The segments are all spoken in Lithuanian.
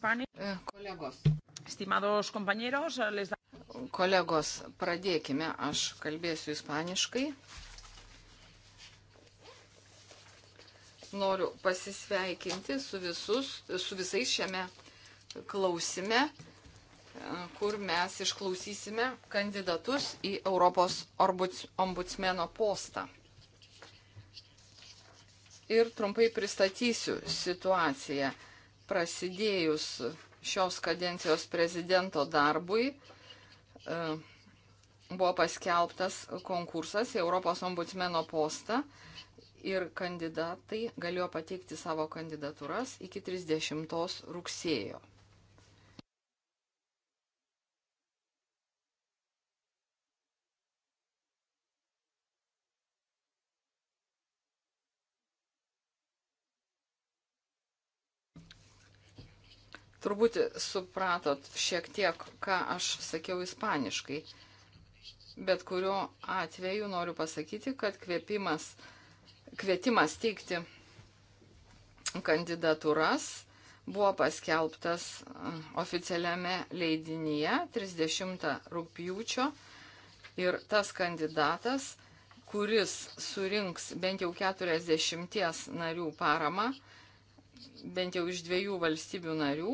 E, kolegos. Stimados compañeros, les da... Kolegos, pradėkime. Aš kalbėsiu ispaniškai. Noriu pasisveikinti su, visus, su visais šiame klausime, e, kur mes išklausysime kandidatus į Europos ombudsmeno postą. Ir trumpai pristatysiu situaciją prasidėjus šios kadencijos prezidento darbui e, buvo paskelbtas konkursas į Europos ombudsmeno postą ir kandidatai galėjo pateikti savo kandidatūras iki 30 rugsėjo. Turbūt supratot šiek tiek, ką aš sakiau ispaniškai. Bet kuriuo atveju noriu pasakyti, kad kvėpimas, kvietimas teikti kandidatūras buvo paskelbtas um, oficialiame leidinyje 30 rūpjūčio ir tas kandidatas, kuris surinks bent jau 40 narių paramą, bent jau iš dviejų valstybių narių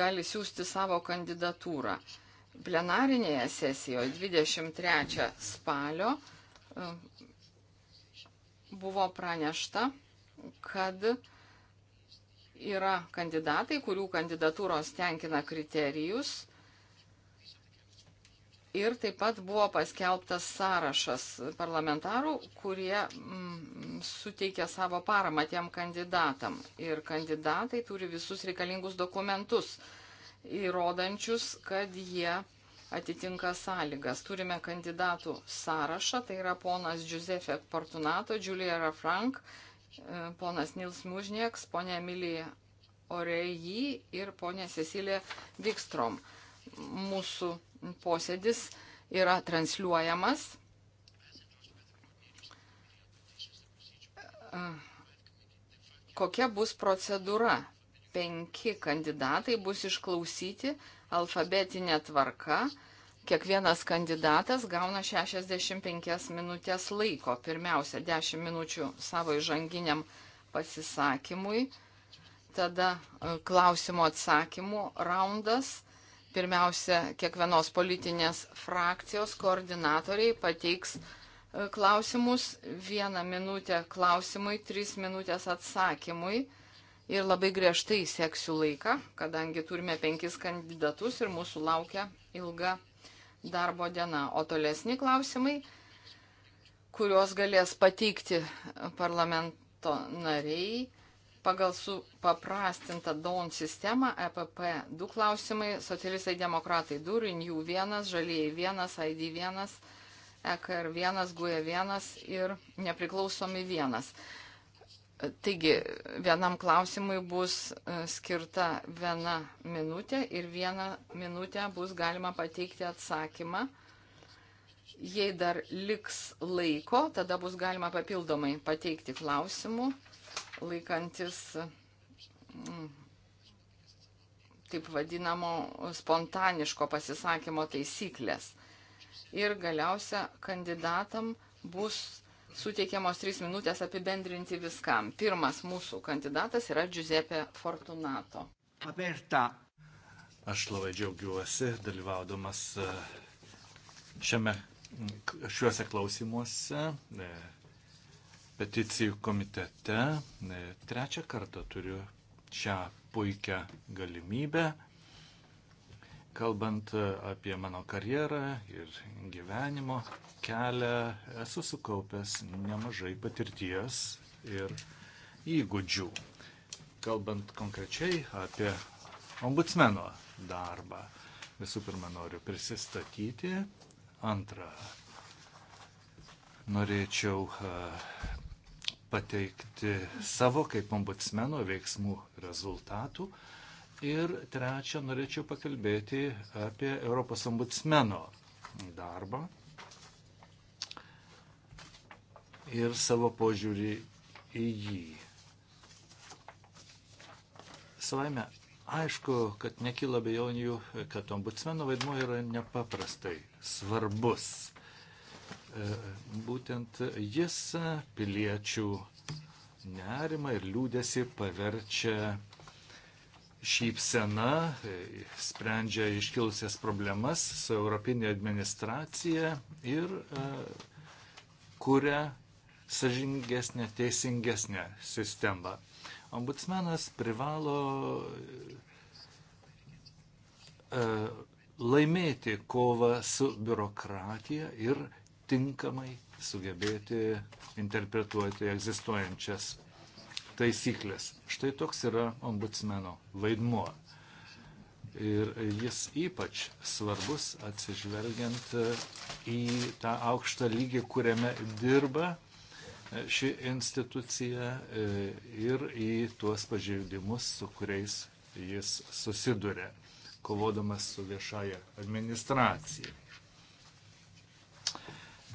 gali siūsti savo kandidatūrą. Plenarinėje sesijoje 23 spalio e, buvo pranešta, kad yra kandidatai, kurių kandidatūros tenkina kriterijus Ir taip pat buvo paskelbtas sąrašas parlamentarų, kurie mm, suteikė savo paramą tiem kandidatam. Ir kandidatai turi visus reikalingus dokumentus, įrodančius, kad jie atitinka sąlygas. Turime kandidatų sąrašą, tai yra ponas Giuseppe Portunato, Julia Rafrank, e, ponas Nils Mužnieks, ponė Emilija Oreji ir ponė Cecilija Vikstrom. Mūsų posėdis yra transliuojamas. Kokia bus procedūra? Penki kandidatai bus išklausyti alfabetinė tvarka. Kiekvienas kandidatas gauna 65 minutės laiko. Pirmiausia, 10 minučių savo įžanginiam pasisakymui, tada klausimo atsakymų raundas Pirmiausia, kiekvienos politinės frakcijos koordinatoriai pateiks e, klausimus. Vieną minutę klausimui, tris minutės atsakymui. Ir labai griežtai seksiu laiką, kadangi turime penkis kandidatus ir mūsų laukia ilga darbo diena. O tolesni klausimai, kuriuos galės pateikti parlamento nariai Pagal supaprastintą DON sistemą EPP 2 klausimai, socialistai demokratai 2, Renew 1, Žalieji 1, ID 1, EKR 1, GUE 1 ir nepriklausomi 1. Taigi, vienam klausimui bus e, skirta viena minutė ir vieną minutę bus galima pateikti atsakymą. Jei dar liks laiko, tada bus galima papildomai pateikti klausimų laikantis mm, taip vadinamo spontaniško pasisakymo taisyklės. Ir galiausia kandidatam bus suteikiamos trys minutės apibendrinti viskam. Pirmas mūsų kandidatas yra Giuseppe Fortunato. Aperta. Aš labai džiaugiuosi dalyvaudamas e, šiame, šiuose klausimuose. E, peticijų komitete. E, trečią kartą turiu šią puikią galimybę, kalbant e, apie mano karjerą ir gyvenimo kelią, esu sukaupęs nemažai patirties ir įgūdžių. Kalbant konkrečiai apie ombudsmeno darbą, visų pirma noriu prisistatyti, antrą norėčiau uh, pateikti savo kaip ombudsmeno veiksmų rezultatų. Ir trečia, norėčiau pakalbėti apie Europos ombudsmeno darbą ir savo požiūrį į jį. Savaime aišku, kad nekyla bejonių, kad ombudsmeno vaidmuo yra nepaprastai svarbus. Būtent jis piliečių nerimą ir liūdėsi paverčia šypsena, sprendžia iškilusias problemas su Europinė administracija ir e, kuria sažingesnė, teisingesnė sistema. Ombudsmenas privalo e, laimėti kovą su biurokratija ir tinkamai sugebėti interpretuoti egzistuojančias taisyklės. Štai toks yra ombudsmeno vaidmuo. Ir jis ypač svarbus atsižvelgiant į tą aukštą lygį, kuriame dirba ši institucija e, ir į tuos pažeidimus, su kuriais jis susiduria, kovodamas su viešaja administracija.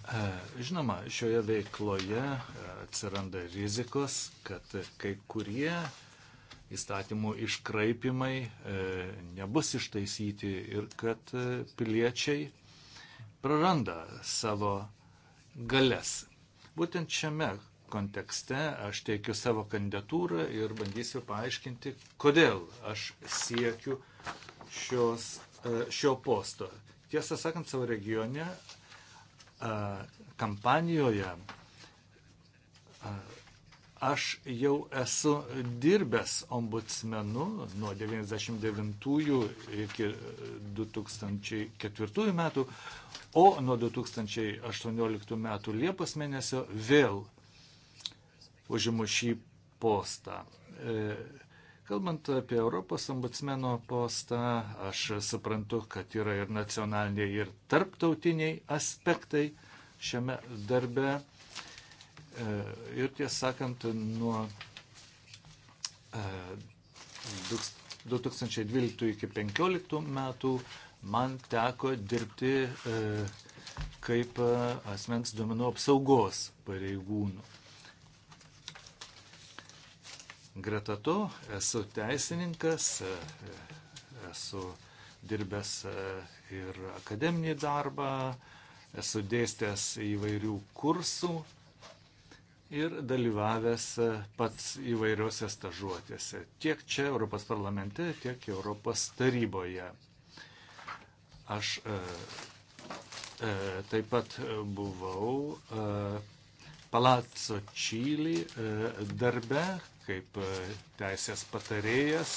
E, žinoma, šioje veikloje e, atsiranda rizikos, kad kai kurie įstatymų iškraipimai e, nebus ištaisyti ir kad piliečiai praranda savo galės. Būtent šiame kontekste aš teikiu savo kandidatūrą ir bandysiu paaiškinti, kodėl aš siekiu šios, šio posto. Tiesą sakant, savo regione kampanijoje aš jau esu dirbęs ombudsmenu nuo 99 iki 2004 metų, o nuo 2018 metų Liepos mėnesio vėl užimu šį postą. E, Kalbant apie Europos ombudsmeno postą, aš suprantu, kad yra ir nacionaliniai, ir tarptautiniai aspektai šiame darbe. E, ir tiesą sakant, nuo 2012 e, iki 2015 metų man teko dirbti e, kaip asmens duomenų apsaugos pareigūnų. Greta to esu teisininkas, e, e, esu dirbęs e, ir akademinį darbą, esu dėstęs įvairių kursų ir dalyvavęs pats įvairiuose stažuotėse, tiek čia Europos parlamente, tiek Europos taryboje. Aš e, e, taip pat buvau e, Palazzo Čylį darbe, kaip e, teisės patarėjas.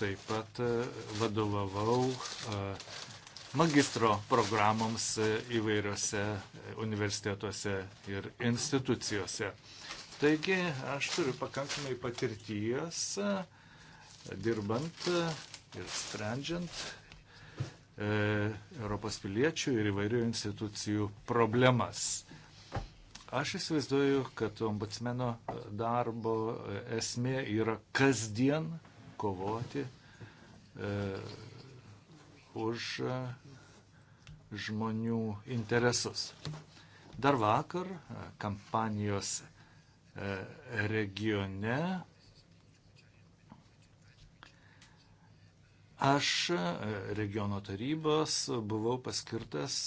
Taip pat e, vadovavau e, magistro programoms įvairiose universitetuose ir institucijose. Taigi aš turiu pakankamai patirties dirbant ir sprendžiant Europos piliečių ir įvairių institucijų problemas. Aš įsivaizduoju, kad ombudsmeno darbo esmė yra kasdien kovoti e, už e, žmonių interesus. Dar vakar e, kampanijos e, regione Aš e, regiono tarybos buvau paskirtas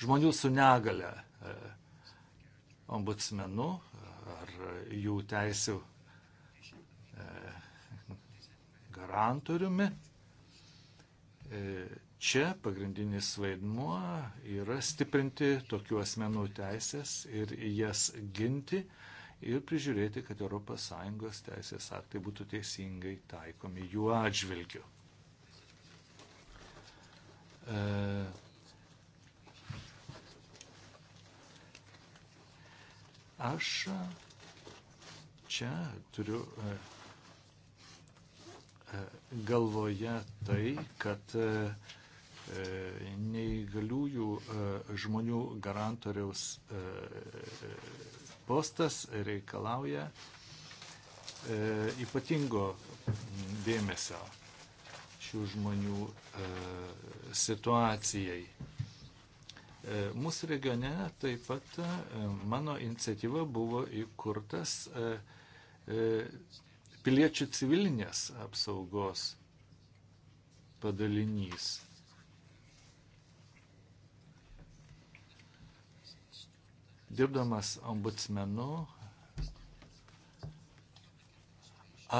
žmonių su negale ombudsmenu ar jų teisų e, garantoriumi. E, čia pagrindinis vaidmuo yra stiprinti tokių asmenų teisės ir jas ginti ir prižiūrėti, kad ES teisės aktai būtų teisingai taikomi jų atžvilgiu. E, Aš čia turiu galvoje tai, kad neįgaliųjų žmonių garantoriaus postas reikalauja ypatingo dėmesio šių žmonių situacijai. E, mūsų regione taip pat e, mano iniciatyva buvo įkurtas e, piliečių civilinės apsaugos padalinys. Dirbdamas ombudsmenu,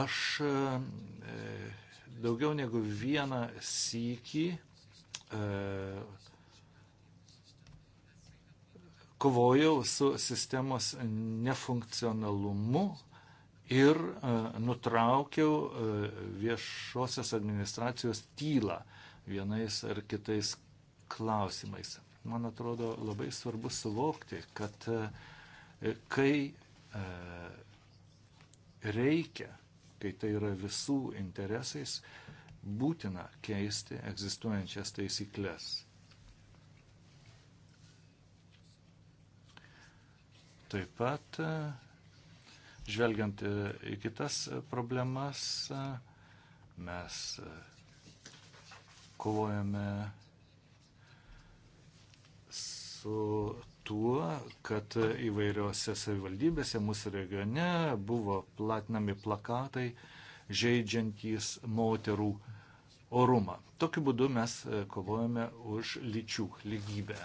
aš daugiau negu vieną sykį kovojau su sistemos nefunkcionalumu ir e, nutraukiau e, viešosios administracijos tylą vienais ar kitais klausimais. Man atrodo labai svarbu suvokti, kad e, kai reikia, kai tai yra visų interesais, būtina keisti egzistuojančias taisyklės. Taip pat, e, žvelgiant į kitas problemas, e, mes e, kovojame su tuo, kad įvairiose savivaldybėse mūsų regione buvo platinami plakatai žaidžiantys moterų orumą. Tokiu būdu mes kovojame už lyčių lygybę.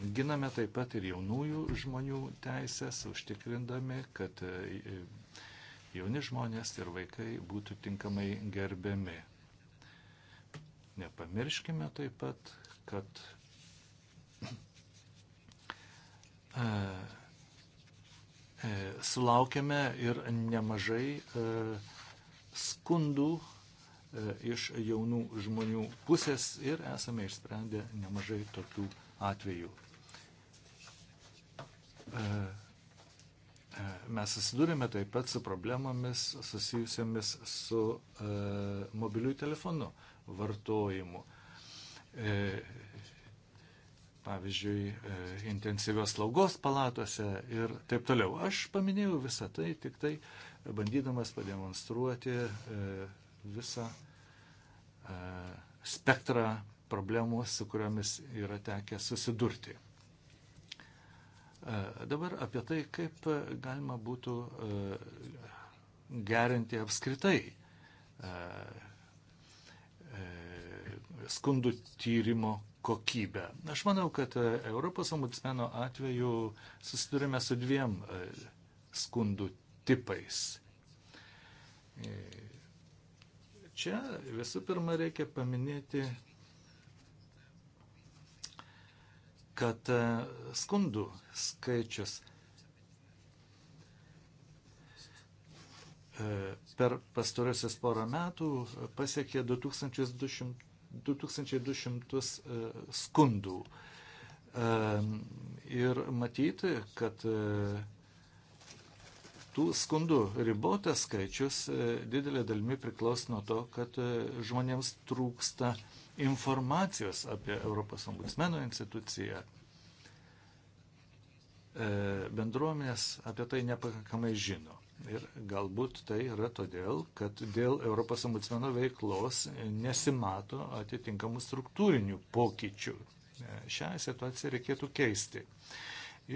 Giname taip pat ir jaunųjų žmonių teisės, užtikrindami, kad e, e, jauni žmonės ir vaikai būtų tinkamai gerbiami. Nepamirškime taip pat, kad e, sulaukėme ir nemažai skundų iš jaunų žmonių pusės ir esame išsprendę nemažai tokių atvejų. E, e, mes susidūrėme taip pat su problemomis susijusiamis su e, mobiliųjų telefonų vartojimu. Pavyzdžiui, intensyvios slaugos palatose ir taip toliau. Aš paminėjau visą tai, tik tai bandydamas pademonstruoti visą spektrą problemų, su kuriomis yra tekę susidurti. E, dabar apie tai, kaip galima būtų e, gerinti apskritai e, skundų tyrimo kokybę. Aš manau, kad Europos ombudsmeno atveju susidurime su dviem skundų tipais. Čia visų pirma reikia paminėti kad e, skundų skaičius e, per pastarosius porą metų pasiekė 2200, 2200 e, skundų. Ir matyti, kad tų skundų ribotas skaičius e, didelė dalimi priklauso nuo to, kad e, žmonėms trūksta informacijos apie Europos ombudsmeno instituciją. E, bendruomenės apie tai nepakankamai žino. Ir galbūt tai yra todėl, kad dėl Europos ombudsmeno veiklos nesimato atitinkamų struktūrinių pokyčių. Šią situaciją reikėtų keisti.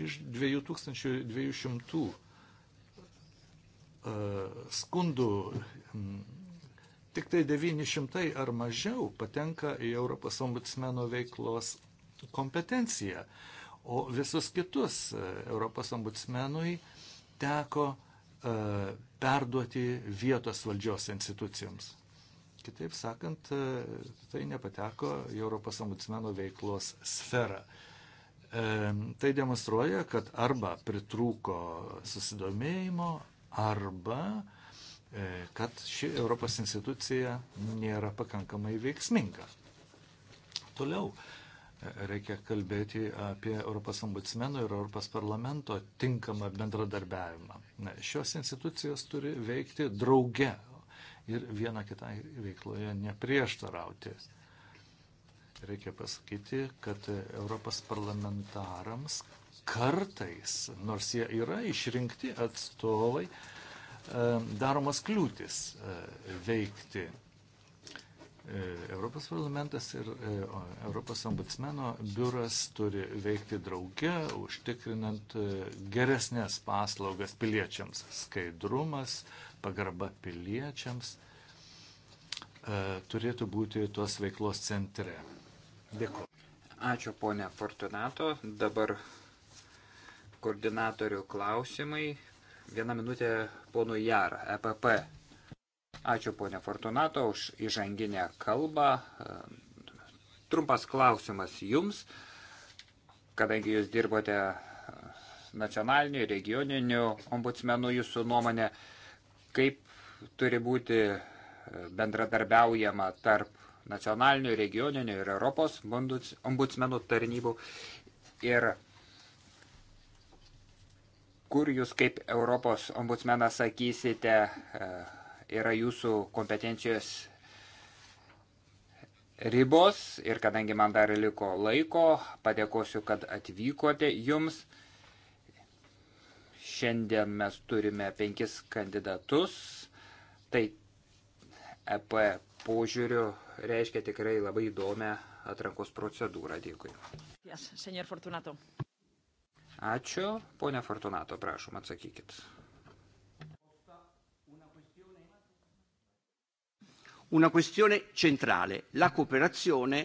Iš 2200 skundų tik tai 900 ar mažiau patenka į Europos ombudsmeno veiklos kompetenciją, o visus kitus e, Europos ombudsmenui teko e, perduoti vietos valdžios institucijoms. Kitaip sakant, e, tai nepateko į Europos ombudsmeno veiklos sferą. Tai demonstruoja, kad arba pritrūko susidomėjimo, arba e, kad ši Europos institucija nėra pakankamai veiksminga. Toliau e, reikia kalbėti apie Europos ombudsmenų ir Europos parlamento tinkamą bendradarbiavimą. Šios institucijos turi veikti drauge ir viena kitai veikloje neprieštarauti. Reikia pasakyti, kad Europos parlamentarams kartais, nors jie yra išrinkti atstovai, e, daromas kliūtis e, veikti. E, Europos parlamentas ir Europos ombudsmeno biuras turi veikti drauge, užtikrinant geresnės paslaugas piliečiams. Skaidrumas, pagarba piliečiams turėtų būti tos veiklos centre. Dėkuoju. Ačiū ponė Fortunato. Dabar koordinatorių klausimai. Vieną minutę ponų Jarą, EPP. Ačiū ponė Fortunato už įžanginę kalbą. Trumpas klausimas jums, kadangi jūs dirbote nacionaliniu, regioniniu ombudsmenu jūsų nuomonė, kaip turi būti bendradarbiaujama tarp nacionalinių, regioninių ir Europos ombudsmenų tarnybų ir kur jūs kaip Europos ombudsmenas sakysite, e, yra jūsų kompetencijos ribos ir kadangi man dar liko laiko, padėkosiu, kad atvykote jums. Šiandien mes turime penkis kandidatus. Tai EP požiūriu reiškia tikrai labai įdomią atrankos procedūrą. Dėkui. Yes, Ačiū. Pone Fortunato, prašom atsakykit. Una questione centrale, la cooperazione.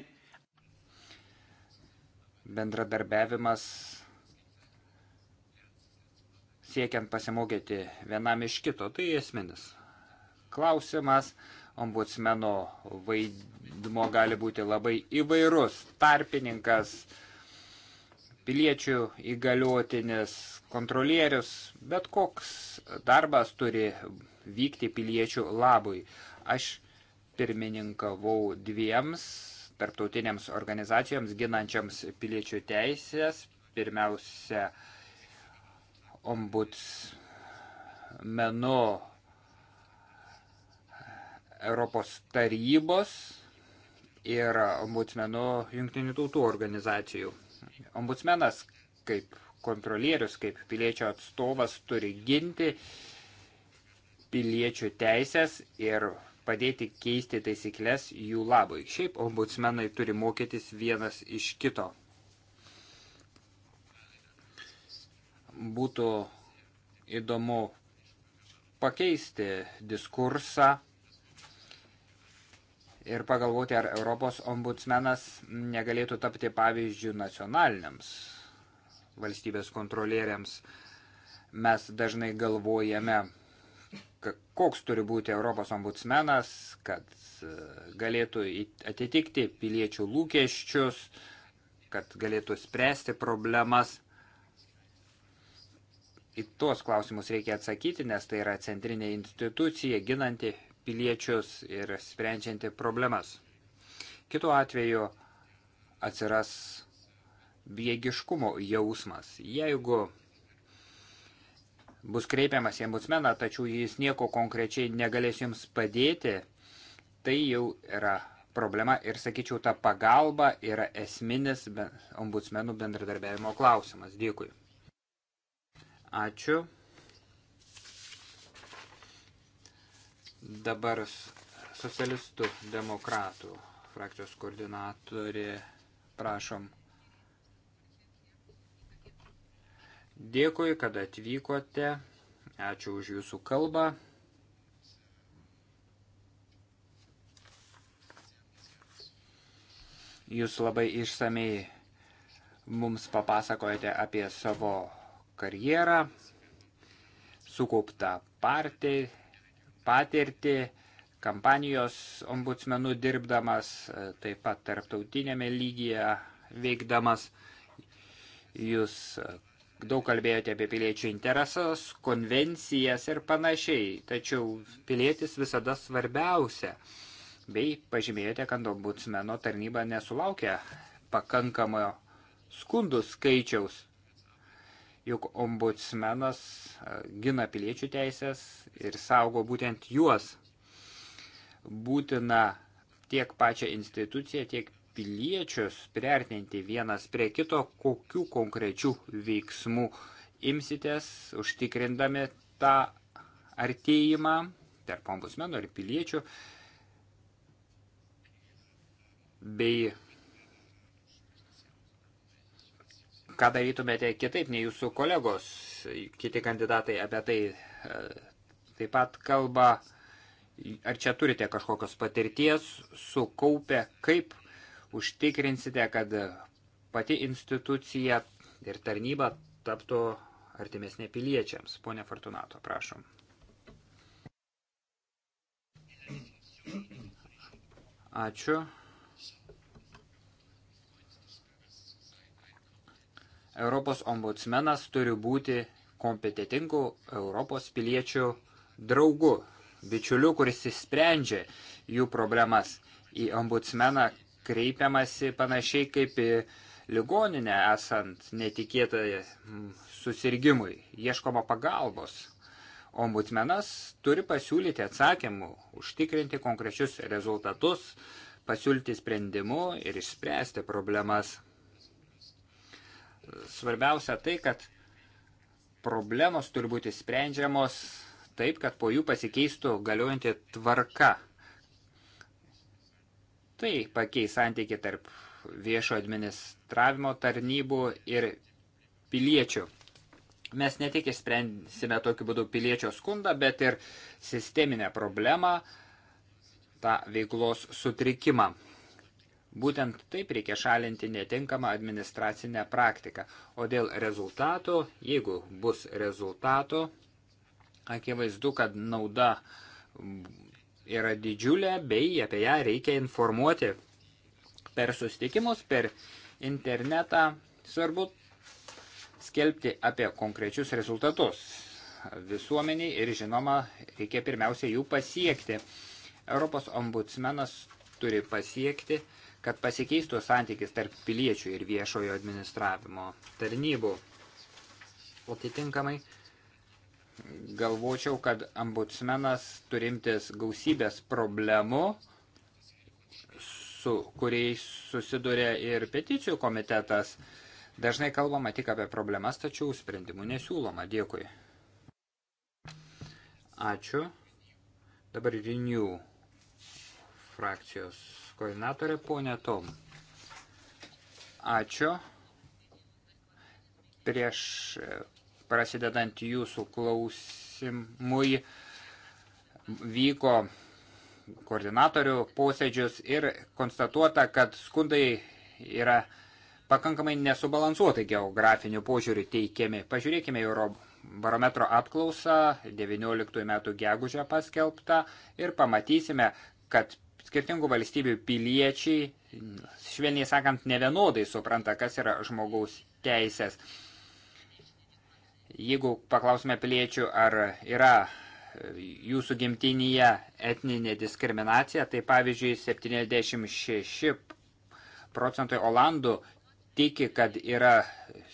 Bendradarbiavimas siekiant pasimokyti vienam iš kito, tai esminis klausimas. Ombudsmeno vaidmo gali būti labai įvairus. Tarpininkas, uh, piliečių įgaliotinis, kontrolierius, bet koks darbas turi vykti piliečių labui. Aš pirmininkavau dviems tarptautinėms organizacijoms ginančiams piliečių teisės, pirmiausia ombudsmenu Europos tarybos ir ombudsmenu jungtinių tautų organizacijų. Ombudsmenas kaip kontrolierius, kaip piliečio atstovas turi ginti piliečių teisės ir padėti keisti taisyklės jų labui. Šiaip ombudsmenai turi mokytis vienas iš kito. Būtų įdomu pakeisti diskursą ir pagalvoti, ar Europos ombudsmenas negalėtų tapti pavyzdžių nacionaliniams valstybės kontrolieriams. Mes dažnai galvojame, koks turi būti Europos ombudsmenas, kad e, galėtų atitikti piliečių lūkesčius, kad galėtų spręsti problemas. Į tuos klausimus reikia atsakyti, nes tai yra centrinė institucija ginanti piliečius ir sprendžianti problemas. Kitu atveju atsiras bėgiškumo jausmas. Jeigu bus kreipiamas į ombudsmeną, tačiau jis nieko konkrečiai negalės jums padėti, tai jau yra problema ir, sakyčiau, ta pagalba yra esminis ombudsmenų bendradarbiavimo klausimas. Dėkui. Ačiū. Dabar socialistų demokratų frakcijos koordinatorė, prašom. Dėkui, kad atvykote. Ačiū už jūsų kalbą. Jūs labai išsamei mums papasakojate apie savo karjerą, sukauptą partijai, patirtį, kampanijos ombudsmenų dirbdamas, taip pat tarptautinėme lygyje veikdamas. Jūs daug kalbėjote apie piliečių interesas, konvencijas ir panašiai, tačiau pilietis visada svarbiausia. Bei pažymėjote, kad ombudsmeno tarnyba nesulaukia pakankamo skundų skaičiaus juk ombudsmenas e, gina piliečių teisės ir saugo būtent juos. Būtina tiek pačią instituciją, tiek piliečius priartinti vienas prie kito, kokių konkrečių veiksmų imsitės, užtikrindami tą artėjimą tarp ombudsmeno ir piliečių, bei ką darytumėte kitaip nei jūsų kolegos, kiti kandidatai apie tai e, taip pat kalba, ar čia turite kažkokios patirties, sukaupę, kaip užtikrinsite, kad pati institucija ir tarnyba taptų artimesnė piliečiams. Pone Fortunato, prašom. Ačiū. Europos ombudsmenas turi būti kompetitingų Europos piliečių draugu, bičiuliu, kuris įsprendžia jų problemas. Į ombudsmeną kreipiamasi panašiai kaip į ligoninę esant netikėtai mm, susirgymui, ieškoma pagalbos. Ombudsmenas turi pasiūlyti atsakymų, užtikrinti konkrečius rezultatus, pasiūlyti sprendimu ir išspręsti problemas svarbiausia tai, kad problemos turi būti sprendžiamos taip, kad po jų pasikeistų galiojanti tvarka. Tai pakeis santyki tarp viešo administravimo tarnybų ir piliečių. Mes ne tik išsprendysime tokiu būdu piliečio skundą, bet ir sisteminę problemą, tą veiklos sutrikimą. Būtent taip reikia šalinti netinkamą administracinę praktiką. O dėl rezultato, jeigu bus rezultato, akivaizdu, kad nauda yra didžiulė, bei apie ją reikia informuoti per sustikimus, per internetą. Svarbu skelbti apie konkrečius rezultatus visuomeniai ir žinoma, reikia pirmiausia jų pasiekti. Europos ombudsmenas turi pasiekti, kad pasikeistų santykis tarp piliečių ir viešojo administravimo tarnybų. O atitinkamai galvočiau, kad ambutsmenas turimtis gausybės problemų, su kuriais susiduria ir peticijų komitetas. Dažnai kalbama tik apie problemas, tačiau sprendimų nesiūloma. Dėkui. Ačiū. Dabar Renew frakcijos koordinatorė ponė Tom. Ačiū. Prieš e, prasidedant jūsų klausimui vyko koordinatorių posėdžius ir konstatuota, kad skundai yra pakankamai nesubalansuotai geografiniu požiūriu teikiami. Pažiūrėkime Eurobarometro apklausą 19 metų gegužę paskelbtą ir pamatysime, kad skirtingų valstybių piliečiai, švelniai sakant, nevienodai supranta, kas yra žmogaus teisės. Jeigu paklausime piliečių, ar yra jūsų gimtinėje etninė diskriminacija, tai pavyzdžiui 76 procentai Olandų tiki, kad yra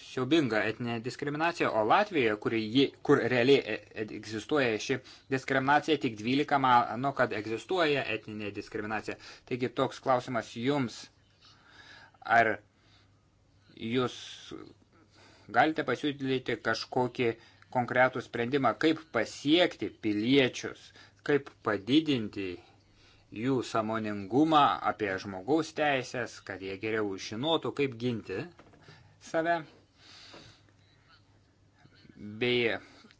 siaubinga etinė diskriminacija, o Latvijoje, kur, ji, kur realiai e, e, egzistuoja ši diskriminacija, tik 12 mano, kad egzistuoja etinė diskriminacija. Taigi toks klausimas jums, ar jūs galite pasiūlyti kažkokį konkretų sprendimą, kaip pasiekti piliečius, kaip padidinti jų samoningumą apie žmogaus teisės, kad jie geriau žinotų, kaip ginti save. Bei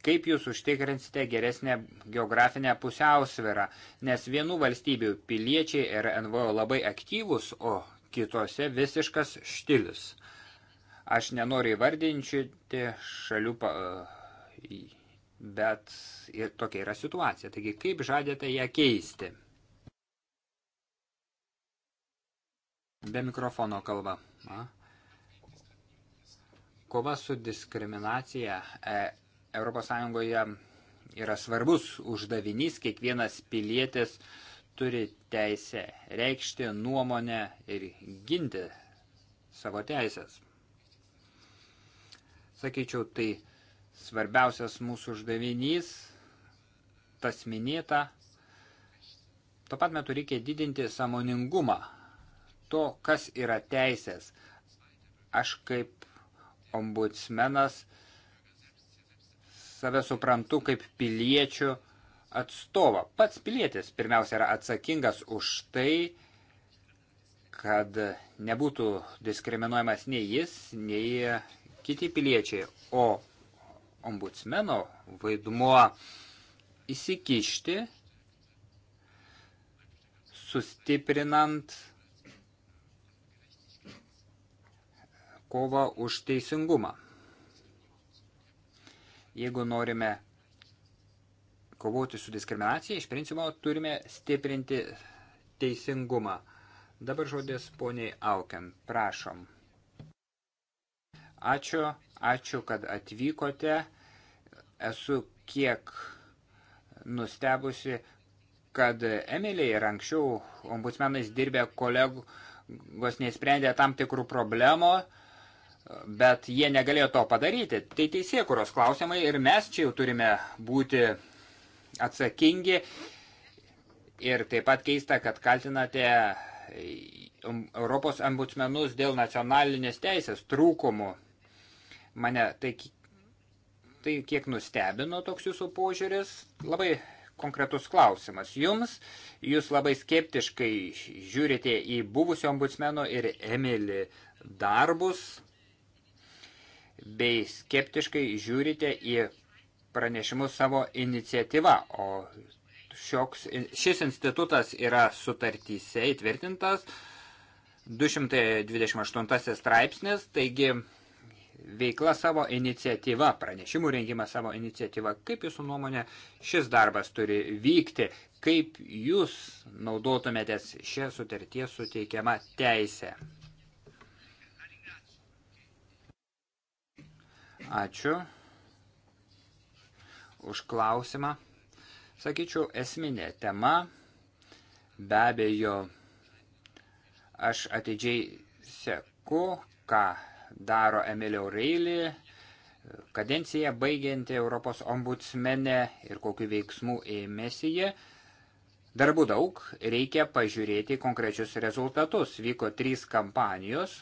kaip jūs užtikrinsite geresnę geografinę pusiausvyrą, nes vienų valstybių piliečiai ir NVO labai aktyvus, o kitose visiškas štilis. Aš nenoriu įvardinčiuti šalių, bet ir tokia yra situacija. Taigi, kaip žadėte ją keisti? Be mikrofono kalba. Na. Kova su diskriminacija ES yra svarbus uždavinys. Kiekvienas pilietis turi teisę reikšti nuomonę ir ginti savo teisės. Sakyčiau, tai svarbiausias mūsų uždavinys, tas minėta. Tuo pat metu reikia didinti samoningumą to, kas yra teisės. Aš kaip ombudsmenas save suprantu kaip piliečių atstovą. Pats pilietis pirmiausia yra atsakingas už tai, kad nebūtų diskriminuojamas nei jis, nei kiti piliečiai. O ombudsmeno vaidmuo įsikišti, sustiprinant kovą už teisingumą. Jeigu norime kovoti su diskriminacija, iš principo turime stiprinti teisingumą. Dabar žodis poniai Auken, prašom. Ačiū, ačiū, kad atvykote. Esu kiek nustebusi, kad Emilė ir anksčiau ombudsmenais dirbę kolegos nesprendė tam tikrų problemų, bet jie negalėjo to padaryti. Tai teisėkuros klausimai ir mes čia jau turime būti atsakingi. Ir taip pat keista, kad kaltinate e, um, Europos ambutsmenus dėl nacionalinės teisės trūkumų. Mane tai, tai kiek nustebino toks jūsų požiūris. Labai konkretus klausimas. Jums, jūs labai skeptiškai žiūrite į buvusio ombudsmeno ir Emilį darbus, bei skeptiškai žiūrite į pranešimus savo iniciatyvą, o šioks, šis institutas yra sutartyse įtvirtintas 228 straipsnis, taigi veikla savo iniciatyva, pranešimų rengimas savo iniciatyva, kaip jūsų nuomonė šis darbas turi vykti, kaip jūs naudotumėtės šią sutarties suteikiamą teisę. Ačiū už klausimą. Sakyčiau, esminė tema. Be abejo, aš ateidžiai seku, ką daro Emilio Reilį, kadenciją baigianti Europos ombudsmenė ir kokiu veiksmu ėmėsi jie. Darbų daug, reikia pažiūrėti konkrečius rezultatus. Vyko trys kampanijos,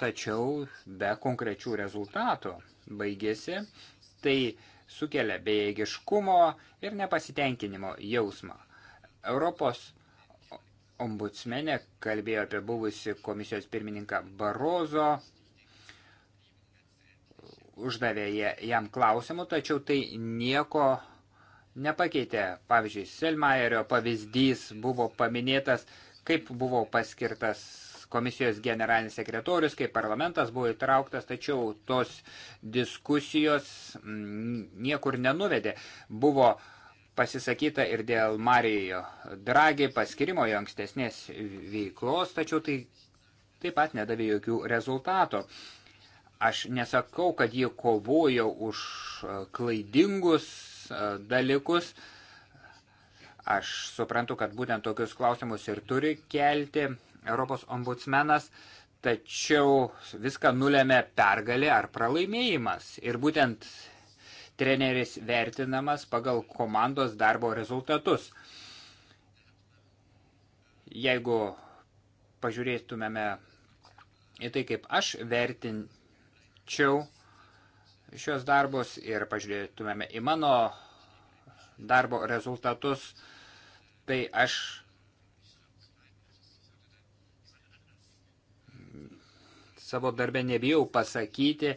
tačiau be konkrečių rezultatų baigėsi, tai sukelia bejėgiškumo ir nepasitenkinimo jausmą. Europos ombudsmenė kalbėjo apie buvusi komisijos pirmininką Barozo, uždavė jam klausimų, tačiau tai nieko nepakeitė. Pavyzdžiui, Selmayerio pavyzdys buvo paminėtas, kaip buvo paskirtas komisijos generalinis sekretorius, kaip parlamentas buvo įtrauktas, tačiau tos diskusijos mm, niekur nenuvedė. Buvo pasisakyta ir dėl Marijo Dragi paskirimo jo ankstesnės veiklos, tačiau tai taip pat nedavė jokių rezultatų. Aš nesakau, kad jie kovojo už klaidingus e, dalykus, Aš suprantu, kad būtent tokius klausimus ir turi kelti Europos ombudsmenas, tačiau viską nulėmė pergalė ar pralaimėjimas. Ir būtent treneris vertinamas pagal komandos darbo rezultatus. Jeigu pažiūrėtumėme į tai, kaip aš vertinčiau šios darbus ir pažiūrėtumėme į mano darbo rezultatus, tai aš savo darbę nebijau pasakyti,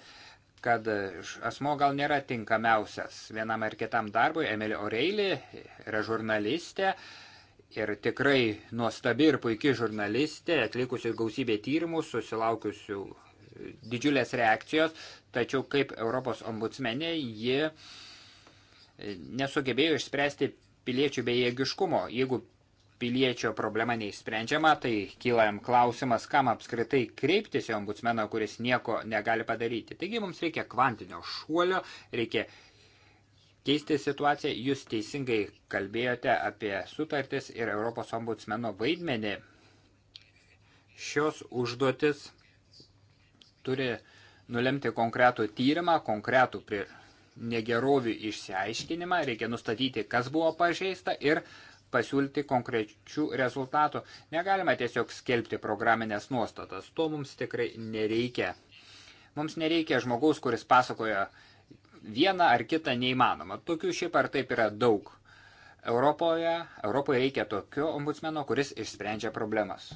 kad asmo gal nėra tinkamiausias vienam ar kitam darbui. Emily O'Reilly yra žurnalistė ir tikrai nuostabi ir puikiai žurnalistė, atlikusi gausybę tyrimų, susilaukusių didžiulės reakcijos, tačiau kaip Europos ombudsmenė ji nesugebėjo išspręsti piliečių bejėgiškumo. Jeigu piliečio problema neišsprendžiama, tai kyla jam klausimas, kam apskritai kreiptis į ombudsmeną, kuris nieko negali padaryti. Taigi mums reikia kvantinio šuolio, reikia keisti situaciją. Jūs teisingai kalbėjote apie sutartis ir Europos ombudsmeno vaidmenį. Šios užduotis turi nulemti konkretų tyrimą, konkretų prie negerovių išsiaiškinimą, reikia nustatyti, kas buvo pažeista ir pasiūlyti konkrečių rezultatų. Negalima tiesiog skelbti programinės nuostatas. To mums tikrai nereikia. Mums nereikia žmogaus, kuris pasakoja vieną ar kitą neįmanomą. Tokių šiaip ar taip yra daug. Europoje, Europoje reikia tokio ombudsmeno, kuris išsprendžia problemas.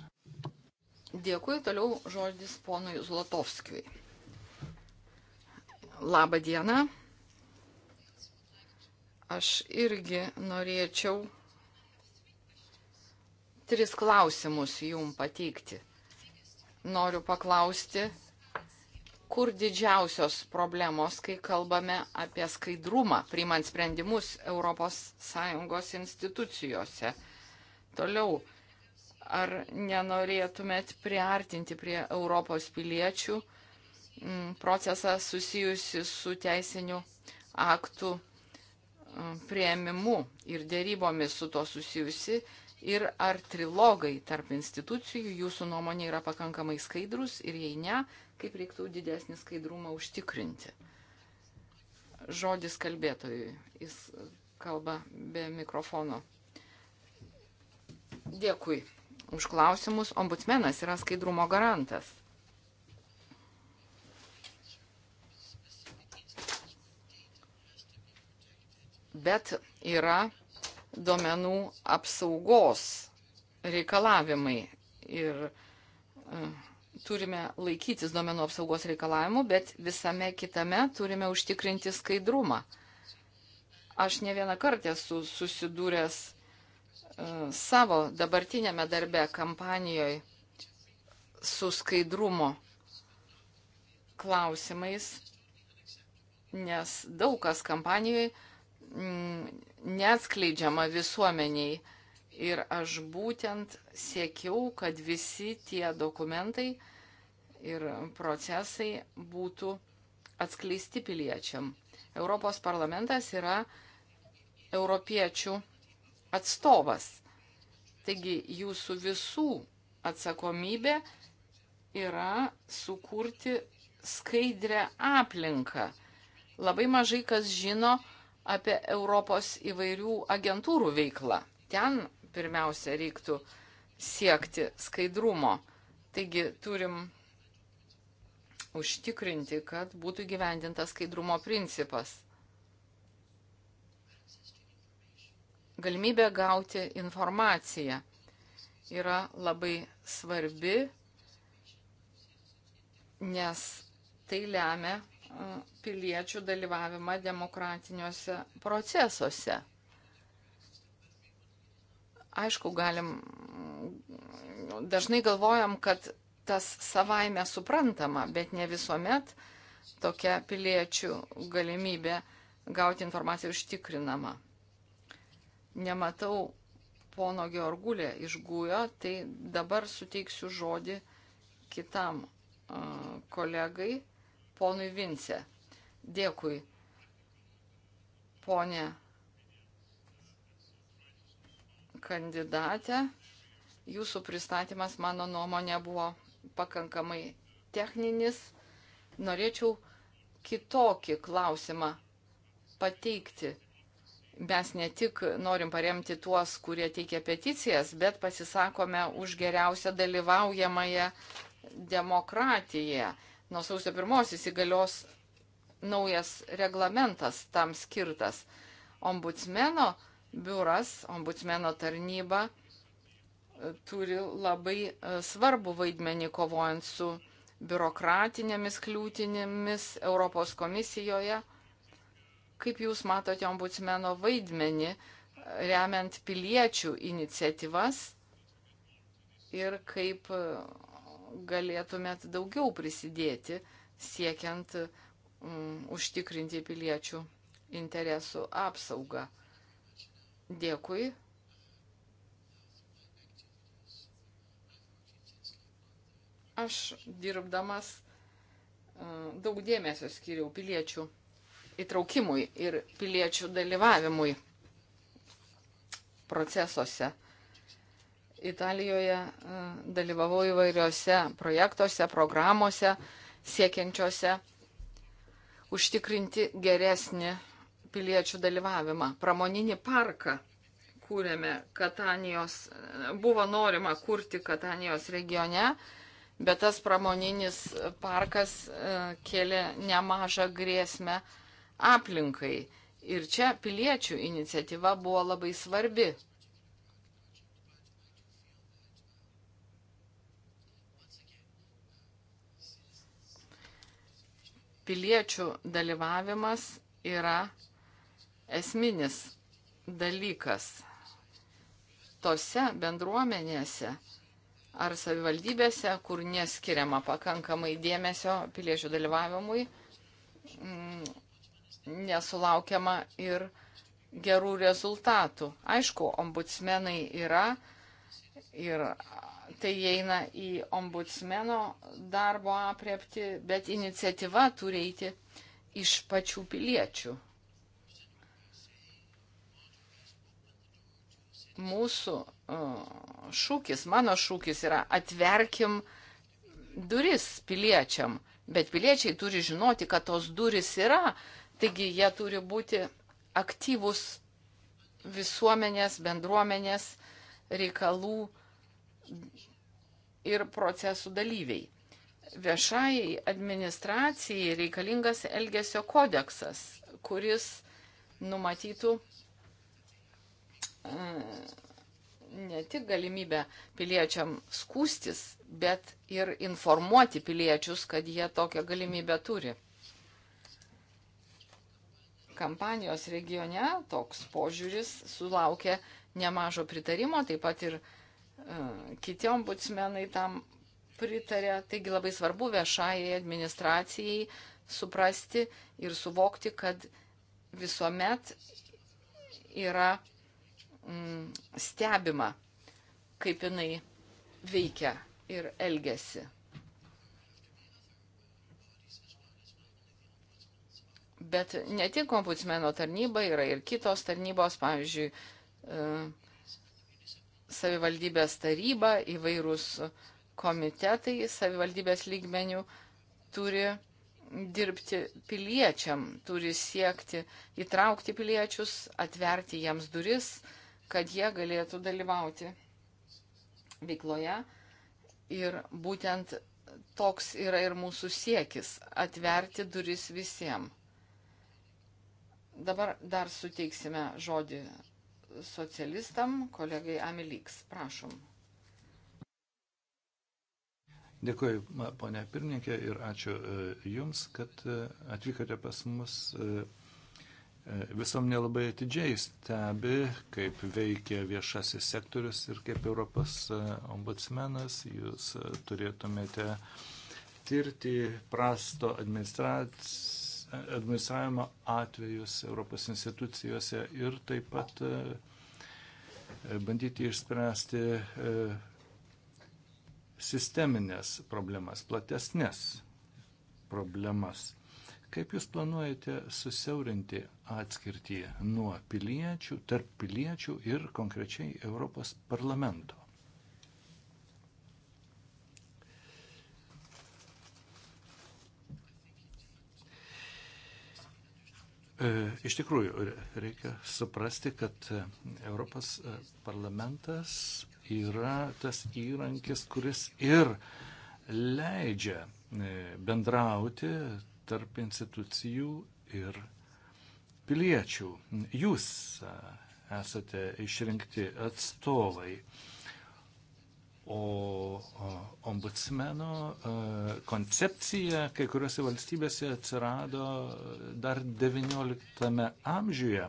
Dėkui, toliau žodis ponui Zlotovskijui. Labą dieną. Aš irgi norėčiau tris klausimus jum pateikti. Noriu paklausti, kur didžiausios problemos, kai kalbame apie skaidrumą, priimant sprendimus ES institucijose. Toliau, ar nenorėtumėt priartinti prie Europos piliečių mm, procesą susijusi su teisiniu aktų mm, prieimimu ir dėrybomis su to susijusi ir ar trilogai tarp institucijų jūsų nuomonė yra pakankamai skaidrus ir jei ne, kaip reiktų didesnį skaidrumą užtikrinti. Žodis kalbėtojui, jis kalba be mikrofono. Dėkui už klausimus. Ombudsmenas yra skaidrumo garantas. Bet yra duomenų apsaugos reikalavimai. Ir e, turime laikytis duomenų apsaugos reikalavimų, bet visame kitame turime užtikrinti skaidrumą. Aš ne vieną kartą esu susidūręs e, savo dabartinėme darbe kampanijoje su skaidrumo klausimais, nes daug kas kampanijoje neatskleidžiama visuomeniai. Ir aš būtent siekiau, kad visi tie dokumentai ir procesai būtų atskleisti piliečiam. Europos parlamentas yra europiečių atstovas. Taigi jūsų visų atsakomybė yra sukurti skaidrę aplinką. Labai mažai kas žino, apie Europos įvairių agentūrų veiklą. Ten pirmiausia reiktų siekti skaidrumo. Taigi turim užtikrinti, kad būtų gyvendintas skaidrumo principas. Galimybė gauti informaciją yra labai svarbi, nes tai lemia piliečių dalyvavimą demokratiniuose procesuose. Aišku, galim, dažnai galvojam, kad tas savaime suprantama, bet ne visuomet tokia piliečių galimybė gauti informaciją užtikrinama. Nematau pono Georgulė išgūjo, tai dabar suteiksiu žodį kitam kolegai ponui Vince. Dėkui, ponė kandidatė. Jūsų pristatymas, mano nuomonė, buvo pakankamai techninis. Norėčiau kitokį klausimą pateikti. Mes ne tik norim paremti tuos, kurie teikia peticijas, bet pasisakome už geriausią dalyvaujamąją demokratiją. Nuo sausio pirmos įsigalios naujas reglamentas tam skirtas. Ombudsmeno biuras, ombudsmeno tarnyba e, turi labai e, svarbu vaidmenį kovojant su biurokratinėmis kliūtinėmis Europos komisijoje. Kaip Jūs matote ombudsmeno vaidmenį, e, remiant piliečių iniciatyvas ir kaip galėtumėt daugiau prisidėti siekiant um, užtikrinti piliečių interesų apsaugą. Dėkui. Aš dirbdamas e, daug dėmesio skiriau piliečių įtraukimui ir piliečių dalyvavimui procesuose. Italijoje e, dalyvavau įvairiose projektuose, programuose, siekiančiose užtikrinti geresnį piliečių dalyvavimą. Pramoninį parką kūrėme Katanijos, e, buvo norima kurti Katanijos regione, bet tas pramoninis parkas e, kėlė nemažą grėsmę aplinkai. Ir čia piliečių iniciatyva buvo labai svarbi. piliečių dalyvavimas yra esminis dalykas tose bendruomenėse ar savivaldybėse, kur neskiriama pakankamai dėmesio piliečių dalyvavimui, mm, nesulaukiama ir gerų rezultatų. Aišku, ombudsmenai yra ir tai įeina į ombudsmeno darbo apriepti, bet iniciatyva turi eiti iš pačių piliečių. Mūsų šūkis, mano šūkis yra atverkim duris piliečiam, bet piliečiai turi žinoti, kad tos duris yra, taigi jie turi būti aktyvus visuomenės, bendruomenės reikalų ir procesų dalyviai. Viešai administracijai reikalingas Elgesio kodeksas, kuris numatytų mm, ne tik galimybę piliečiam skūstis, bet ir informuoti piliečius, kad jie tokią galimybę turi. Kampanijos regione toks požiūris sulaukė nemažo pritarimo, taip pat ir kiti ombudsmenai tam pritarė. Taigi labai svarbu viešajai administracijai suprasti ir suvokti, kad visuomet yra mm, stebima, kaip jinai veikia ir elgesi. Bet ne tik ombudsmeno tarnyba, yra ir kitos tarnybos, pavyzdžiui, e, savivaldybės taryba, įvairūs komitetai savivaldybės lygmenių turi dirbti piliečiam, turi siekti įtraukti piliečius, atverti jiems duris, kad jie galėtų dalyvauti veikloje. Ir būtent toks yra ir mūsų siekis - atverti duris visiems. Dabar dar suteiksime žodį socialistam, kolegai Amelyks. Prašom. Dėkuoju, ponia pirmininkė, ir ačiū e, Jums, kad e, atvykote pas mus. E, Visom nelabai atidžiai stebi, kaip veikia viešasis sektorius ir kaip Europos ombudsmenas jūs turėtumėte tirti prasto administracijos administravimo atvejus Europos institucijose ir taip pat e, e, bandyti išspręsti e, sisteminės problemas, platesnės problemas. Kaip Jūs planuojate susiaurinti atskirtį nuo piliečių, tarp piliečių ir konkrečiai Europos parlamento? E, iš tikrųjų, reikia suprasti, kad e, Europos e, parlamentas yra tas įrankis, kuris ir leidžia bendrauti tarp institucijų ir piliečių. Jūs esate išrinkti atstovai. O ombudsmeno e, koncepcija kai kuriuose valstybėse atsirado dar XIX amžiuje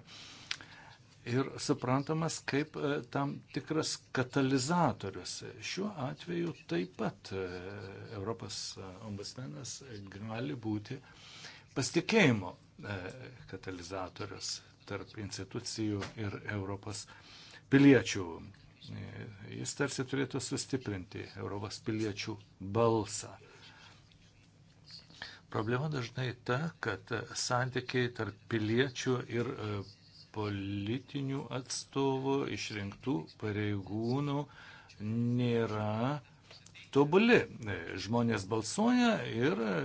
ir suprantamas kaip e, tam tikras katalizatorius. Šiuo atveju taip pat e, Europos ombudsmenas gali būti pasitikėjimo katalizatorius tarp institucijų ir Europos piliečių. Jis tarsi turėtų sustiprinti Europos piliečių balsą. Problema dažnai ta, kad santykiai tarp piliečių ir e, politinių atstovų, išrinktų pareigūnų nėra tobuli. E, žmonės balsuoja ir e,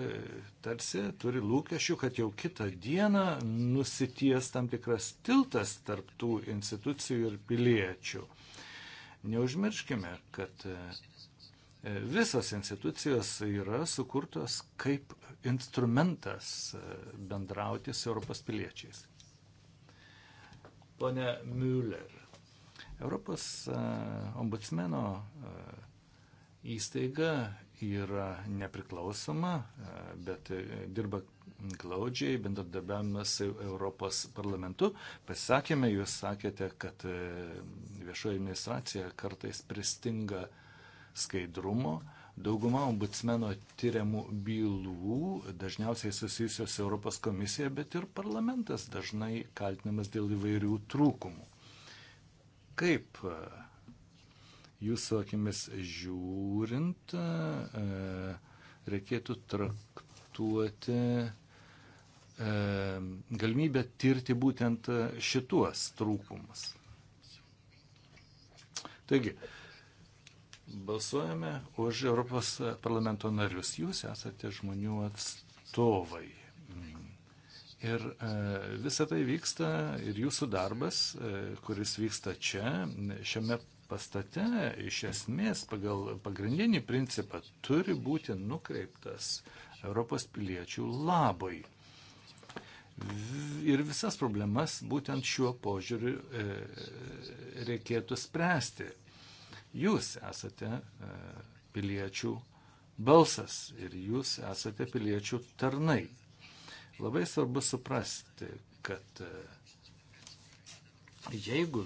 tarsi turi lūkesčių, kad jau kitą dieną nusities tam tikras tiltas tarp tų institucijų ir piliečių. Neužmirškime, kad e, visos institucijos yra sukurtos kaip instrumentas e, bendrauti su Europos piliečiais. Pone Müller, Europos e, ombudsmeno įstaiga yra nepriklausoma, bet dirba glaudžiai bendradarbiavame su Europos parlamentu. Pasakėme, jūs sakėte, kad e, viešoji administracija kartais pristinga skaidrumo. Dauguma ombudsmeno tyriamų bylų dažniausiai susijusios Europos komisija, bet ir parlamentas dažnai kaltinamas dėl įvairių trūkumų. Kaip e, jūsų akimis žiūrint, e, reikėtų traktuoti E, galimybę tirti būtent šituos trūkumus. Taigi, balsuojame už Europos parlamento narius. Jūs esate žmonių atstovai. Ir e, visa tai vyksta ir jūsų darbas, e, kuris vyksta čia, šiame pastate, iš esmės pagal pagrindinį principą turi būti nukreiptas Europos piliečių labai ir visas problemas būtent šiuo požiūriu e, reikėtų spręsti. Jūs esate e, piliečių balsas ir jūs esate piliečių tarnai. Labai svarbu suprasti, kad e, jeigu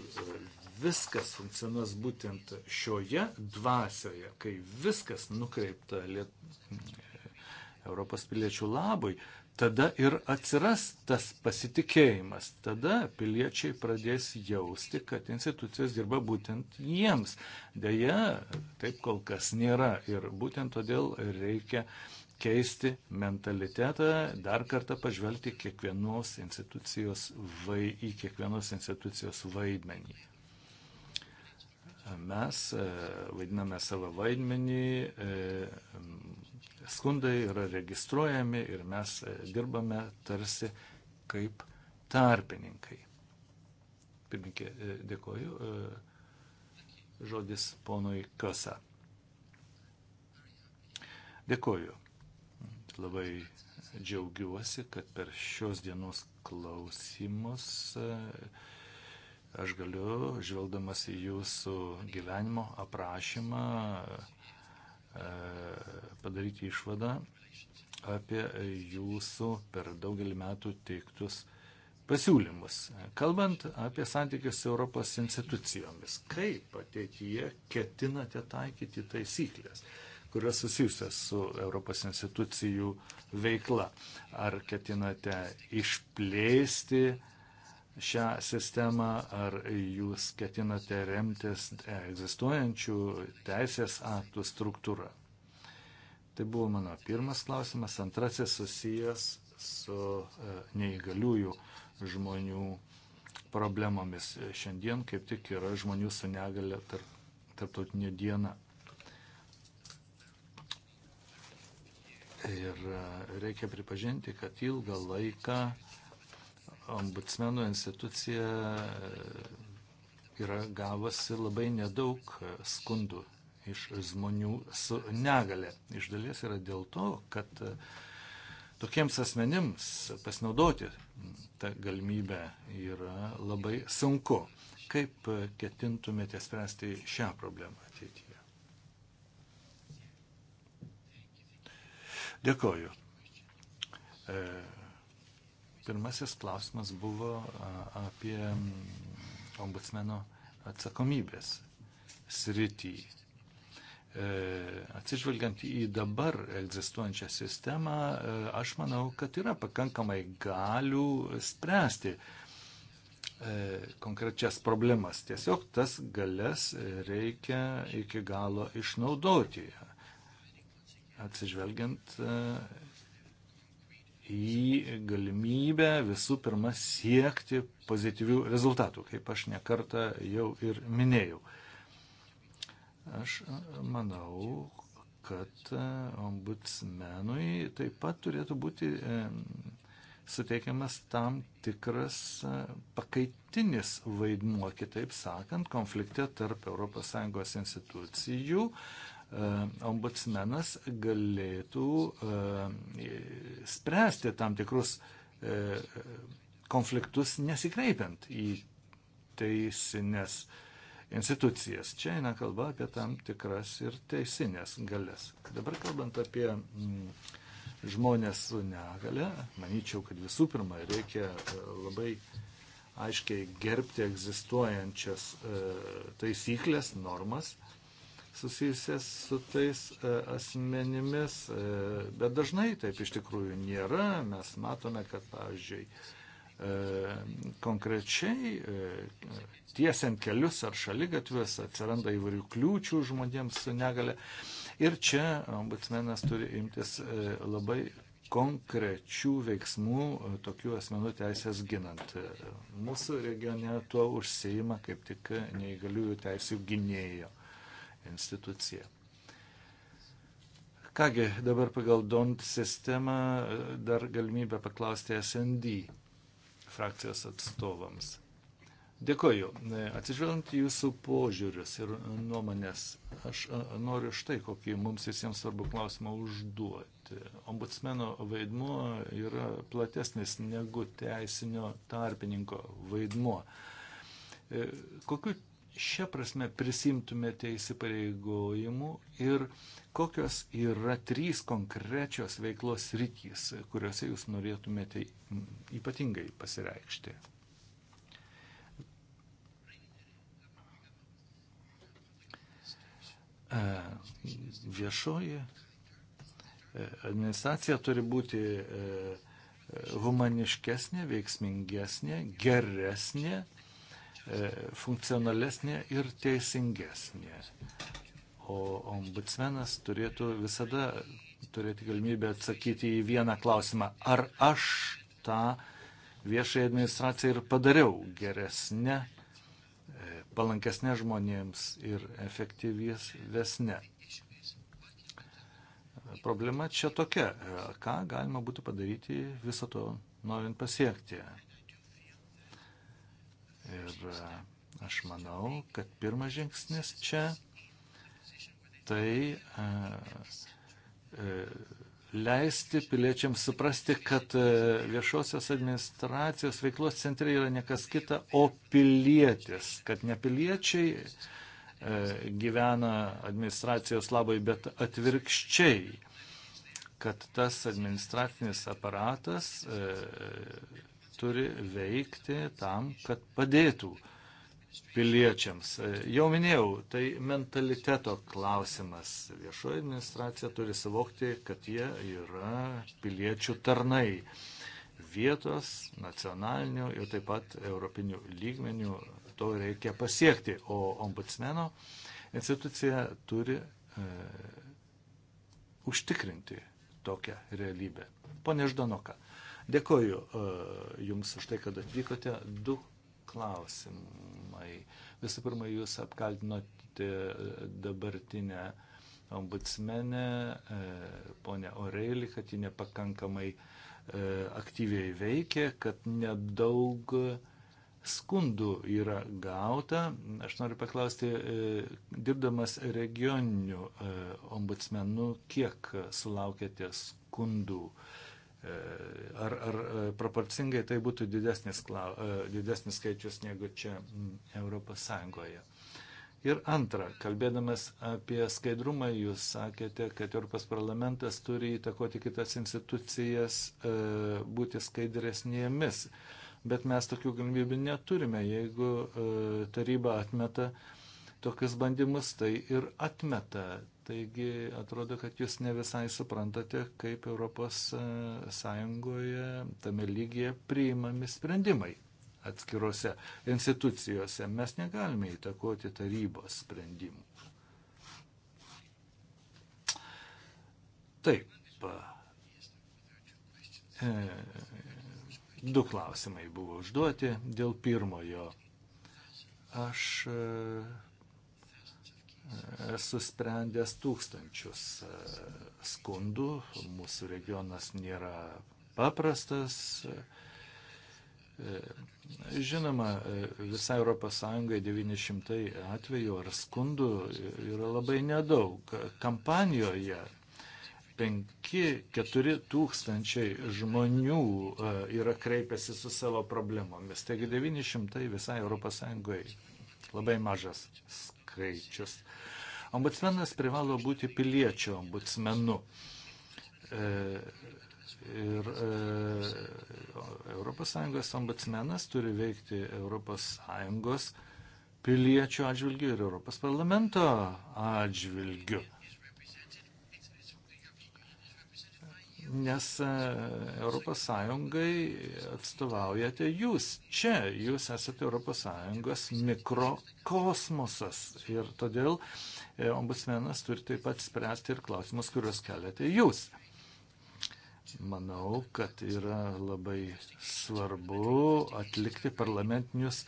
viskas funkcionuos būtent šioje dvasioje, kai viskas nukreipta Liet... Europos piliečių labui, tada ir atsiras tas pasitikėjimas. Tada piliečiai pradės jausti, kad institucijos dirba būtent jiems. Deja, taip kol kas nėra ir būtent todėl reikia keisti mentalitetą, dar kartą pažvelgti kiekvienos institucijos vai, į kiekvienos institucijos vaidmenį. Mes e, vaidiname savo vaidmenį, e, skundai yra registruojami ir mes e, dirbame tarsi kaip tarpininkai. Pirminkė, e, dėkoju. E, žodis ponui Kasa. Dėkoju. Labai džiaugiuosi, kad per šios dienos klausimus aš galiu, žvelgdamas į jūsų gyvenimo aprašymą, E, padaryti išvadą apie jūsų per daugelį metų teiktus pasiūlymus. Kalbant apie santykius su Europos institucijomis, kaip ateityje ketinate taikyti taisyklės, kurios susijusios su Europos institucijų veikla? Ar ketinate išplėsti uh, šią sistemą, ar jūs ketinate remtis egzistuojančių teisės aktų struktūrą. Tai buvo mano pirmas klausimas. Antrasis susijęs su e, neįgaliųjų žmonių problemomis. Šiandien kaip tik yra žmonių su negale tarp, tarptautinė diena. Ir e, reikia pripažinti, kad ilgą laiką uh, ombudsmeno institucija e, yra gavusi labai nedaug e, skundų iš žmonių su negale. Iš dalies yra dėl to, kad e, tokiems asmenims pasinaudoti tą galimybę yra labai sunku. Kaip ketintumėte spręsti šią problemą ateityje? Dėkoju. E, Pirmasis klausimas buvo apie ombudsmeno atsakomybės sritį. E, atsižvelgiant į dabar egzistuojančią sistemą, e, aš manau, kad yra pakankamai galių spręsti e, konkrečias problemas. Tiesiog tas galės reikia iki galo išnaudoti, atsižvelgiant į galimybę visų pirma siekti pozityvių rezultatų, kaip aš nekartą jau ir minėjau. Aš manau, kad ombudsmenui taip pat turėtų būti suteikiamas tam tikras e, pakaitinis vaidmuo, kitaip sakant, konflikte tarp ES institucijų E, ombudsmenas galėtų e, spręsti tam tikrus e, konfliktus nesikreipiant į teisinės institucijas. Čia eina kalba apie tam tikras ir teisinės galės. Dabar kalbant apie mm, žmonės su negale, manyčiau, kad visų pirma reikia labai aiškiai gerbti egzistuojančias taisyklės, normas, susijusias su tais e, asmenimis, e, bet dažnai taip iš tikrųjų nėra. Mes matome, kad, pavyzdžiui, e, konkrečiai tiesiant kelius ar šaligatvius atsiranda įvairių kliūčių žmonėms su negale. Ir čia ombudsmenas turi imtis labai konkrečių veiksmų tokių asmenų teisės ginant. Mūsų regione tuo užsieima kaip tik neįgaliųjų teisų gynėjo institucija. Kągi, dabar pagal DONT sistemą e, dar galimybę paklausti SND frakcijos atstovams. Dėkoju. E, atsižvelgiant jūsų požiūrius ir nuomonės, aš e, noriu štai kokį mums visiems svarbų klausimą užduoti. Ombudsmeno vaidmuo yra platesnis negu teisinio tarpininko vaidmuo. Kokiu šią prasme prisimtumėte įsipareigojimų ir kokios yra trys konkrečios veiklos rytys, kuriuose jūs norėtumėte ypatingai pasireikšti? E, viešoji e, administracija turi būti e, humaniškesnė, veiksmingesnė, geresnė E, funkcionalesnė ir teisingesnė. O ombudsmenas turėtų visada turėti galimybę atsakyti į vieną klausimą. Ar aš tą viešai administraciją ir padariau geresnę, e, palankesnę žmonėms ir efektyvesnę? Problema čia tokia. E, ką galima būtų padaryti viso to norint pasiekti? Ir e, aš manau, kad pirmas žingsnis čia tai a, e, a, e, leisti piliečiams suprasti, kad viešosios administracijos veiklos centrai yra niekas kita, o pilietis, kad ne piliečiai a, gyvena administracijos labai, bet atvirkščiai, kad tas administracinis aparatas a, turi veikti tam, kad padėtų piliečiams. E, jau minėjau, tai mentaliteto klausimas. Viešoji administracija turi suvokti, kad jie yra piliečių tarnai. Vietos, nacionalinių ir taip pat europinių lygmenių to reikia pasiekti. O ombudsmeno institucija turi e, užtikrinti tokią realybę. Pone Ždanoka. Dėkoju e, Jums už tai, kad atvykote. Du klausimai. Visų pirma, Jūs apkaltinote e, dabartinę ombudsmenę, e, ponę Orelį, kad ji nepakankamai aktyviai veikia, kad nedaug skundų yra gauta. Aš noriu paklausti, dirbdamas regioniniu ombudsmenu, kiek sulaukėte skundų? skundų? E, ar, ar e, proporcingai tai būtų didesnis, e, didesnis skaičius negu čia Europos Sąjungoje. Ir antra, kalbėdamas apie skaidrumą, jūs sakėte, kad Europos parlamentas turi įtakoti kitas institucijas būti skaidresnėmis. Bet mes tokių galimybių neturime. Jeigu taryba atmeta tokius bandymus, tai ir atmeta. Taigi atrodo, kad jūs ne visai suprantate, kaip ES e, tame lygyje priimami sprendimai atskirose institucijose. Mes negalime įtakoti tarybos sprendimų. Taip. E, e, du klausimai buvo užduoti. Dėl pirmojo aš esu sprendęs tūkstančius e, skundų, mūsų regionas nėra paprastas. E, žinoma, e, visai ES 900 atvejų ar skundų yra labai nedaug. Kampanijoje 5-4 tūkstančiai žmonių yra kreipiasi su savo problemomis. Taigi 900 visai ES labai mažas skaičius. Ombudsmenas privalo būti piliečio ombudsmenu. E, ir ES ombudsmenas turi veikti ES piliečių atžvilgių ir Europos parlamento atžvilgių. Nes ES atstovaujate jūs. Čia jūs esate ES mikrokosmosas. Ir todėl uh, E, ombudsmenas turi taip pat spręsti ir klausimus, kuriuos keliate jūs. Manau, kad yra labai svarbu atlikti parlamentinius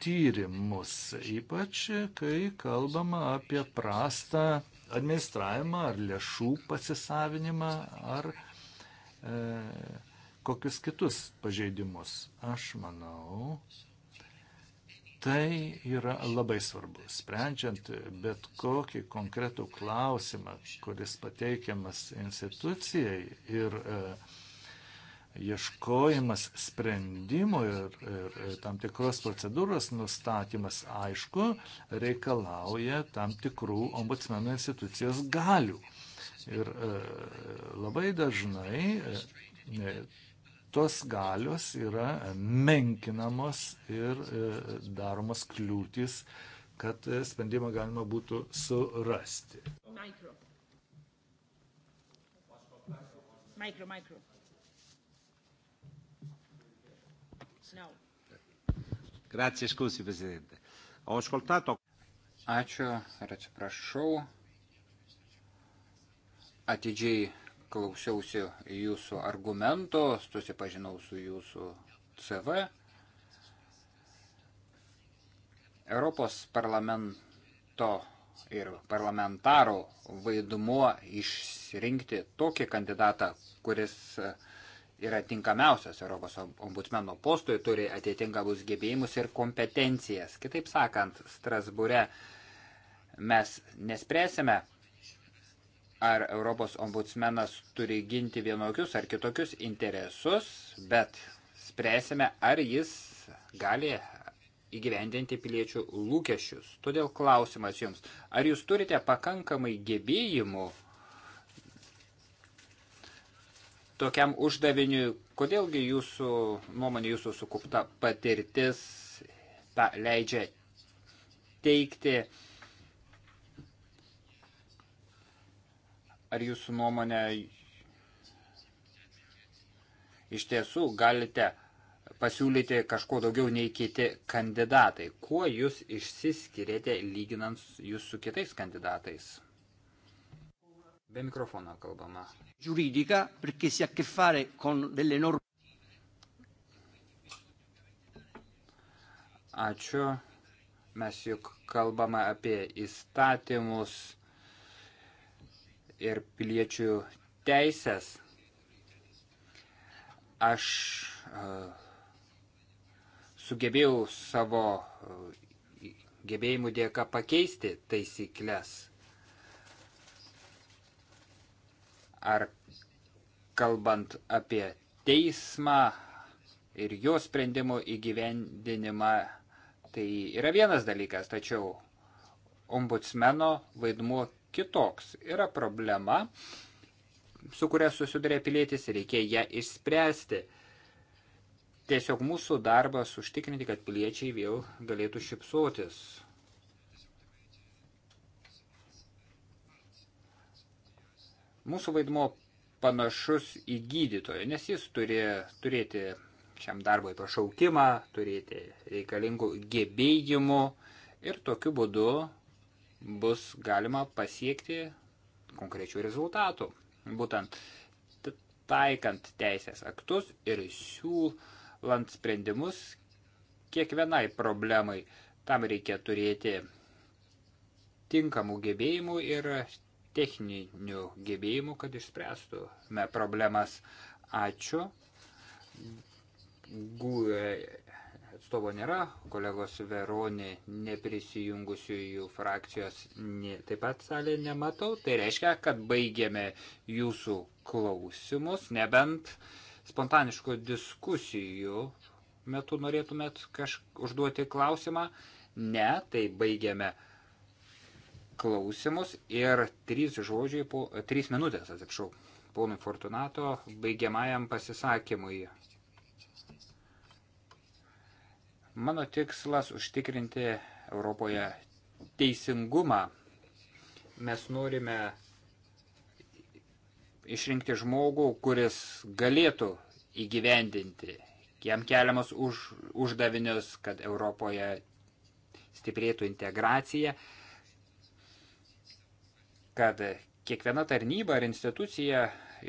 tyrimus, ypač kai kalbama apie prastą administravimą ar lėšų pasisavinimą ar e, kokius kitus pažeidimus. Aš manau, Tai yra labai svarbu, sprendžiant bet kokį konkretų klausimą, kuris pateikiamas institucijai ir e, ieškojimas sprendimo ir, ir, ir tam tikros procedūros nustatymas, aišku, reikalauja tam tikrų ombudsmenų institucijos galių. Ir e, labai dažnai e, tos galios yra menkinamos ir e, daromos kliūtis, kad e, sprendimą galima būtų surasti. Mikro. Mikro, mikro. No. Grazie, scusi Presidente. Ho ascoltato. Ačiū ir atsiprašau. Atidžiai klausiausi jūsų argumento, susipažinau su jūsų CV. Europos parlamento ir parlamentarų vaidmuo išrinkti tokį kandidatą, kuris yra tinkamiausias Europos ombudsmeno postui, turi atitinkamus gebėjimus ir kompetencijas. Kitaip sakant, Strasbūre mes nespręsime ar Europos ombudsmenas turi ginti vienokius ar kitokius interesus, bet spręsime, ar jis gali įgyvendinti piliečių lūkesčius. Todėl klausimas jums, ar jūs turite pakankamai gebėjimų tokiam uždaviniui, kodėlgi jūsų nuomonė, jūsų sukaupta patirtis tą leidžia teikti, Ar jūsų nuomonė iš tiesų galite pasiūlyti kažko daugiau nei kiti kandidatai? Kuo jūs išsiskiriate lyginant jūs su kitais kandidatais? Be mikrofono kalbama. Giuridica, perché si ha a che fare con delle norme. Ačiū. Mes juk kalbame apie įstatymus ir piliečių teisės. Aš e, sugebėjau savo e, gebėjimų dėka pakeisti taisyklės. Ar kalbant apie teismą ir jo sprendimų įgyvendinimą, tai yra vienas dalykas, tačiau ombudsmeno vaidmuo kitoks. Yra problema, su kuria susiduria pilietis ir reikia ją išspręsti. Tiesiog mūsų darbas užtikrinti, kad piliečiai vėl galėtų šipsuotis. Mūsų vaidmo panašus į gydytojo, nes jis turi turėti šiam darbui pašaukimą, turėti reikalingų gebėjimų ir tokiu būdu bus galima pasiekti konkrečių rezultatų. Būtent taikant teisės aktus ir siūlant sprendimus kiekvienai problemai. Tam reikia turėti tinkamų gebėjimų ir techninių gebėjimų, kad išspręstume problemas. Ačiū. GUE atstovo nėra, kolegos Veronė neprisijungusiųjų frakcijos nė, taip pat salė nematau. Tai reiškia, kad baigėme jūsų klausimus, nebent spontaniškų diskusijų metu norėtumėt kažk užduoti klausimą. Ne, tai baigėme klausimus ir trys žodžiai, po, trys minutės, atsiprašau, ponui Fortunato baigiamajam pasisakymui. Mano tikslas užtikrinti Europoje teisingumą. Mes norime išrinkti žmogų, kuris galėtų įgyvendinti jam keliamas už, uždavinius, kad Europoje stiprėtų integracija, kad kiekviena tarnyba ar institucija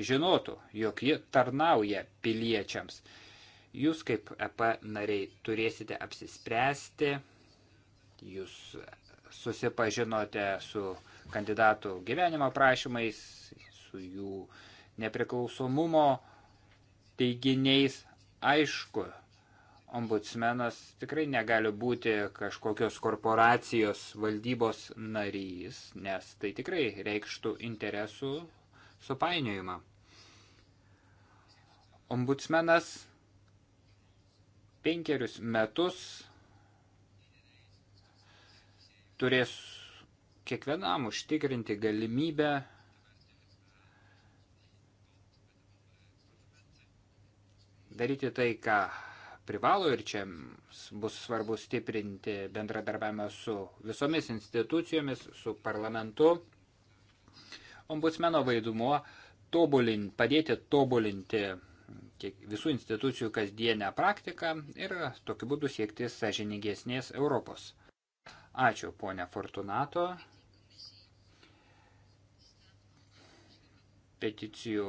žinotų, jog ji tarnauja piliečiams. Jūs kaip EP nariai turėsite apsispręsti, jūs susipažinote su kandidatų gyvenimo prašymais, su jų nepriklausomumo teiginiais. Aišku, ombudsmenas tikrai negali būti kažkokios korporacijos valdybos narys, nes tai tikrai reikštų interesų supainiojimą. Ombudsmenas penkerius metus turės kiekvienam užtikrinti galimybę daryti tai, ką privalo ir čia bus svarbu stiprinti bendradarbiavimą su visomis institucijomis, su parlamentu. Ombudsmeno vaidumuo tobulin, padėti tobulinti kiek, visų institucijų kasdienę praktiką ir tokiu būdu siekti sažiningesnės Europos. Ačiū, ponia Fortunato. Peticijų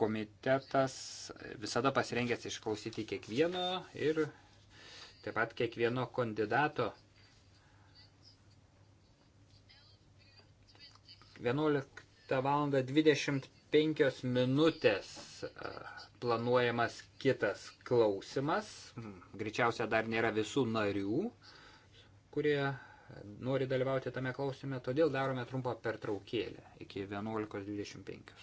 komitetas visada pasirengęs išklausyti kiekvieno ir taip pat kiekvieno kandidato. 11 valandą 25 minutės planuojamas kitas klausimas. Hmm, greičiausia dar nėra visų narių, kurie nori dalyvauti tame klausime, todėl darome trumpą pertraukėlę iki 11.25.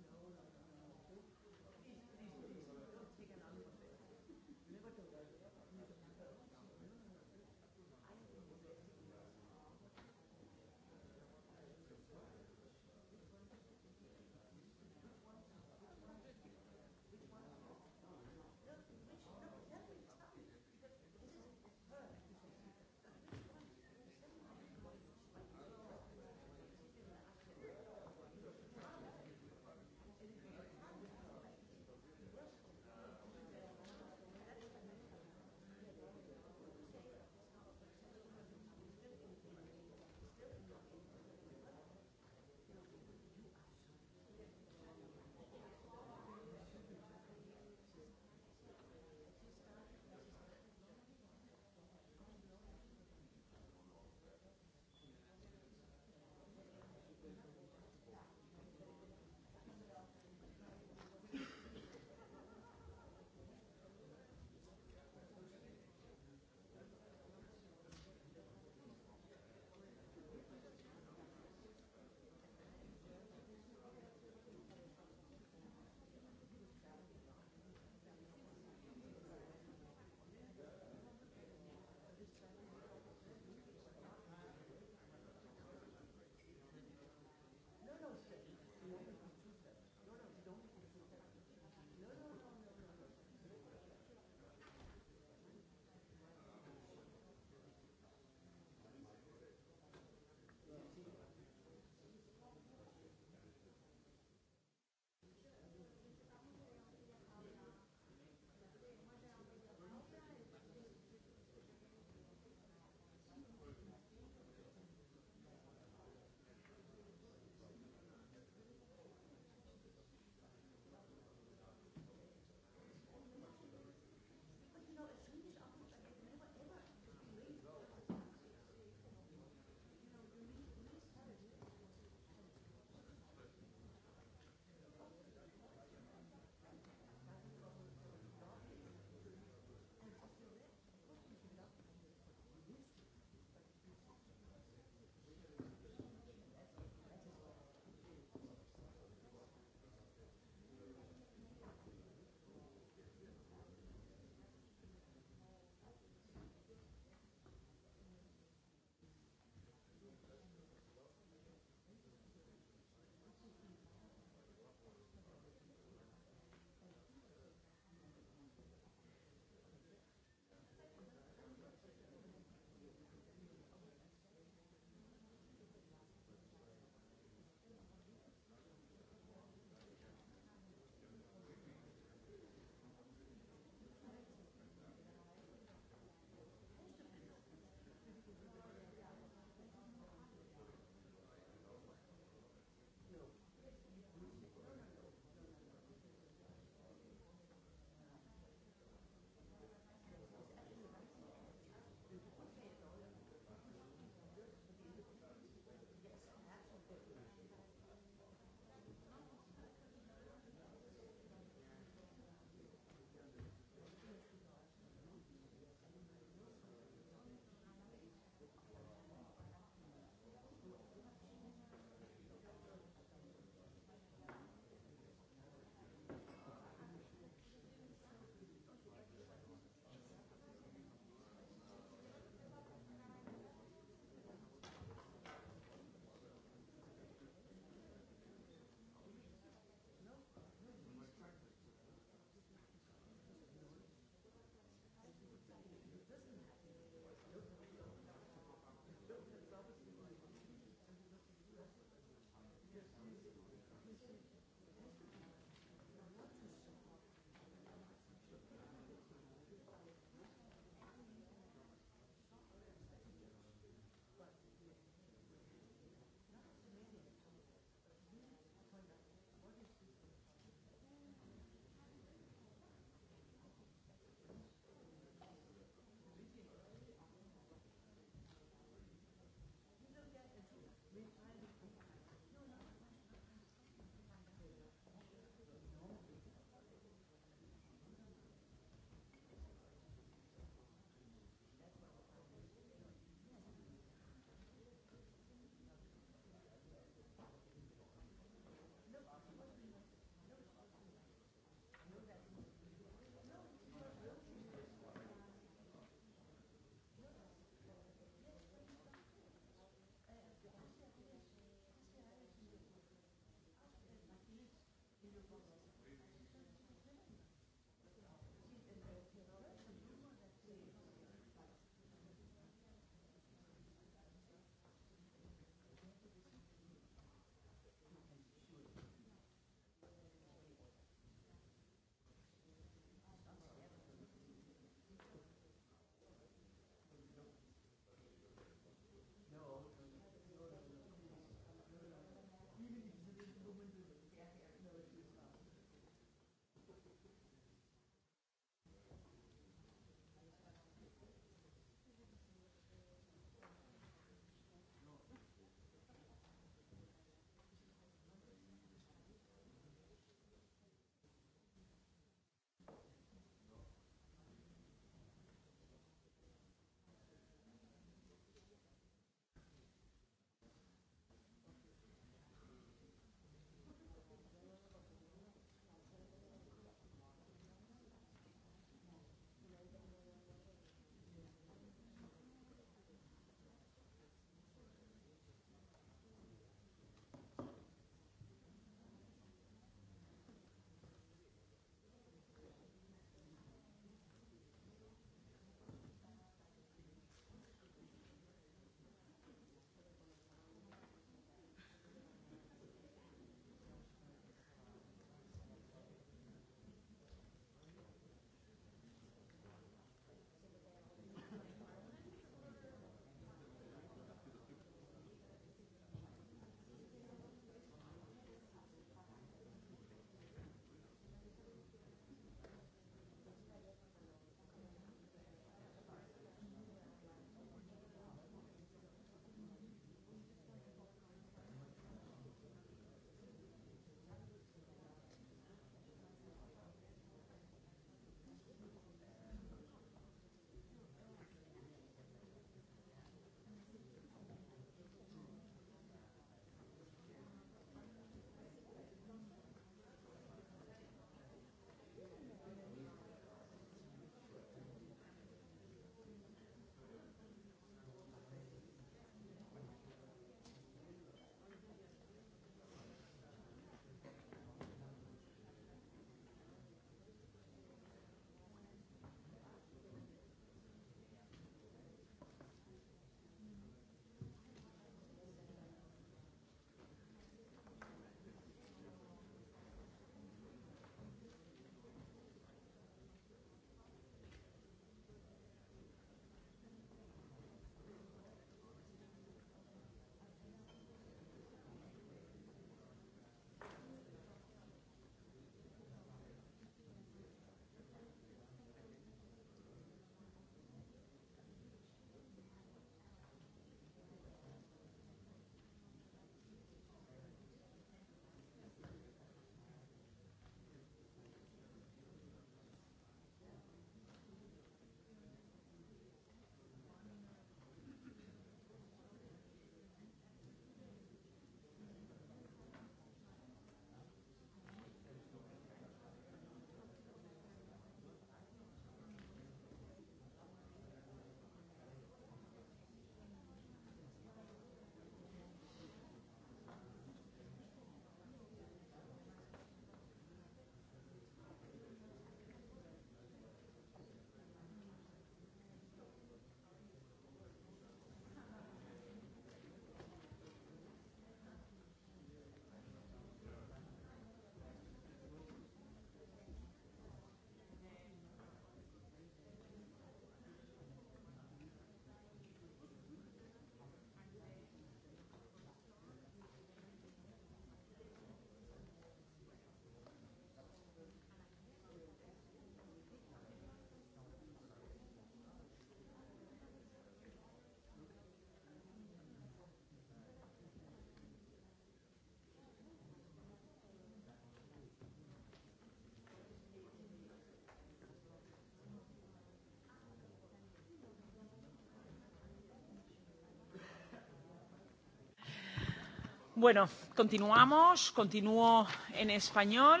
Bueno, continuamos, continuo en español.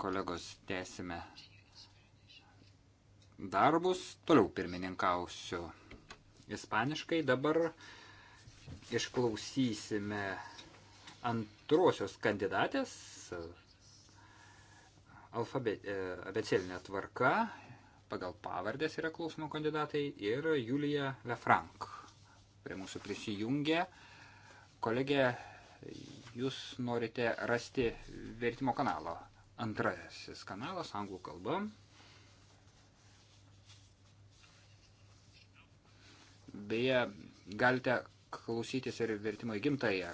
Kolegos, tęsime darbus, toliau pirmininkausiu ispaniškai, dabar išklausysime antrosios kandidatės abecelinė e, tvarka, pagal pavardės yra klausimo kandidatai ir Julija Lefrank. Prie mūsų prisijungia uh, Kolegė, jūs norite rasti vertimo kanalą. Antrasis kanalas, anglų kalba. Beje, galite klausytis ir vertimo į gimtąją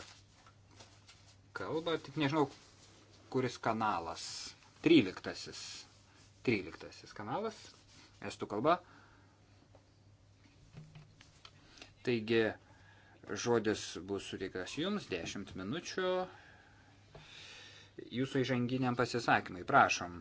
kalbą, tik nežinau, kuris kanalas. Tryliktasis. Tryliktasis kanalas, estų kalba. Taigi, Žodis bus suteiktas jums 10 minučių. Jūsų įžanginiam pasisakymai, prašom.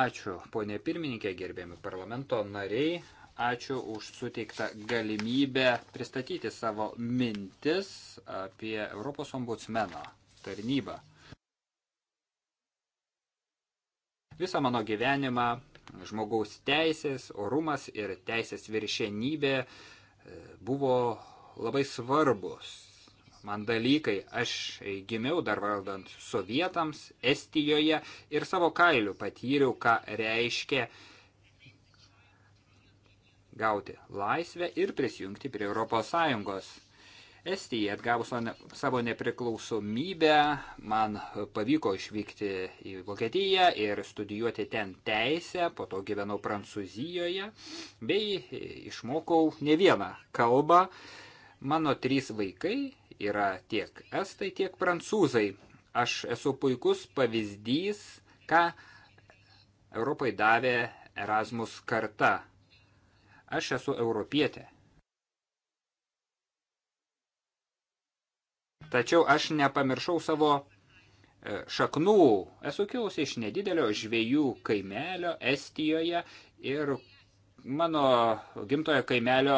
Ačiū, ponė pirmininkė, gerbėmi parlamento nariai. Ačiū už suteiktą galimybę pristatyti savo mintis apie Europos ombudsmeno tarnybą. Visą mano gyvenimą žmogaus teisės, orumas ir teisės viršenybė e, buvo labai svarbus man dalykai. Aš gimiau dar valdant sovietams Estijoje ir savo kailiu patyriau, ką reiškia gauti laisvę ir prisijungti prie ES. Estija atgavus savo nepriklausomybę, man pavyko išvykti į Vokietiją ir studijuoti ten teisę, po to gyvenau Prancūzijoje, bei išmokau ne vieną kalbą, Mano trys vaikai yra tiek estai, tiek prancūzai. Aš esu puikus pavyzdys, ką Europai davė Erasmus karta. Aš esu europietė. Tačiau aš nepamiršau savo e, šaknų. Esu kilusi iš nedidelio žvėjų kaimelio Estijoje ir mano gimtojo kaimelio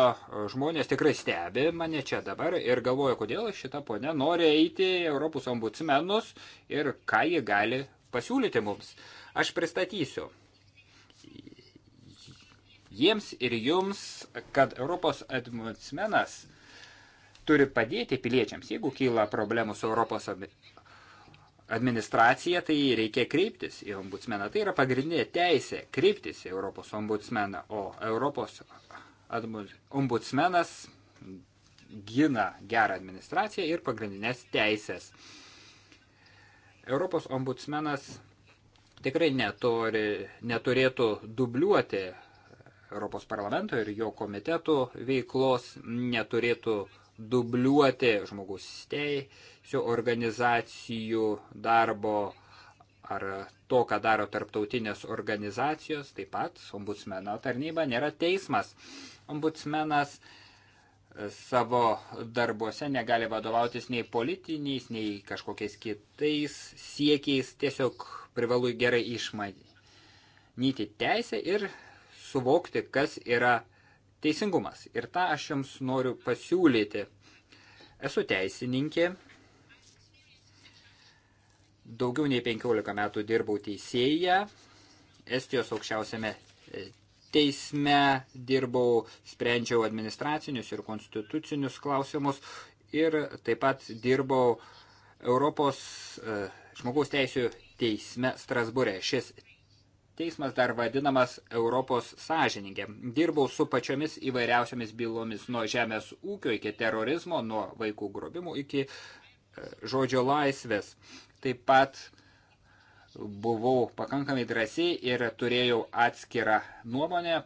žmonės tikrai stebi mane čia dabar ir galvoja, kodėl šita ponė nori eiti Europos ombudsmenus ir ką ji gali pasiūlyti mums. Aš pristatysiu jiems ir jums, kad Europos ombudsmenas turi padėti piliečiams, jeigu kyla problemų su Europos administraciją, tai reikia kreiptis į ombudsmeną. Tai yra pagrindinė teisė kreiptis į Europos ombudsmeną, o Europos ombudsmenas gina gerą administraciją ir pagrindinės teisės. Europos ombudsmenas tikrai netori, neturėtų dubliuoti Europos parlamento ir jo komitetų veiklos, neturėtų dubliuoti žmogus teisų organizacijų darbo ar to, ką daro tarptautinės organizacijos, taip pat ombudsmeno tarnyba nėra teismas. Ombudsmenas e, savo darbuose negali vadovautis nei politiniais, nei kažkokiais kitais siekiais, tiesiog privalu gerai išmanyti teisę ir suvokti, kas yra teisingumas. Ir tą aš jums noriu pasiūlyti. Esu teisininkė. Daugiau nei 15 metų dirbau teisėje. Estijos aukščiausiame e, teisme dirbau, sprendžiau administracinius ir konstitucinius klausimus ir taip pat dirbau Europos e, žmogaus teisų teisme Strasbūrė. Šis teismas dar vadinamas Europos sąžininkė. Dirbau su pačiomis įvairiausiamis bylomis nuo žemės ūkio iki terorizmo, nuo vaikų grobimų iki e, žodžio laisvės. Taip pat buvau pakankamai drąsiai ir turėjau atskirą nuomonę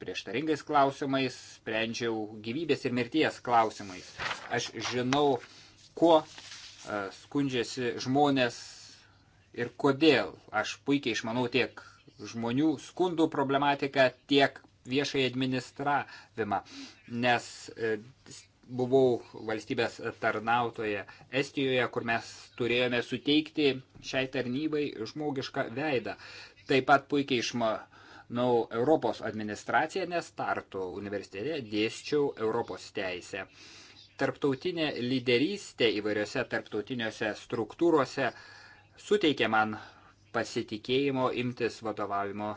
prieštaringais klausimais, sprendžiau gyvybės ir mirties klausimais. Aš žinau, kuo e, skundžiasi žmonės ir kodėl. Aš puikiai išmanau tiek žmonių skundų problematiką, tiek viešai administravimą, nes e, buvau valstybės tarnautoje Estijoje, kur mes turėjome suteikti šiai tarnybai žmogišką veidą. Taip pat puikiai išmanau Europos administraciją, nes Tartu universitete dėsčiau Europos teisę. Tarptautinė lyderystė įvairiose tarptautiniuose struktūrose suteikė man pasitikėjimo imtis vadovavimo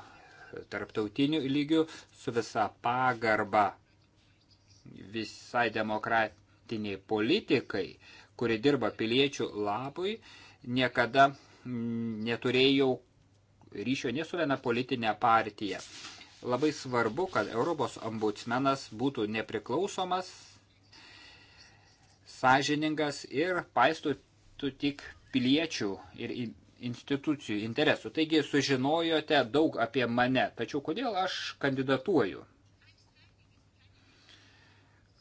tarptautiniu lygiu su visa pagarba visai demokratiniai politikai, kuri dirba piliečių labui, niekada neturėjau ryšio ne su viena politinė partija. Labai svarbu, kad Europos ombudsmenas būtų nepriklausomas, sąžiningas ir paistų tik piliečių ir institucijų interesų. Taigi sužinojote daug apie mane, tačiau kodėl aš kandidatuoju?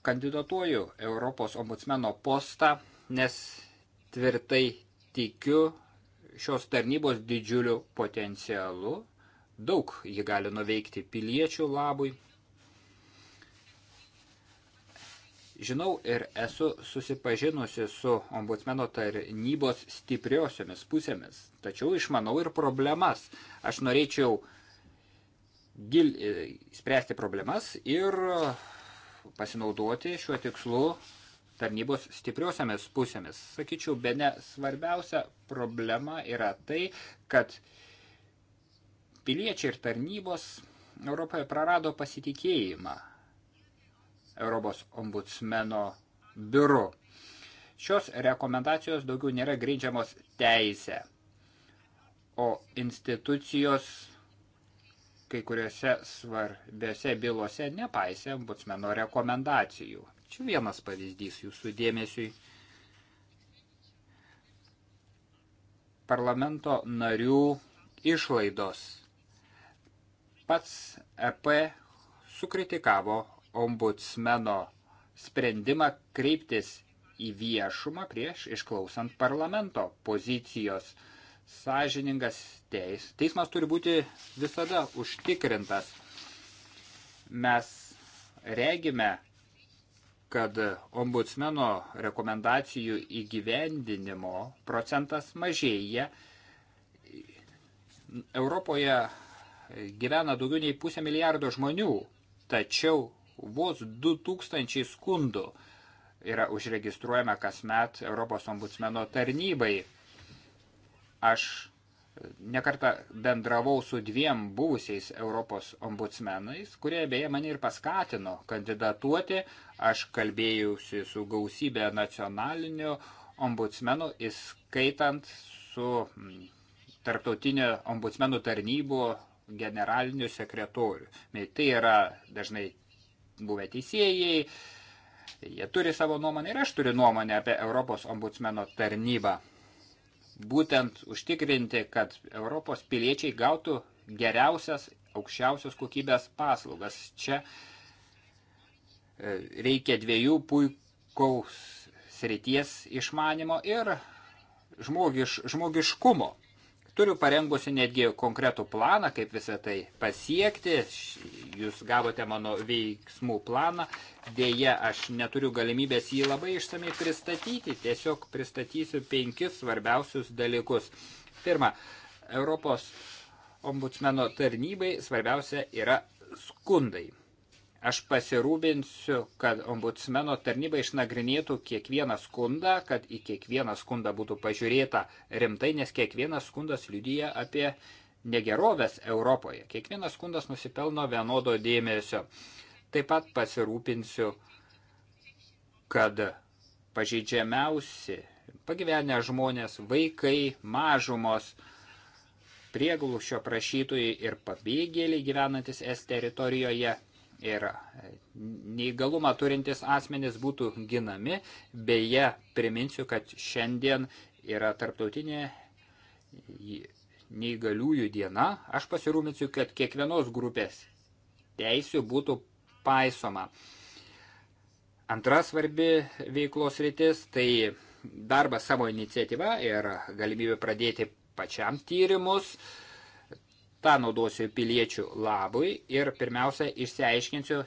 Kandidatuoju Europos ombudsmeno postą, nes tvirtai tikiu šios tarnybos didžiuliu potencialu. Daug ji gali nuveikti piliečių labui. Žinau ir esu susipažinusi su ombudsmeno tarnybos stipriosiomis pusėmis, tačiau išmanau ir problemas. Aš norėčiau gil, e, spręsti problemas ir pasinaudoti šiuo tikslu tarnybos stipriosiomis pusėmis. Sakyčiau, be ne svarbiausia problema yra tai, kad piliečiai ir tarnybos Europoje prarado pasitikėjimą Europos ombudsmeno biuru. Šios rekomendacijos daugiau nėra grindžiamos teisė, o institucijos kai kuriuose svarbiose bylose nepaisė ombudsmeno rekomendacijų. Čia vienas pavyzdys jūsų dėmesiui. Parlamento narių išlaidos. Pats EP sukritikavo ombudsmeno sprendimą kreiptis į viešumą prieš išklausant parlamento pozicijos. Sažiningas teis. teismas turi būti visada užtikrintas. Mes regime, kad ombudsmeno rekomendacijų įgyvendinimo procentas mažėja. Europoje gyvena daugiau nei pusę milijardo žmonių, tačiau Vos 2000 skundų yra užregistruojama kasmet Europos ombudsmeno tarnybai. Aš nekartą bendravau su dviem buvusiais Europos ombudsmenais, kurie beje mane ir paskatino kandidatuoti. Aš kalbėjausi su gausybė nacionalinio ombudsmenų, įskaitant su mm, tarptautinio ombudsmenų tarnybo generaliniu sekretoriu. Tai yra dažnai buvę teisėjai, jie turi savo nuomonę ir aš turiu nuomonę apie Europos ombudsmeno tarnybą. Būtent užtikrinti, kad Europos piliečiai gautų geriausias, aukščiausios kokybės paslaugas. Čia e, reikia dviejų puikaus srities išmanimo ir žmogiš, žmogiškumo. Turiu parengusi netgi konkretų planą, kaip visą tai pasiekti. Jūs gavote mano veiksmų planą. Dėje aš neturiu galimybės jį labai išsamei pristatyti. Tiesiog pristatysiu penkis svarbiausius dalykus. Pirma, Europos ombudsmeno tarnybai svarbiausia yra skundai. Aš pasirūpinsiu, kad ombudsmeno tarnyba išnagrinėtų kiekvieną skundą, kad į kiekvieną skundą būtų pažiūrėta rimtai, nes kiekvienas skundas liudyja apie negerovės Europoje. Kiekvienas skundas nusipelno vienodo dėmesio. Taip pat pasirūpinsiu, kad pažeidžiamiausi pagyvenę žmonės, vaikai, mažumos, prieglušio prašytojai ir pabėgėliai gyvenantis es teritorijoje ir e, neįgalumą turintis asmenys būtų ginami. Beje, priminsiu, kad šiandien yra tarptautinė neįgaliųjų diena. Aš pasirūminsiu, kad kiekvienos grupės teisių būtų paisoma. Antra svarbi veiklos rytis - tai darbas savo iniciatyva ir galimybė pradėti pačiam tyrimus. Uh, tą naudosiu piliečių labui ir pirmiausia išsiaiškinsiu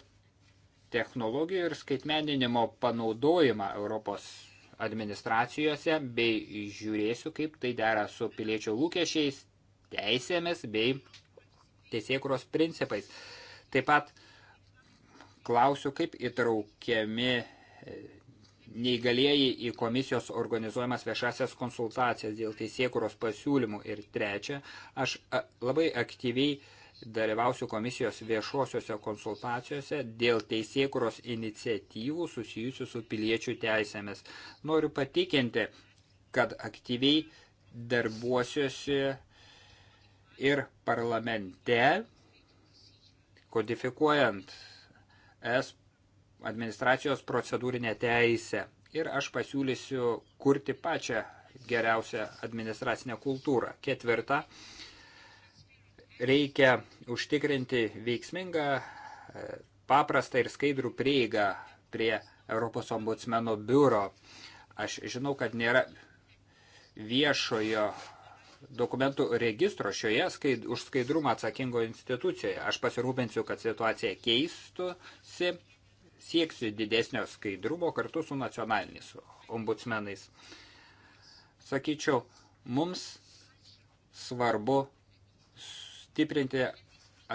technologijų ir skaitmeninimo panaudojimą Europos administracijose bei žiūrėsiu, kaip tai dera su piliečio lūkesčiais, teisėmis bei teisėkuros principais. Taip pat klausiu, kaip įtraukiami neįgalėjai į komisijos organizuojamas viešasias konsultacijas dėl teisėkuros pasiūlymų. Ir trečia, aš labai aktyviai dalyvausiu komisijos viešosiuose konsultacijose dėl teisėkuros iniciatyvų susijusių su piliečių teisėmis. Noriu patikinti, kad aktyviai darbuosiuosi ir parlamente, kodifikuojant es administracijos procedūrinę teisę. Ir aš pasiūlysiu kurti pačią geriausią administracinę kultūrą. Ketvirta, reikia užtikrinti veiksmingą, e, paprastą ir skaidrų prieigą prie Europos ombudsmeno biuro. Aš žinau, kad nėra viešojo dokumentų registro šioje skaid, už skaidrumą atsakingo institucijoje. Aš pasirūpinsiu, kad situacija keistusi sieksiu didesnio skaidrumo kartu su nacionaliniais ombudsmenais. Sakyčiau, mums svarbu stiprinti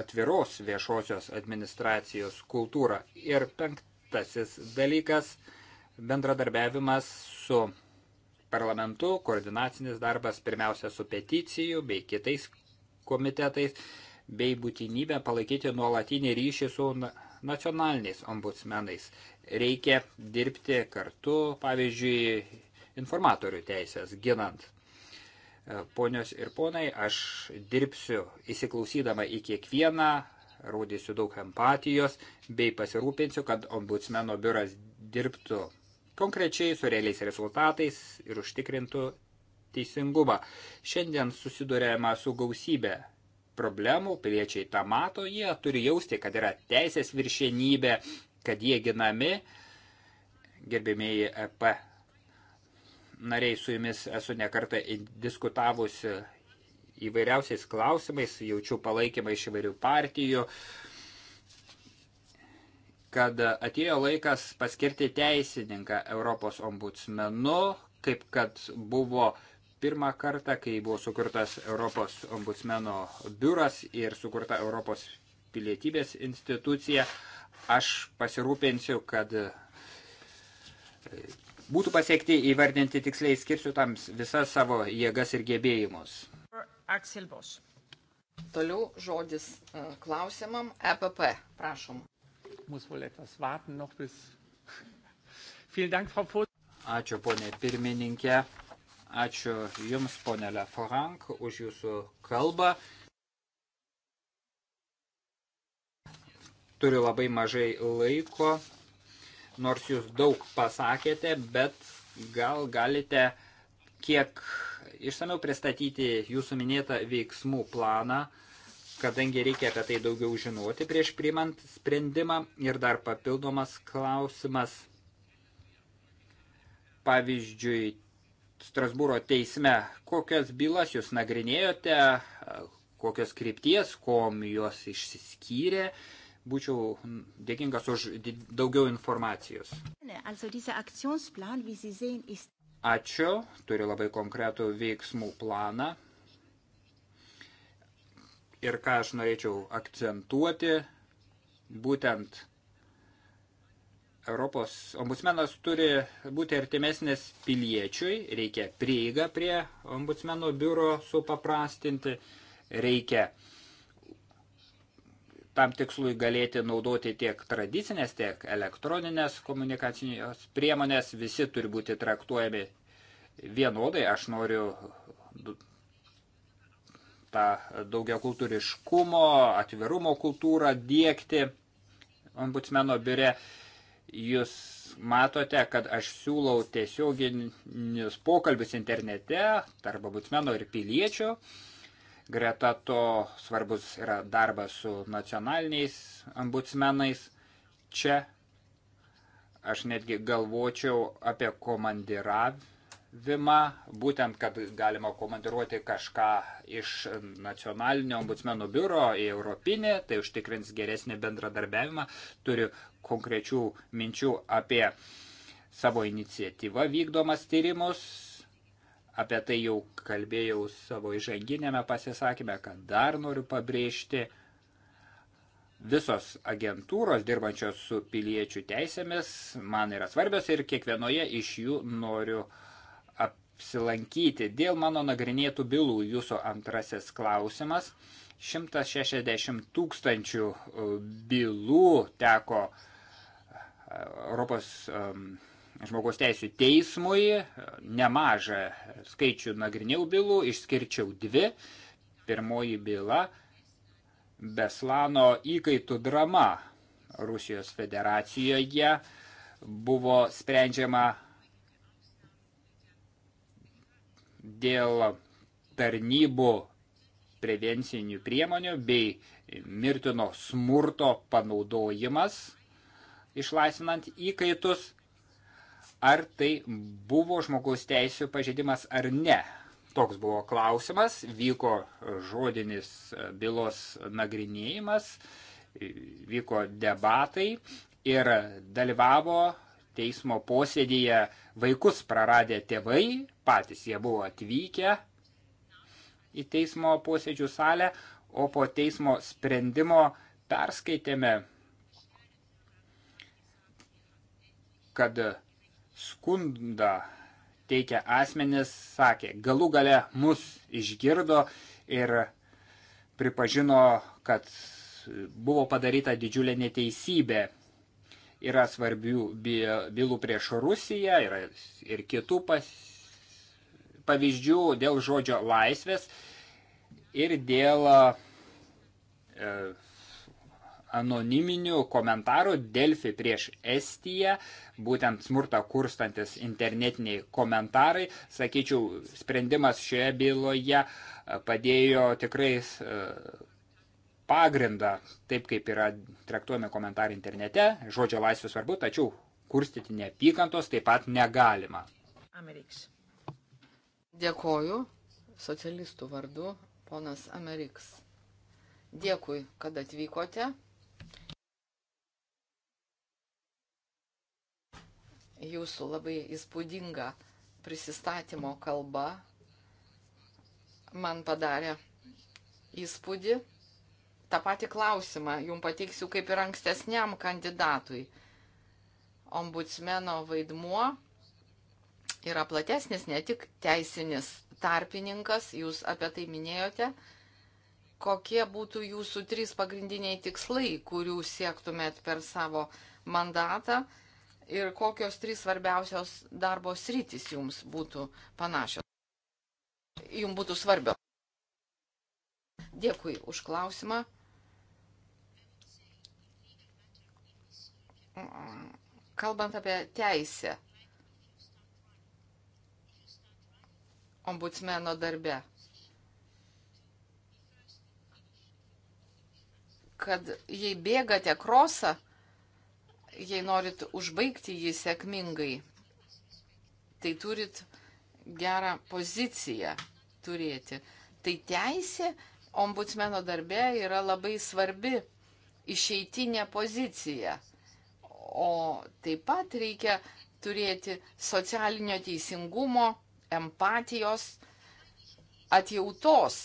atviros viešosios administracijos kultūrą. Ir penktasis dalykas - bendradarbiavimas su parlamentu, koordinacinis darbas pirmiausia su peticijų bei kitais komitetais, bei būtinybė palaikyti nuolatinį ryšį su nacionaliniais ombudsmenais. Reikia dirbti kartu, pavyzdžiui, informatorių teisės ginant. E, ponios ir ponai, aš dirbsiu įsiklausydama į kiekvieną, rodysiu daug empatijos bei pasirūpinsiu, kad ombudsmeno biuras dirbtų konkrečiai su realiais rezultatais ir užtikrintų teisingumą. Šiandien susidurėma su gausybė problemų, piliečiai tą mato, jie turi jausti, kad yra teisės viršienybė, kad jie ginami. Gerbėmėjai EP nariai su jumis esu nekartą diskutavusi įvairiausiais klausimais, jaučiu palaikymą iš įvairių partijų, kad atėjo laikas paskirti teisininką Europos ombudsmenu, kaip kad buvo pirmą kartą, kai buvo sukurtas Europos ombudsmeno biuras ir sukurta Europos pilietybės institucija. Aš pasirūpinsiu, kad e, būtų pasiekti įvardinti tiksliai, skirsiu tam visas savo jėgas ir gebėjimus. Aksel Bos. Toliau žodis e, klausimam. EPP, prašom. Ačiū, ponė pirmininkė. Ačiū Jums, ponė Leforank, už Jūsų kalbą. Turiu labai mažai laiko, nors Jūs daug pasakėte, bet gal galite kiek išsameu pristatyti Jūsų minėtą veiksmų planą kadangi reikia apie tai daugiau žinoti prieš priimant sprendimą ir dar papildomas klausimas. Pavyzdžiui, Strasbūro teisme. Kokias bylas jūs nagrinėjote, kokios krypties, kom jos išsiskyrė? Būčiau dėkingas už daugiau informacijos. Ačiū, turiu labai konkretų veiksmų planą. Ir ką aš norėčiau akcentuoti, būtent Europos ombudsmenas turi būti artimesnis piliečiui, reikia prieigą prie ombudsmeno biuro supaprastinti, reikia tam tikslui galėti naudoti tiek tradicinės, tiek elektroninės komunikacinės priemonės, visi turi būti traktuojami vienodai, aš noriu tą daugiakultūriškumo, atvirumo kultūrą dėkti ombudsmeno biure. Jūs matote, kad aš siūlau tiesioginius pokalbius internete tarp būtsmeno ir piliečio. Greta to svarbus yra darbas su nacionaliniais ambutsmenais. Čia aš netgi galvočiau apie komandiravimą, būtent, kad galima komandiruoti kažką iš nacionalinio ombudsmenų biuro į europinį, tai užtikrins geresnį bendradarbiavimą. Turiu konkrečių minčių apie savo iniciatyvą vykdomas tyrimus. Apie tai jau kalbėjau savo įžanginėme pasisakymę, kad dar noriu pabrėžti. Visos agentūros dirbančios su piliečių teisėmis man yra svarbios ir kiekvienoje iš jų noriu apsilankyti. Dėl mano nagrinėtų bylų jūsų antrasis klausimas. 160 tūkstančių e, bylų teko uh, Europos žmogaus teisų teismui nemažą skaičių nagrinėjau bylų, išskirčiau dvi. Pirmoji byla - Beslano įkaitų drama Rusijos federacijoje buvo sprendžiama dėl tarnybų prevencinių priemonių bei mirtino smurto panaudojimas išlaisvinant įkaitus, ar tai buvo žmogaus teisų pažeidimas ar ne. Toks buvo klausimas, vyko žodinis bylos nagrinėjimas, vyko debatai ir dalyvavo teismo posėdėje vaikus praradę tėvai, patys jie buvo atvykę į teismo posėdžių salę, o po teismo sprendimo perskaitėme kad skundą teikia asmenis, sakė, galų gale mus išgirdo ir pripažino, kad buvo padaryta didžiulė neteisybė. Yra svarbių bylų prieš Rusiją, yra ir kitų pas, pavyzdžių dėl žodžio laisvės ir dėl e, anoniminių komentarų Delfi prieš Estiją, būtent smurtą kurstantis internetiniai komentarai. Sakyčiau, sprendimas šioje byloje e, padėjo tikrai e, pagrindą, taip kaip yra traktuojami komentarai internete, žodžio laisvė svarbu, tačiau kurstyti neapykantos taip pat negalima. Ameriks. Dėkoju socialistų vardu, ponas Ameriks. Dėkui, kad atvykote. jūsų labai įspūdinga prisistatymo kalba man padarė įspūdį. Ta pati klausimą jum pateiksiu kaip ir ankstesniam kandidatui. Ombudsmeno vaidmuo yra platesnis, ne tik teisinis tarpininkas, jūs apie tai minėjote. Kokie būtų jūsų trys pagrindiniai tikslai, kurių siektumėt per savo mandatą ir kokios trys svarbiausios darbo sritys jums būtų panašios, jums būtų svarbios. Dėkui už klausimą. Kalbant apie teisę ombudsmeno darbe, kad jei bėgate krosą, jei norit užbaigti jį sėkmingai, tai turit gerą poziciją turėti. Tai teisė ombudsmeno darbė yra labai svarbi išeitinė pozicija. O taip pat reikia turėti socialinio teisingumo, empatijos, atjautos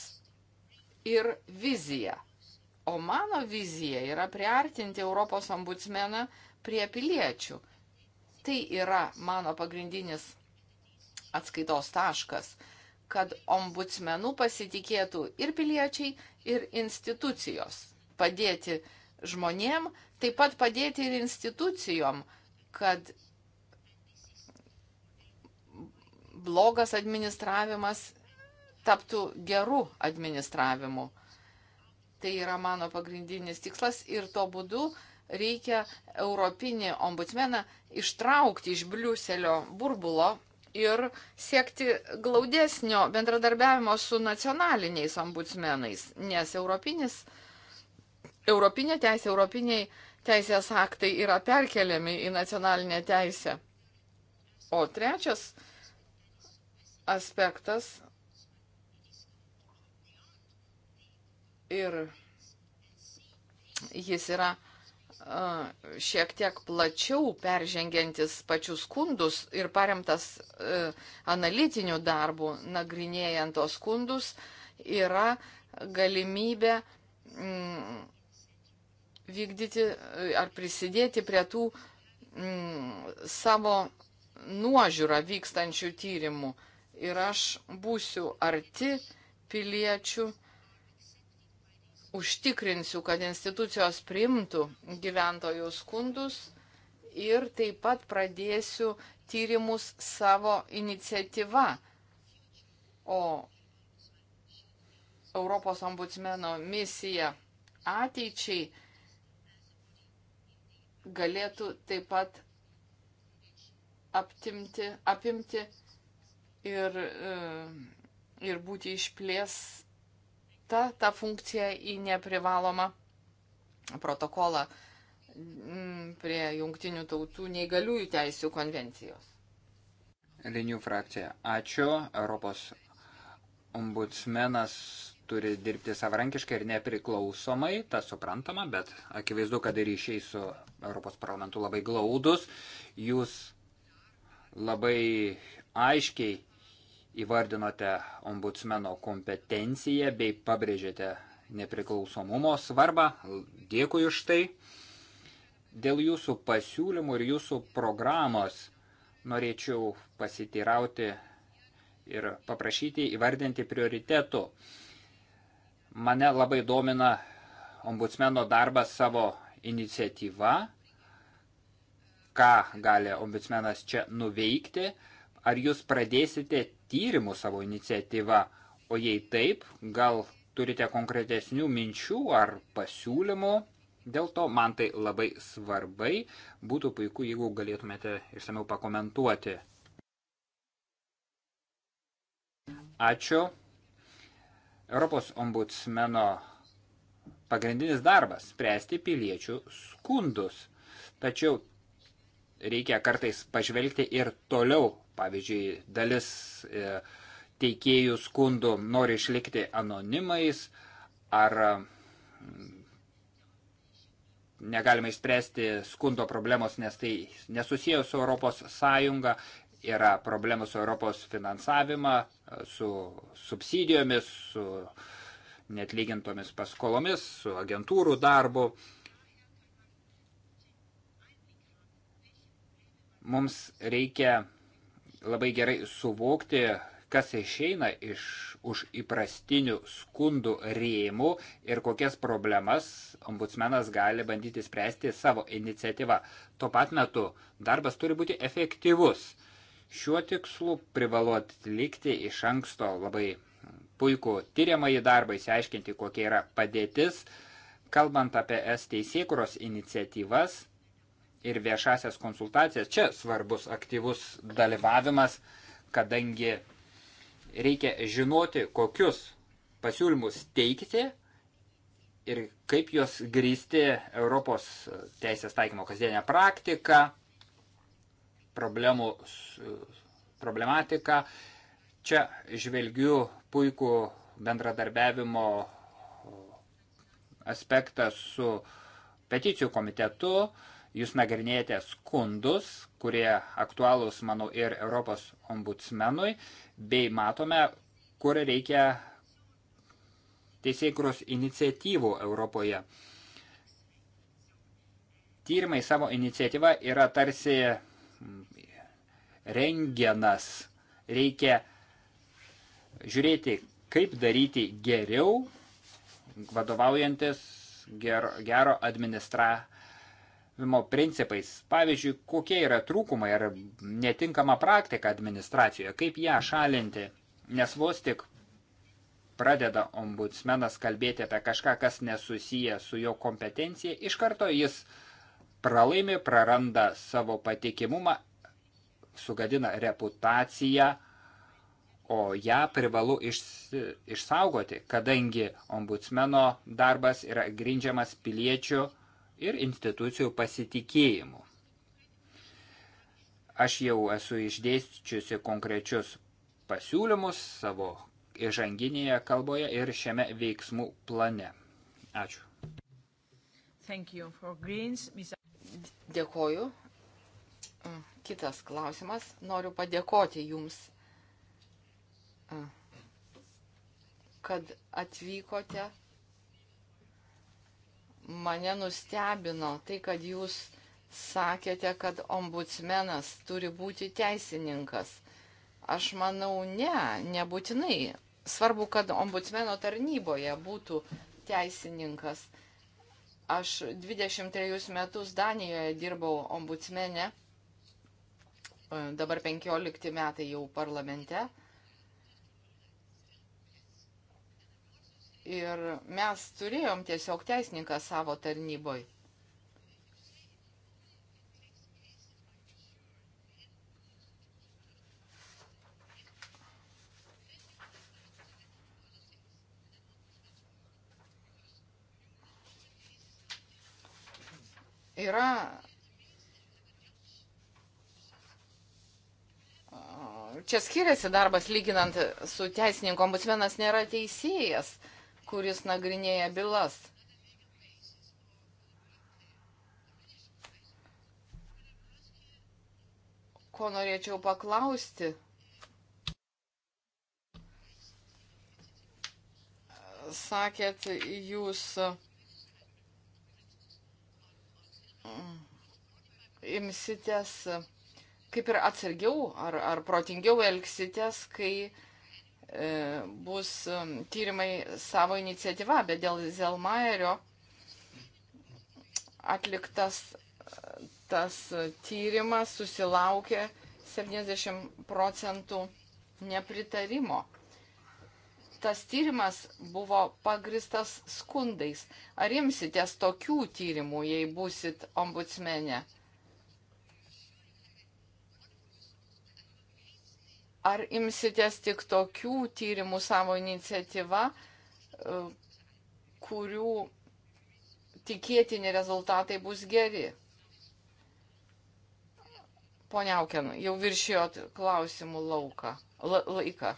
ir viziją. O mano vizija yra priartinti Europos ombudsmeną prie piliečių. Tai yra mano pagrindinis atskaitos taškas, kad ombudsmenų pasitikėtų ir piliečiai, ir institucijos. Padėti žmonėm, taip pat padėti ir institucijom, kad blogas administravimas taptų gerų administravimų. Tai yra mano pagrindinis tikslas ir tuo būdu reikia Europinį ombudsmeną ištraukti iš Briuselio burbulo ir siekti glaudesnio bendradarbiavimo su nacionaliniais ombudsmenais, nes europinis, europinė teisė, europiniai teisės aktai yra perkeliami į nacionalinę teisę. O trečias aspektas ir jis yra šiek tiek plačiau peržengiantis pačius skundus ir paremtas e, analitiniu darbu, nagrinėjant tos skundus, yra galimybė mm, vykdyti e, ar prisidėti prie tų mm, savo nuožiūrą vykstančių tyrimų. Ir aš būsiu arti piliečių užtikrinsiu, kad institucijos priimtų gyventojų skundus ir taip pat pradėsiu tyrimus savo iniciatyva. O Europos ombudsmeno misija ateičiai galėtų taip pat aptimti, apimti ir, e, ir būti išplės, įtraukta ta funkcija į neprivalomą protokolą mm, prie jungtinių tautų neįgaliųjų teisų konvencijos. Renių frakcija. Ačiū. Europos ombudsmenas turi dirbti savarankiškai ir nepriklausomai, tas suprantama, bet akivaizdu, kad ryšiai su Europos parlamentu labai glaudus. Jūs labai aiškiai įvardinote ombudsmeno kompetenciją bei pabrėžėte nepriklausomumo svarbą. Dėkui už tai. Dėl jūsų pasiūlymų ir jūsų programos norėčiau pasitirauti ir paprašyti įvardinti prioritetų. Mane labai domina ombudsmeno darbas savo iniciatyva, ką gali ombudsmenas čia nuveikti, ar jūs pradėsite tyrimų savo iniciatyva, o jei taip, gal turite konkretesnių minčių ar pasiūlymų, dėl to man tai labai svarbai, būtų puiku, jeigu galėtumėte išsameu pakomentuoti. Ačiū. Europos ombudsmeno pagrindinis darbas – spręsti piliečių skundus. Tačiau reikia kartais pažvelgti ir toliau. Pavyzdžiui, dalis e, teikėjų skundų nori išlikti anonimais ar mm, negalima išspręsti skundo problemos, nes tai nesusijęs su Europos Sąjunga, yra problemų su Europos finansavimą, su subsidijomis, su netlygintomis paskolomis, su agentūrų darbu. Uh, Mums reikia labai gerai suvokti, kas išeina iš už įprastinių skundų rėmų ir kokias problemas ombudsmenas gali bandyti spręsti savo iniciatyvą. Tuo pat metu darbas turi būti efektyvus. Šiuo tikslu privalu atlikti iš anksto labai puikų tyriamąjį darbą, įsiaiškinti, kokia yra padėtis. Kalbant apie S teisėkuros iniciatyvas, ir viešasias konsultacijas. Čia svarbus aktyvus dalyvavimas, kadangi reikia žinoti, kokius pasiūlymus teikti ir kaip juos grįsti Europos teisės taikymo kasdienę praktiką, problemų, problematiką. Čia žvelgiu puikų bendradarbiavimo aspektą su peticijų komitetu, jūs nagrinėjate skundus, kurie aktualūs, manau, ir Europos ombudsmenui, bei matome, kur reikia teisėkuros iniciatyvų Europoje. Tyrimai savo iniciatyva yra tarsi mm, rengenas. Reikia žiūrėti, kaip daryti geriau, vadovaujantis gero, gero administra principais. Pavyzdžiui, kokie yra trūkumai ar netinkama praktika administracijoje, kaip ją šalinti, nes vos tik pradeda ombudsmenas kalbėti apie kažką, kas nesusiję su jo kompetencija, iš karto jis pralaimi, praranda savo patikimumą, sugadina reputaciją, o ją privalu iš, išsaugoti, kadangi ombudsmeno darbas yra grindžiamas piliečių ir institucijų pasitikėjimu. Aš jau esu išdėsčiusi konkrečius pasiūlymus savo įžanginėje kalboje ir šiame veiksmų plane. Ačiū. Dėkoju. Mm, kitas klausimas. Noriu padėkoti Jums, mm, kad atvykote mane nustebino tai, kad jūs sakėte, kad ombudsmenas turi būti teisininkas. Aš manau, ne, nebūtinai. Svarbu, kad ombudsmeno tarnyboje būtų teisininkas. Aš 23 metus Danijoje dirbau ombudsmene, dabar 15 metai jau parlamente. Ir mes turėjom tiesiog teisininką savo tarnyboj. Yra čia skiriasi darbas lyginant su teisininku, ombudsmenas nėra teisėjas. Uh, kuris nagrinėja bylas. Ko norėčiau paklausti? Sakėt, jūs mm, imsitės kaip ir atsargiau ar, ar protingiau elgsitės, kai uh, E, bus tyrimai savo iniciatyva, bet dėl Zelmaerio atliktas tas tyrimas susilaukė 70 procentų nepritarimo. Tas tyrimas buvo pagristas skundais. Ar imsitės tokių tyrimų, jei busit ombudsmenė? Ar imsitės tik tokių tyrimų savo iniciatyva, e, kurių tikėtini rezultatai bus geri? Pone Auken, jau viršijot klausimų lauką, la, laiką.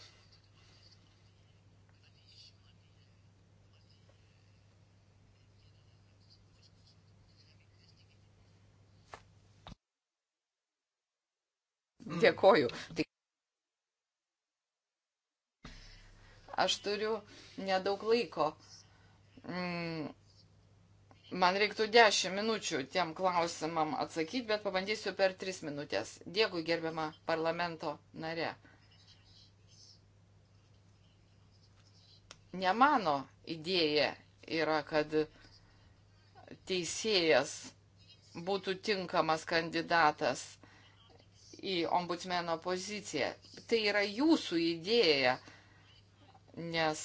Dėkoju. Tai Aš turiu nedaug laiko. Mm, man reiktų 10 minučių tiem klausimam atsakyti, bet pabandysiu per 3 minutės. Dėkui, gerbiama parlamento nare. Ne mano idėja yra, kad teisėjas būtų tinkamas kandidatas į ombudsmeno poziciją. Tai yra jūsų idėja nes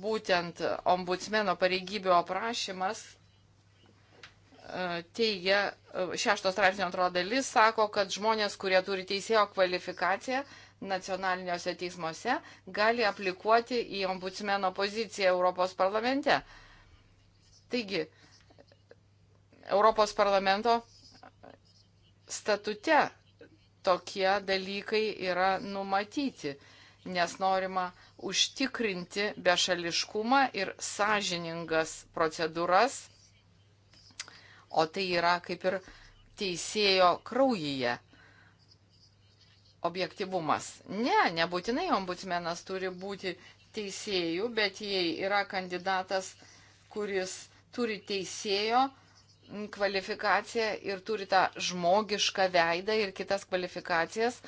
būtent ombudsmeno pareigybių aprašymas e, teigia, e, šešto straipsnio antroji dalis sako, kad žmonės, kurie turi teisėjo kvalifikaciją nacionaliniuose teismuose, gali aplikuoti į ombudsmeno poziciją Europos parlamente. Taigi, Europos parlamento statute tokie dalykai yra numatyti, nes norima užtikrinti bešališkumą ir sąžiningas procedūras, o tai yra kaip ir teisėjo kraujyje objektivumas. Ne, nebūtinai ombudsmenas turi būti teisėjų, bet jei yra kandidatas, kuris turi teisėjo kvalifikaciją ir turi tą žmogišką veidą ir kitas kvalifikacijas,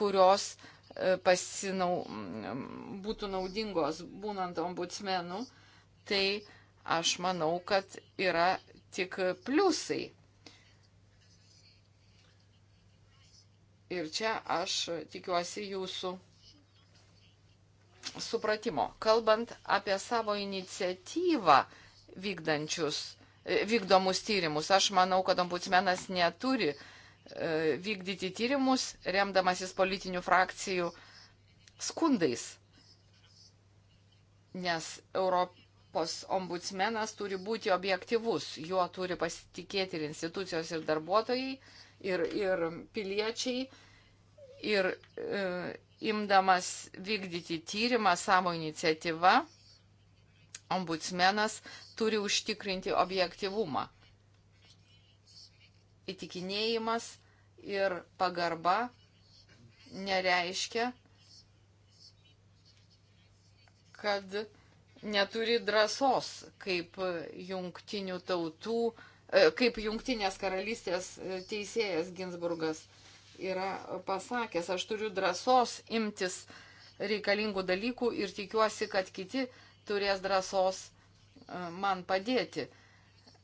kurios pasinau, būtų naudingos būnant ombudsmenu, tai aš manau, kad yra tik pliusai. Ir čia aš tikiuosi jūsų supratimo. Kalbant apie savo iniciatyvą vykdančius, vykdomus tyrimus, aš manau, kad ombudsmenas neturi uh, E, vykdyti tyrimus, remdamasis politinių frakcijų skundais. Nes Europos ombudsmenas turi būti objektivus, juo turi pasitikėti ir institucijos, ir darbuotojai, ir, ir piliečiai. Ir e, imdamas vykdyti tyrimą savo iniciatyvą, ombudsmenas turi užtikrinti objektivumą įtikinėjimas ir pagarba nereiškia, kad neturi drąsos kaip jungtinių tautų, e, kaip jungtinės karalystės teisėjas Ginsburgas yra pasakęs, aš turiu drąsos imtis reikalingų dalykų ir tikiuosi, kad kiti turės drąsos e, man padėti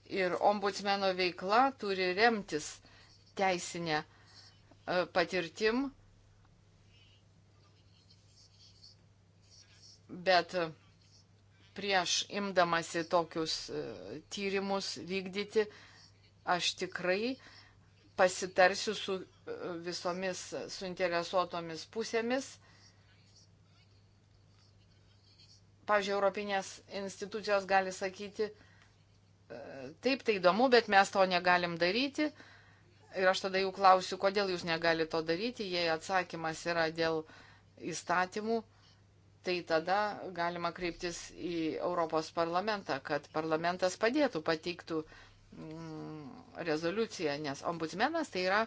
ir ombudsmeno veikla turi remtis teisinė e, patirtim, bet prieš imdamasi tokius e, tyrimus vykdyti, aš tikrai pasitarsiu su e, visomis suinteresuotomis pusėmis. Pavyzdžiui, Europinės institucijos gali sakyti, taip, tai įdomu, bet mes to negalim daryti. Ir aš tada jų klausiu, kodėl jūs negalite to daryti, jei atsakymas yra dėl įstatymų, tai tada galima kreiptis į Europos parlamentą, kad parlamentas padėtų, pateiktų mm, rezoliuciją, nes ombudsmenas tai yra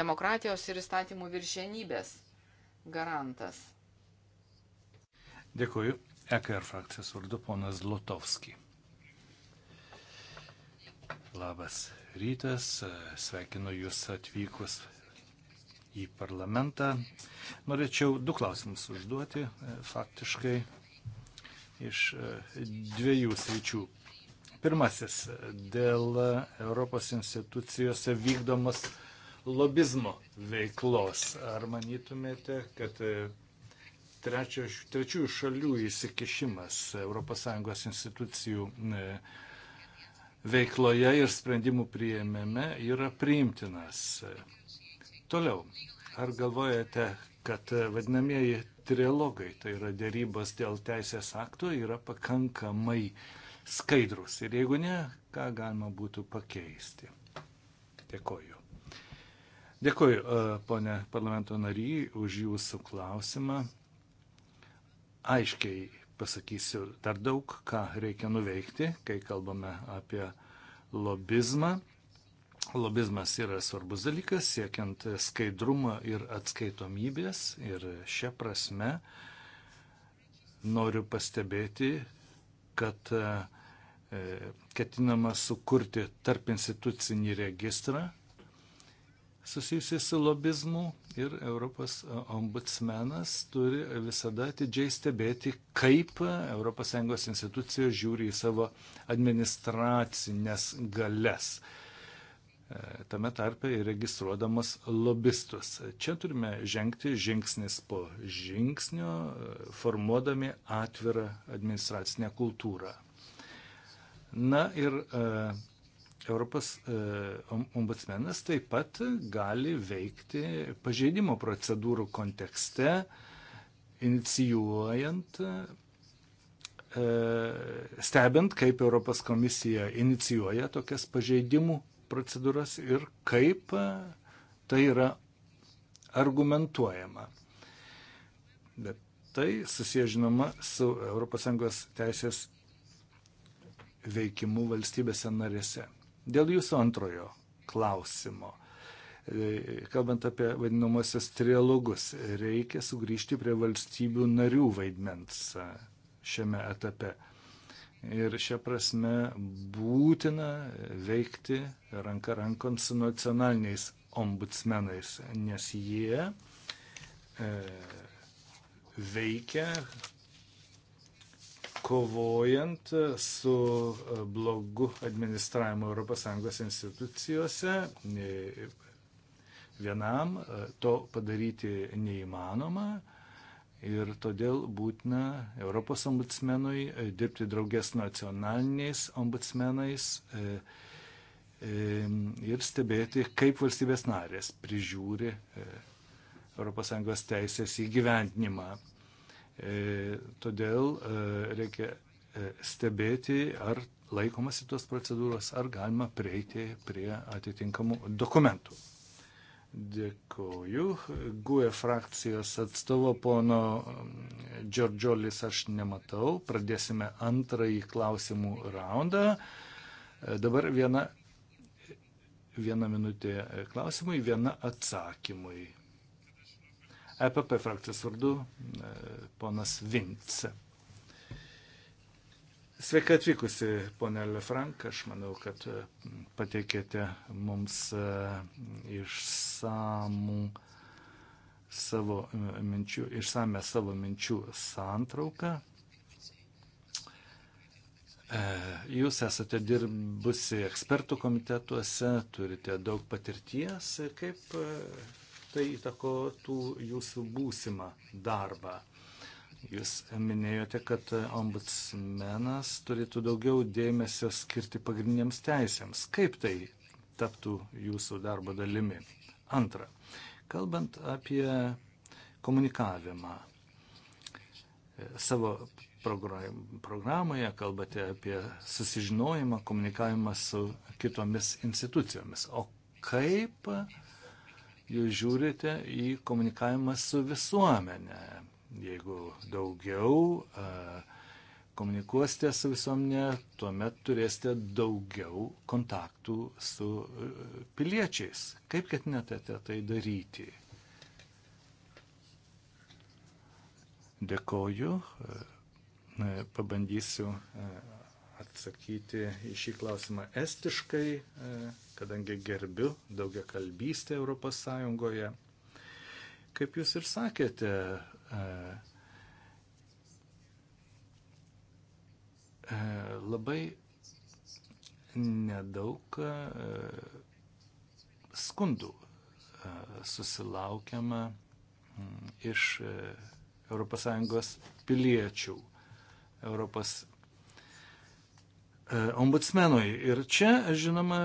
demokratijos ir įstatymų viršienybės garantas. Dėkuoju. EKR frakcijos vardu ponas Lutovskis. Labas rytas, sveikinu Jūs atvykus į parlamentą. Norėčiau du klausimus užduoti faktiškai iš e, dviejų sričių. Pirmasis - dėl Europos institucijose vykdomos lobizmo veiklos. Ar manytumėte, kad e, trečiųjų šalių įsikišimas ES institucijų e, veikloje ir sprendimų prieimėme yra priimtinas. Toliau, ar galvojate, kad vadinamieji trilogai, tai yra dėrybos dėl teisės aktų, yra pakankamai skaidrus ir jeigu ne, ką galima būtų pakeisti? Dėkoju. Dėkoju, e, ponė parlamento nary, už jūsų klausimą. Aiškiai pasakysiu dar daug, ką reikia nuveikti, kai kalbame apie lobizmą. Lobizmas yra svarbus dalykas, siekiant skaidrumo ir atskaitomybės. Ir šią prasme noriu pastebėti, kad e, ketinama sukurti tarp institucinį registrą susijusi su lobizmu ir Europos e, ombudsmenas turi visada atidžiai stebėti, kaip ES institucijos žiūri į savo administracinės galės e, tame tarpe ir registruodamas lobistus. Čia turime žengti žingsnis po žingsnio, e, formuodami atvirą administracinę kultūrą. Na ir Europos e, ombudsmenas taip pat gali veikti pažeidimo procedūrų kontekste, inicijuojant, e, stebint, kaip Europos komisija inicijuoja tokias pažeidimų procedūras ir kaip e, tai yra argumentuojama. Bet tai susiję žinoma su ES teisės veikimu valstybėse narėse. Dėl jūsų antrojo klausimo. E, kalbant apie vadinamosios trialogus, reikia sugrįžti prie valstybių narių vaidmens e, šiame etape. Ir šią prasme būtina veikti ranka rankon su nacionaliniais ombudsmenais, nes jie e, veikia kovojant e, su e, blogu administravimu ES institucijose. E, vienam to padaryti neįmanoma ir todėl būtina Europos ombudsmenui dirbti draugės nacionaliniais ombudsmenais ir stebėti, kaip valstybės narės prižiūri ES teisės įgyvendinimą. E, todėl e, reikia e, stebėti, ar laikomasi tos procedūros, ar galima prieiti prie atitinkamų dokumentų. Dėkoju. GUE frakcijos atstovo pono mm, Džordžiolis aš nematau. Pradėsime antrąjį klausimų raundą. Dabar viena, viena minutė klausimui, viena atsakymui. EPP frakcijos vardu e, ponas Vince. Sveika atvykusi, ponė Lefrank, aš manau, kad e, pateikėte mums e, išsamų savo minčių, išsame savo minčių santrauką. Jūs esate dirbusi ekspertų komitetuose, turite daug patirties, kaip tai įtakotų jūsų būsimą darbą. Jūs minėjote, kad ombudsmenas turėtų daugiau dėmesio skirti pagrindiniams teisėms. Kaip tai taptų jūsų darbo dalimi? Antra, kalbant apie komunikavimą. E, savo programoje kalbate apie susižinojimą, komunikavimą su kitomis institucijomis. O kaip uh, jūs žiūrite į komunikavimą su visuomenė. Jeigu daugiau e, komunikuosite su visuomenė, tuomet turėsite daugiau kontaktų su e, piliečiais. Kaip ketinate tai daryti? Dėkoju. E, pabandysiu atsakyti į šį klausimą estiškai kadangi gerbiu daugia kalbystę Europos Sąjungoje. Kaip jūs ir sakėte, e, e, labai nedaug e, skundų susilaukiama mm, iš ES piliečių, Europos ombudsmenui. Ir čia, žinoma,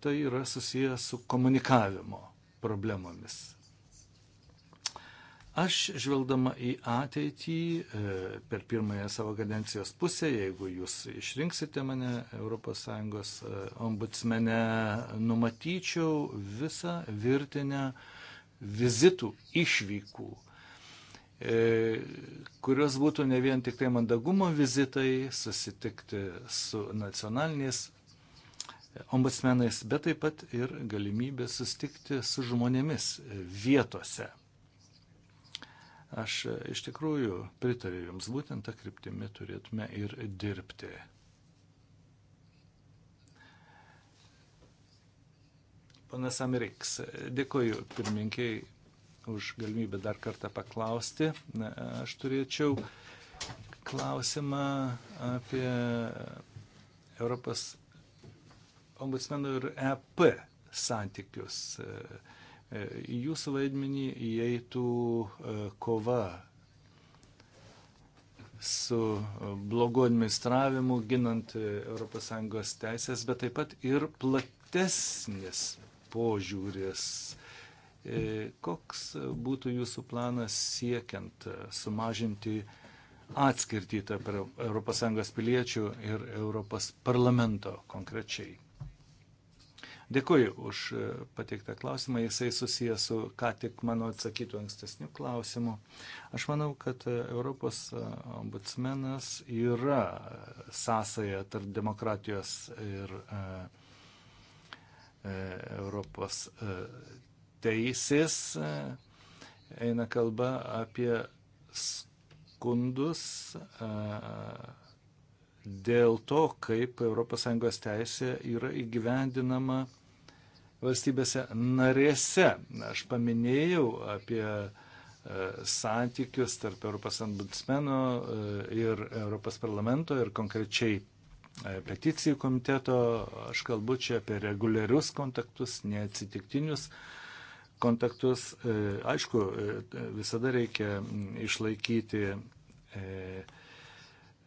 tai yra susijęs su komunikavimo problemomis. Aš žvelgdama į ateitį e, per pirmąją savo kadencijos pusę, jeigu jūs išrinksite mane ES e, ombudsmene, numatyčiau visą virtinę vizitų išvykų, e, kurios būtų ne vien tik tai mandagumo vizitai, susitikti su nacionalinės ombudsmenais, bet taip pat ir galimybė sustikti su žmonėmis vietose. Aš e, iš tikrųjų pritariu Jums, būtent tą kryptimį turėtume ir dirbti. Panas Ameriks, dėkoju pirmininkiai už galimybę dar kartą paklausti. Na, aš turėčiau klausimą apie Europos ombudsmenų ir EP santykius. Į e, e, jūsų vaidmenį įeitų e, kova su blogu administravimu, ginant ES teisės, bet taip pat ir platesnis požiūris. Koks būtų jūsų planas siekiant sumažinti atskirtį tarp ES piliečių ir ES parlamento konkrečiai? Dėkuoju už e, pateiktą klausimą, jisai susijęs su ką tik mano atsakytų ankstesnių klausimų. Aš manau, kad e, Europos e, ombudsmenas yra sąsaja tarp demokratijos ir Europos teisės. Eina kalba apie skundus dėl to, kaip ES teisė yra įgyvendinama valstybėse narėse. Aš paminėjau apie e, santykius tarp Europos ambudsmeno e, ir Europos parlamento ir konkrečiai e, peticijų komiteto. Aš kalbu čia apie reguliarius kontaktus, neatsitiktinius kontaktus. Aišku, visada reikia išlaikyti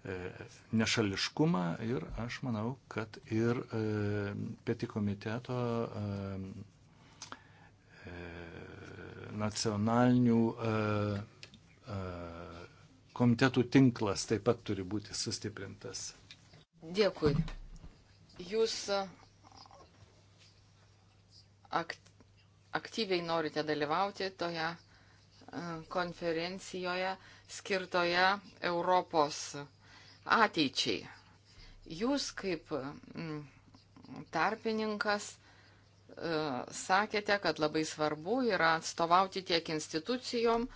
E, nešališkumą ir aš manau, kad ir e, peti komiteto e, nacionalinių komitetų tinklas taip pat turi būti sustiprintas. Dėkui. Jūs aktyviai norite dalyvauti toje konferencijoje skirtoje Europos ateičiai. Jūs kaip mm, tarpininkas e, sakėte, kad labai svarbu yra atstovauti tiek institucijom,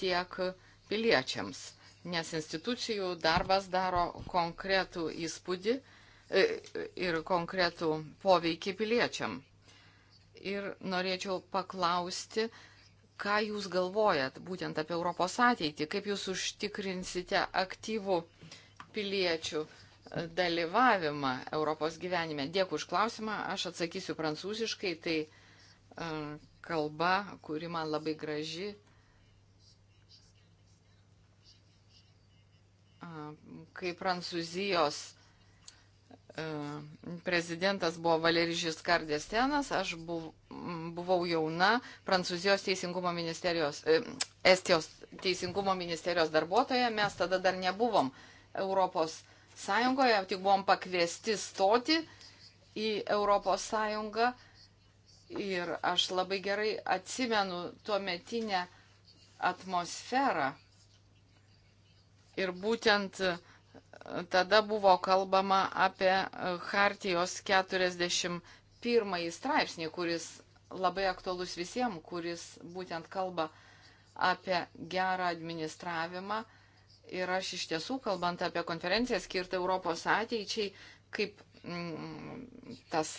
tiek piliečiams, nes institucijų darbas daro konkretų įspūdį e, ir konkretų poveikį piliečiam. Ir norėčiau paklausti, ką jūs galvojat būtent apie Europos ateitį, kaip jūs užtikrinsite aktyvų uh, piliečių e, dalyvavimą Europos gyvenime. Dėkui už klausimą, aš atsakysiu prancūziškai, tai e, kalba, kuri man labai graži. E, kai prancūzijos prezidentas buvo Valerijus Kardestenas, aš buvau jauna Prancūzijos teisingumo ministerijos, Estijos teisingumo ministerijos darbuotoja, mes tada dar nebuvom uh, Europos Sąjungoje, tik buvom pakviesti stoti į Europos Sąjungą ir aš labai gerai atsimenu tuo metinę atmosferą. Ir būtent e, tada buvo kalbama apie e, Hartijos 41 straipsnį, kuris labai aktualus visiems, kuris būtent kalba apie gerą administravimą Ir aš iš tiesų, kalbant apie konferenciją skirtą Europos ateičiai, kaip mm, tas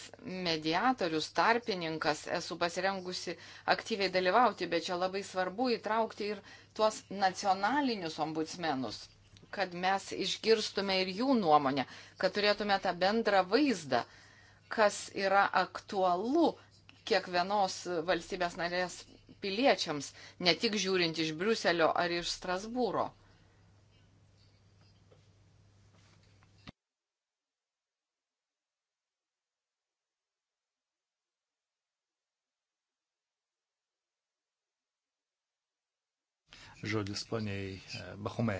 mediatorius, tarpininkas, esu pasirengusi aktyviai dalyvauti, bet čia labai svarbu įtraukti ir tuos nacionalinius ombudsmenus, kad mes išgirstume ir jų nuomonę, kad turėtume tą bendrą vaizdą, kas yra aktualu kiekvienos valstybės narės piliečiams, ne tik žiūrint iš Briuselio ar iš Strasbūro. Žodis poniai e, Bahome.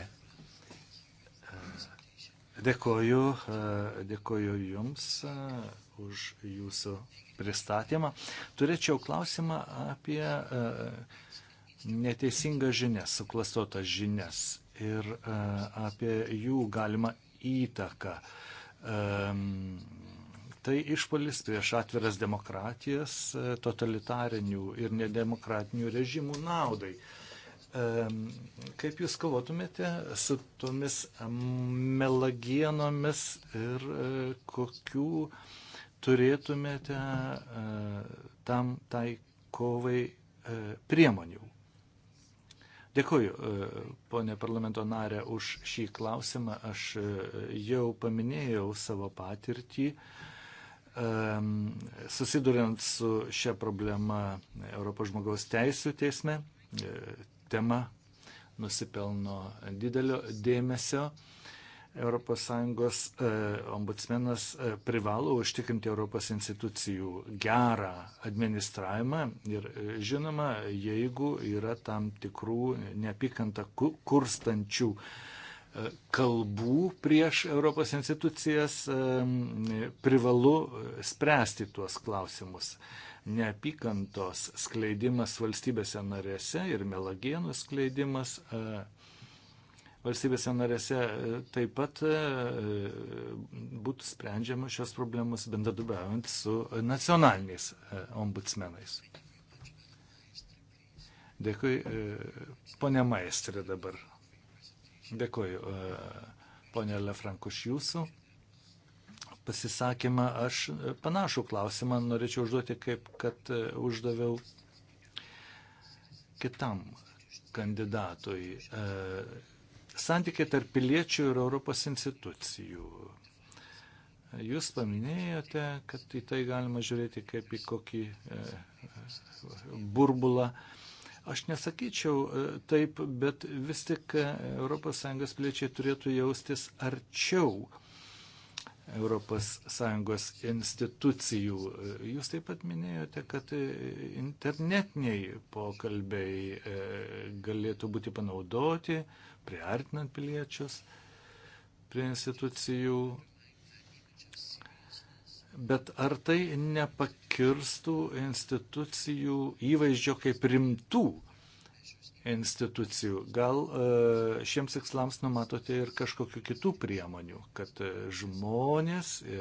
Dėkoju, e, dėkoju Jums e, už Jūsų pristatymą. Turėčiau klausimą apie neteisingas žinias, suklastotas žinias ir apie jų galimą įtaką. Tai išpolis prieš atviras demokratijas totalitarinių ir nedemokratinių režimų naudai. Uh, Kaip jūs kovotumėte su tomis melagienomis ir e, kokių turėtumėte e, tam tai kovai e, priemonių? Dėkuoju, ponė parlamento narė, už šį klausimą. Aš jau paminėjau savo patirtį susiduriant su šia problema Europos žmogaus teisų teisme tema nusipelno didelio dėmesio. ES e, ombudsmenas e, privalo užtikrinti Europos institucijų gerą administravimą ir e, žinoma, jeigu yra tam tikrų neapykantą kurstančių kalbų prieš Europos institucijas, privalu spręsti tuos klausimus neapykantos skleidimas valstybėse narėse ir melagienų skleidimas e, valstybėse narėse e, taip pat e, būtų sprendžiama šios problemos bendradarbiaujant su nacionaliniais ombudsmenais. Dėkui, ponė Maestrė dabar. Dėkui, ponė Lefrank, už jūsų pasisakymą aš panašų klausimą norėčiau užduoti, kaip kad uždaviau kitam kandidatui. E, santykiai tarp piliečių ir Europos institucijų. Jūs paminėjote, kad į tai galima žiūrėti kaip į kokį e, burbulą. Aš nesakyčiau e, taip, bet vis tik ES piliečiai turėtų jaustis arčiau ES institucijų. Jūs taip pat minėjote, kad internetiniai pokalbiai e, galėtų būti panaudoti, priartinant piliečius prie institucijų. Bet ar tai nepakirstų institucijų įvaizdžio kaip rimtų institucijų. Gal e, šiems tikslams numatote ir kažkokiu kitų priemonių, kad e, žmonės e,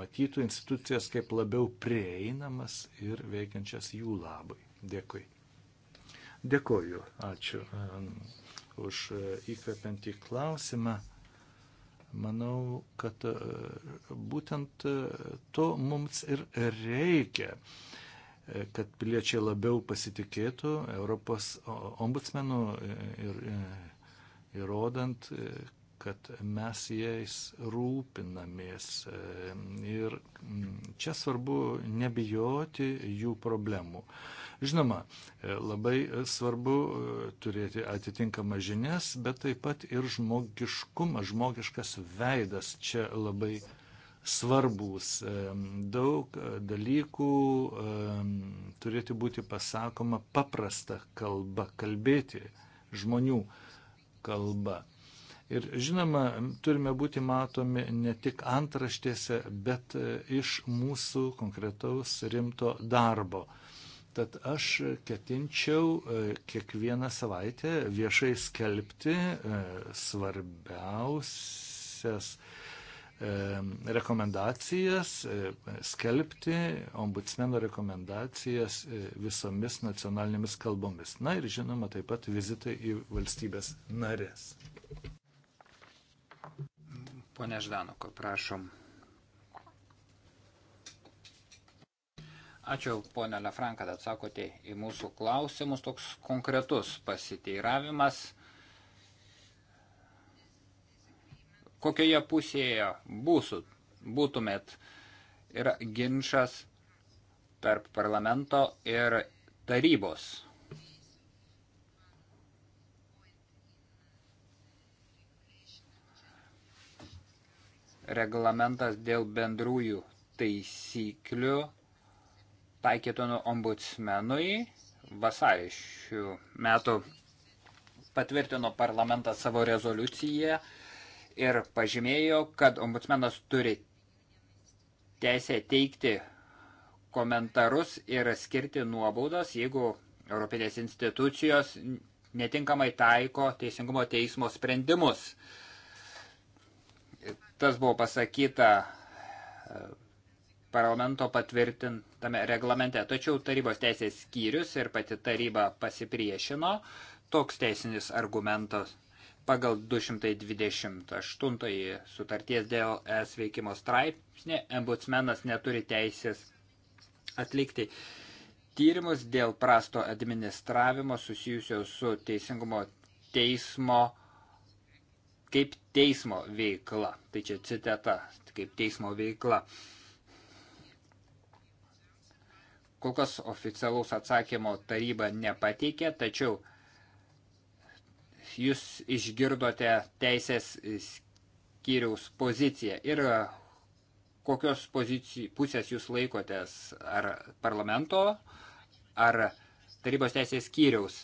matytų institucijas kaip labiau prieinamas ir veikiančias jų labai. Dėkui. Dėkoju, ačiū už įkvepiantį klausimą. Manau, kad būtent to mums ir reikia kad piliečiai labiau pasitikėtų Europos ombudsmenų ir e, įrodant, e, kad mes jais rūpinamės. E, ir čia svarbu nebijoti jų problemų. Žinoma, labai svarbu turėti atitinkamą žinias, bet taip pat ir žmogiškumas, žmogiškas veidas čia labai svarbu svarbūs. Daug e, dalykų turėtų būti pasakoma paprasta kalba, kalbėti žmonių kalba. Ir žinoma, turime būti matomi ne tik antraštėse, bet e, iš mūsų konkretaus rimto darbo. Tad aš ketinčiau e, kiekvieną savaitę viešai skelbti svarbiausias E, rekomendacijas, e, skelbti ombudsmeno rekomendacijas e, visomis nacionalinėmis kalbomis. Na ir žinoma, taip pat vizitai į valstybės narės. Pone Ždanoko, prašom. Ačiū, ponė Lefranka, kad atsakote į mūsų klausimus. Toks konkretus pasiteiravimas. kokioje pusėje būsų, būtumėt. Yra ginčas tarp parlamento ir tarybos. Reglamentas dėl bendrųjų taisyklių taikytinų ombudsmenui vasarį šių metų patvirtino parlamentas savo rezoliuciją ir pažymėjo, kad ombudsmenas turi teisę teikti komentarus ir skirti nuobaudas, jeigu Europinės institucijos netinkamai taiko Teisingumo teismo sprendimus. Tas buvo pasakyta e, parlamento patvirtintame reglamente. Tačiau tarybos teisės skyrius ir pati taryba pasipriešino. Toks teisinis argumentas Pagal 228 sutarties dėl es veikimo straipsnį ombudsmenas neturi teisės atlikti tyrimus dėl prasto administravimo susijusio su teisingumo teismo kaip teismo veikla. Tai čia citata, kaip teismo veikla. Kol kas oficialaus atsakymo taryba nepateikė, tačiau jūs išgirdote teisės skyriaus poziciją ir e, kokios pozicijų, pusės jūs laikotės, ar parlamento, ar tarybos teisės skyriaus.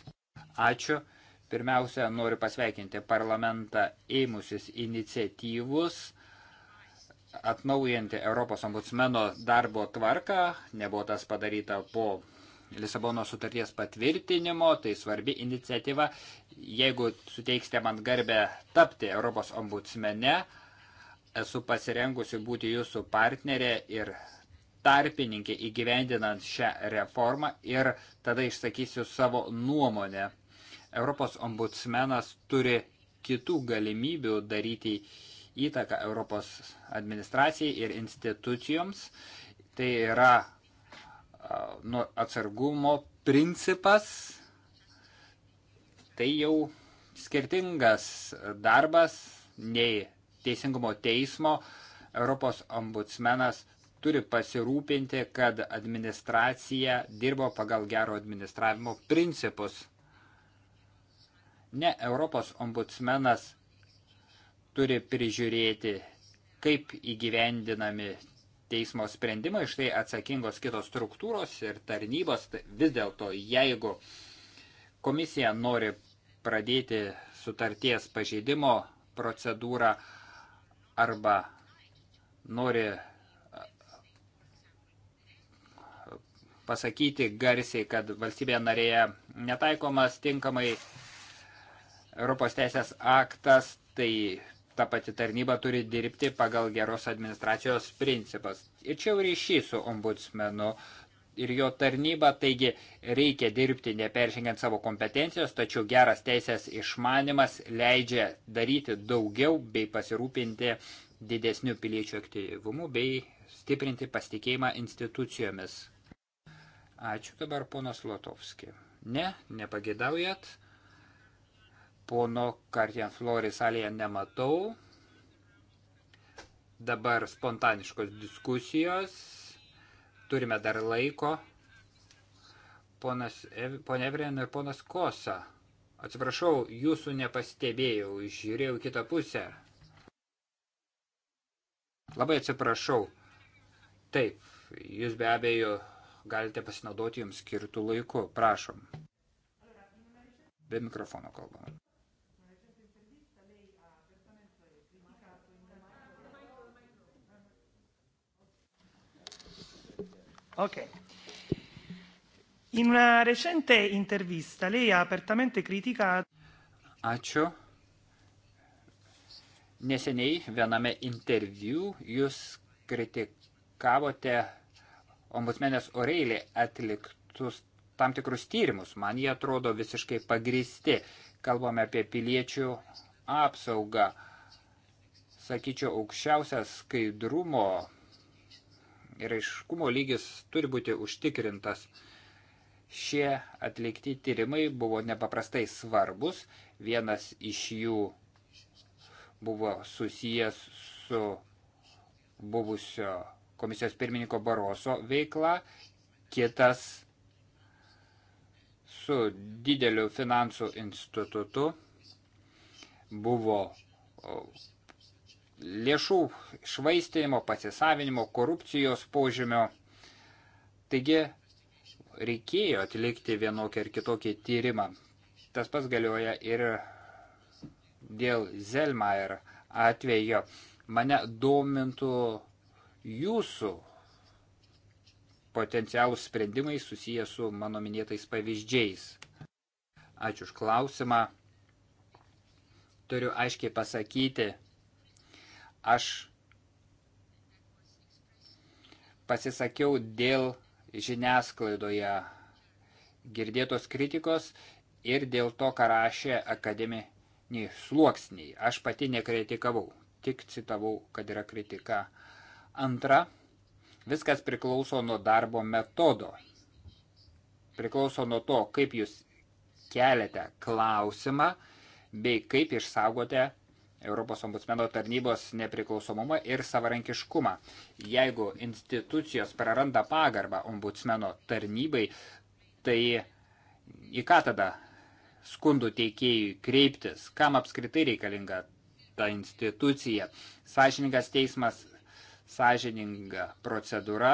Ačiū. Pirmiausia, noriu pasveikinti parlamentą ėmusis iniciatyvus atnaujinti Europos ombudsmeno darbo tvarką. Nebuvo tas padaryta po Lisabono sutarties patvirtinimo, tai svarbi iniciatyva. Jeigu suteiksite man garbę tapti Europos ombudsmene, esu pasirengusi būti jūsų partnerė ir tarpininkė įgyvendinant šią reformą ir tada išsakysiu savo nuomonę. Europos ombudsmenas turi kitų galimybių daryti įtaką Europos administracijai ir institucijoms. Tai yra Nu, atsargumo principas, tai jau skirtingas darbas nei Teisingumo teismo. Europos ombudsmenas turi pasirūpinti, kad administracija dirbo pagal gero administravimo principus. Ne Europos ombudsmenas turi prižiūrėti, kaip įgyvendinami teismo sprendimą, iš tai atsakingos kitos struktūros ir tarnybos. Tai vis dėlto, jeigu komisija nori pradėti sutarties pažeidimo procedūrą arba nori pasakyti garsiai, kad valstybėje narėje netaikomas tinkamai Europos teisės aktas, tai ta pati tarnyba turi dirbti pagal geros administracijos principas. Ir čia jau ryšys su ombudsmenu ir jo tarnyba, taigi reikia dirbti neperžengiant savo kompetencijos, tačiau geras teisės išmanimas leidžia daryti daugiau bei pasirūpinti didesniu piliečių aktyvumu bei stiprinti pasitikėjimą institucijomis. Ačiū dabar ponas Lotovski. Ne, nepagėdaujat. Pono Kartien Florį salėje nematau. Dabar spontaniškos diskusijos. Turime dar laiko. Ponas, ponė Evren ir ponas Kosa. Atsiprašau, jūsų nepastebėjau, žiūrėjau kitą pusę. Labai atsiprašau. Taip, jūs be abejo galite pasinaudoti jums skirtų laiku. Prašom. Be mikrofono kalbama. Ok. In una recente intervista lei ha apertamente criticato. Ačiū. Neseniai viename interviu jūs kritikavote ombudsmenės Oreilį atliktus tam tikrus tyrimus. Man jie atrodo visiškai pagristi. Kalbame apie piliečių apsaugą. Sakyčiau, aukščiausias skaidrumo ir aiškumo lygis turi būti užtikrintas. Šie atlikti tyrimai buvo nepaprastai svarbus. Vienas iš jų buvo susijęs su buvusio komisijos pirmininko Baroso veikla, kitas su dideliu finansų institutu buvo lėšų švaistėjimo, pasisavinimo, korupcijos požymio. Taigi reikėjo atlikti vienokį ar kitokį tyrimą. Tas pats galioja ir dėl Zelmaier atvejo. Mane domintų jūsų potencialūs sprendimai susiję su mano minėtais pavyzdžiais. Ačiū už klausimą. Turiu aiškiai pasakyti, Aš pasisakiau dėl žiniasklaidoje girdėtos kritikos ir dėl to, ką rašė akademiniai sluoksniai. Aš pati nekritikavau, tik citavau, kad yra kritika. Antra, viskas priklauso nuo darbo metodo. Priklauso nuo to, kaip jūs keliate klausimą bei kaip išsaugote Europos ombudsmeno tarnybos nepriklausomumą ir savarankiškumą. Jeigu institucijos praranda pagarbą ombudsmeno tarnybai, tai į ką tada skundų teikėjui kreiptis, kam apskritai reikalinga ta institucija. Sąžiningas teismas, sąžininga procedūra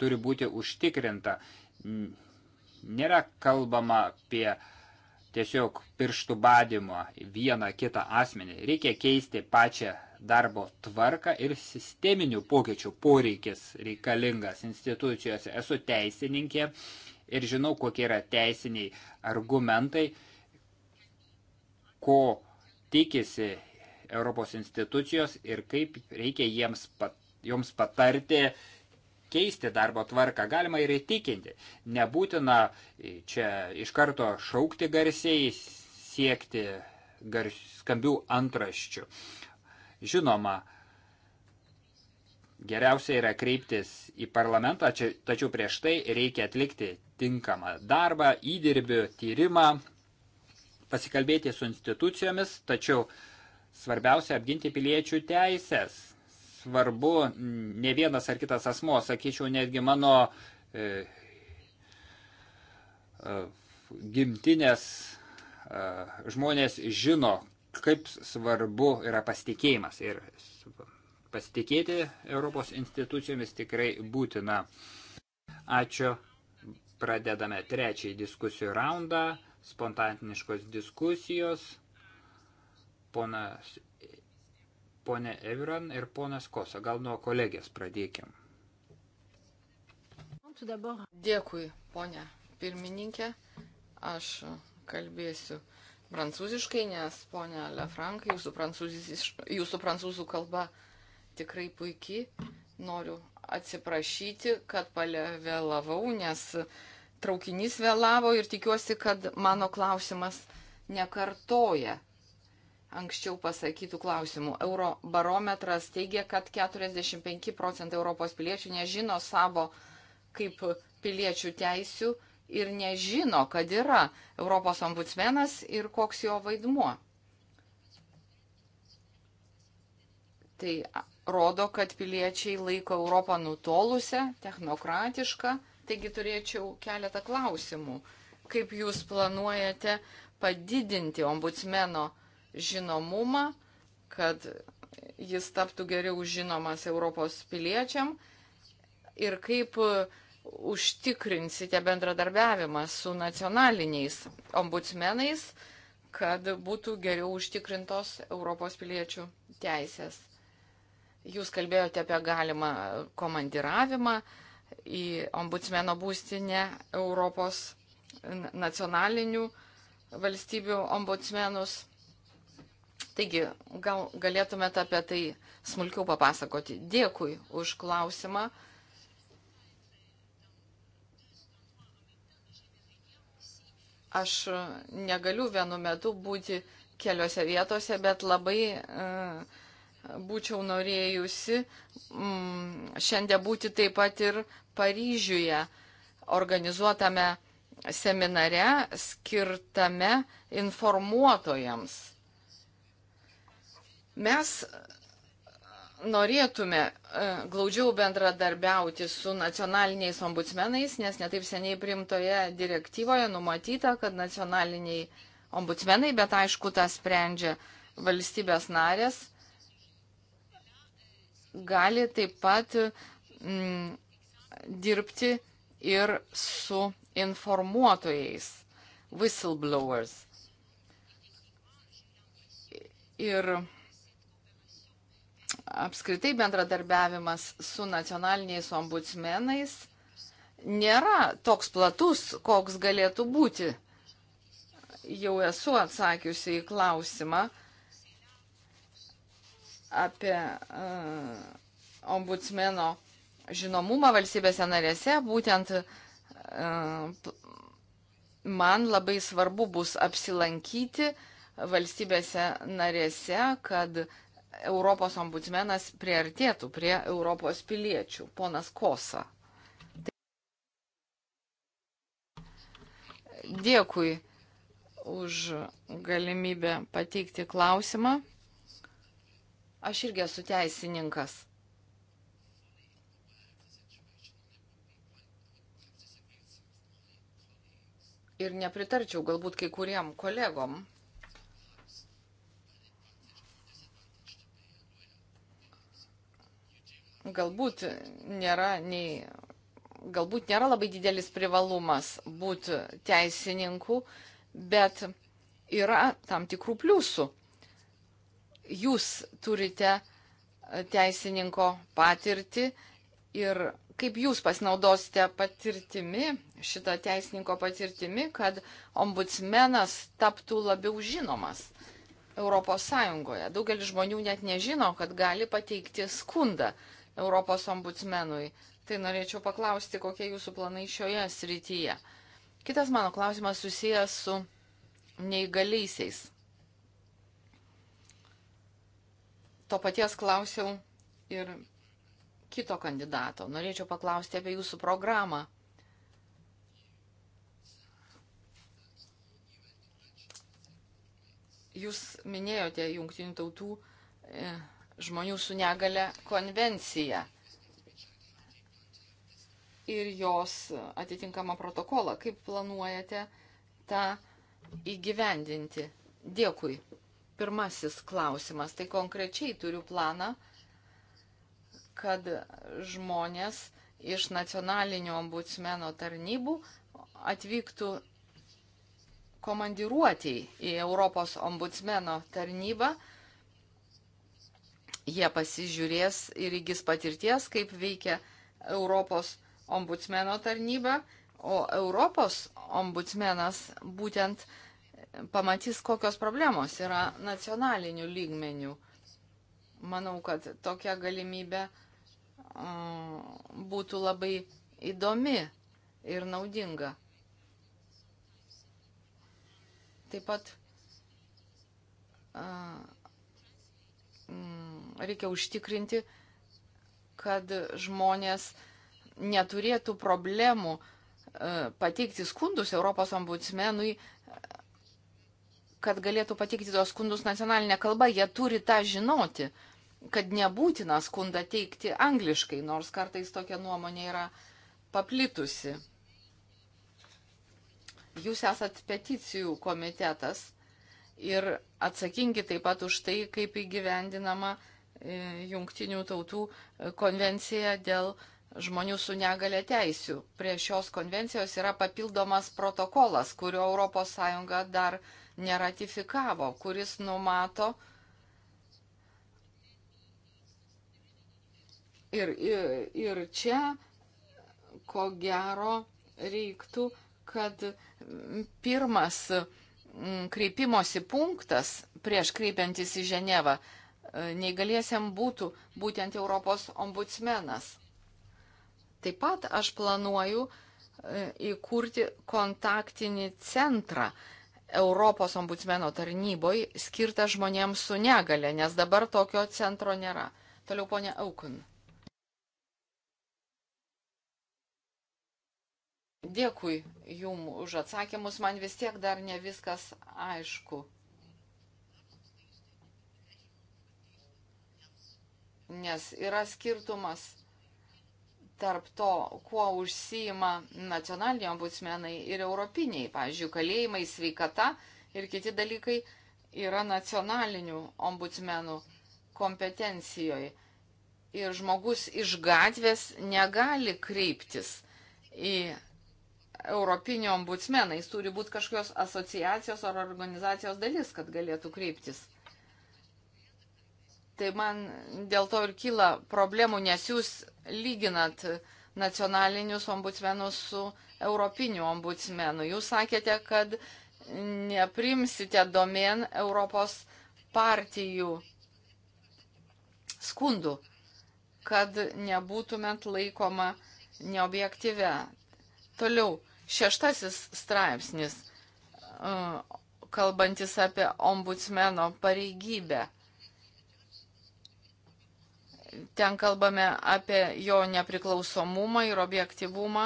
turi būti užtikrinta. Nėra kalbama apie uh, tiesiog pirštų badimo vieną kitą asmenį. Reikia keisti pačią darbo tvarką ir sisteminių pokyčių poreikis reikalingas institucijose. Esu teisininkė ir žinau, kokie yra teisiniai argumentai, ko tikisi Europos institucijos ir kaip reikia jiems pat, joms patarti keisti darbo tvarką, galima ir įtikinti. Nebūtina čia iš karto šaukti garsiai, siekti gars, skambių antraščių. Žinoma, geriausia yra kreiptis į parlamentą, tačiau prieš tai reikia atlikti tinkamą darbą, įdirbių, tyrimą, pasikalbėti su institucijomis, tačiau svarbiausia apginti piliečių teisės svarbu ne vienas ar kitas asmo, sakyčiau, netgi mano e, e, gimtinės e, žmonės žino, kaip svarbu yra pasitikėjimas. Ir pasitikėti Europos institucijomis tikrai būtina. Ačiū. Pradedame trečiąjį diskusijų raundą, spontaniškos diskusijos. Ponas ponė Evran ir ponas Kosa. Gal nuo kolegės pradėkim. Dėkui, ponė pirmininkė. Aš kalbėsiu prancūziškai, nes ponė Lefrankai, jūsų, jūsų prancūzų kalba tikrai puikiai. Noriu atsiprašyti, kad palevėlavau, nes traukinys vėlavo ir tikiuosi, kad mano klausimas nekartoja anksčiau pasakytų klausimų. Eurobarometras teigia, kad 45 procentai Europos piliečių nežino savo kaip piliečių teisių ir nežino, kad yra Europos ombudsmenas ir koks jo vaidmuo. Tai rodo, kad piliečiai laiko Europą nutolusią, technokratišką, taigi turėčiau keletą klausimų. Kaip jūs planuojate padidinti ombudsmeno žinomumą, kad jis taptų geriau žinomas Europos piliečiam ir kaip užtikrinsite bendradarbiavimą su nacionaliniais ombudsmenais, kad būtų geriau užtikrintos Europos piliečių teisės. Jūs kalbėjote apie galimą komandiravimą į ombudsmeno būstinę Europos nacionalinių valstybių ombudsmenus. Taigi, gal galėtumėte apie tai smulkiau papasakoti. Dėkui už klausimą. Aš negaliu vienu metu būti keliose vietose, bet labai uh, būčiau norėjusi um, šiandien būti taip pat ir Paryžiuje organizuotame seminare skirtame informuotojams Mes norėtume e, glaudžiau bendradarbiauti su nacionaliniais ombudsmenais, nes netaip seniai primtoje direktyvoje numatyta, kad nacionaliniai ombudsmenai, bet aišku, tą sprendžia valstybės narės, gali taip pat m, mm, dirbti ir su informuotojais, whistleblowers. Ir apskritai bendradarbiavimas su nacionaliniais ombudsmenais nėra toks platus, koks galėtų būti. Jau esu atsakiusi į klausimą apie uh, ombudsmeno žinomumą valstybėse narėse. Būtent uh, man labai svarbu bus apsilankyti valstybėse narėse, kad Europos ombudsmenas priartėtų prie Europos piliečių, ponas Kosa. Dėkui už galimybę pateikti klausimą. Aš irgi esu teisininkas. Ir nepritarčiau galbūt kai kuriem kolegom galbūt nėra nei. Galbūt nėra labai didelis privalumas būti teisininku, bet yra tam tikrų pliusų. Jūs turite teisininko patirtį ir kaip jūs pasinaudosite patirtimi, šitą teisininko patirtimi, kad ombudsmenas taptų labiau žinomas ES. Daugelis žmonių net nežino, kad gali pateikti skundą Europos ombudsmenui. Tai norėčiau paklausti, kokie jūsų planai šioje srityje. Kitas mano klausimas susijęs su neįgaliaisiais. To paties klausiau ir kito kandidato. Norėčiau paklausti apie jūsų programą. Jūs minėjote jungtinių tautų e, žmonių su negale konvenciją ir jos atitinkamą protokolą. Kaip planuojate tą įgyvendinti? Dėkui. Pirmasis klausimas. Tai konkrečiai turiu planą, kad žmonės iš nacionalinio ombudsmeno tarnybų atvyktų komandiruotėjai į Europos ombudsmeno tarnybą Jie pasižiūrės ir įgis patirties, kaip veikia Europos ombudsmeno tarnyba, o Europos ombudsmenas būtent pamatys, kokios problemos yra nacionalinių lygmenių. Manau, kad tokia galimybė būtų labai įdomi ir naudinga. Taip pat Mm, reikia užtikrinti, kad žmonės neturėtų problemų e, pateikti skundus Europos ombudsmenui, kad galėtų pateikti tos skundus nacionalinė kalba, jie turi tą žinoti, kad nebūtina skundą teikti angliškai, nors kartais tokia nuomonė yra paplitusi. Jūs esat peticijų komitetas ir atsakingi taip pat už tai, kaip įgyvendinama e, Junktinių tautų e, konvencija dėl žmonių su negale teisių. Prie šios konvencijos yra papildomas protokolas, kurio ES dar neratifikavo, kuris numato ir, ir, ir čia, ko gero, reiktų, kad pirmas Mm, kreipimosi punktas prieš kreipiantis į Ženevą e, neįgaliesiam būtų būtent Europos ombudsmenas. Taip pat aš planuoju e, įkurti kontaktinį centrą Europos ombudsmeno tarnyboj skirtą žmonėms su negale, nes dabar tokio centro nėra. Toliau ponia Aukun. Dėkui jum už atsakymus, man vis tiek dar ne viskas aišku. Nes yra skirtumas tarp to, kuo užsijima nacionaliniai ombudsmenai ir europiniai, pavyzdžiui, kalėjimai, sveikata ir kiti dalykai yra nacionalinių ombudsmenų kompetencijoje. Ir žmogus iš gatvės negali kreiptis į Europinio ombudsmeną. Jis turi būti kažkokios asociacijos ar organizacijos dalis, kad galėtų kreiptis. Tai man dėl to ir kyla problemų, nes jūs lyginat nacionalinius ombudsmenus su europiniu ombudsmenu. Jūs sakėte, kad neprimsite domen Europos partijų skundų, kad nebūtumėt laikoma neobjektive. Toliau, Šeštasis straipsnis, e, kalbantis apie ombudsmeno pareigybę. Ten kalbame apie jo nepriklausomumą ir objektivumą.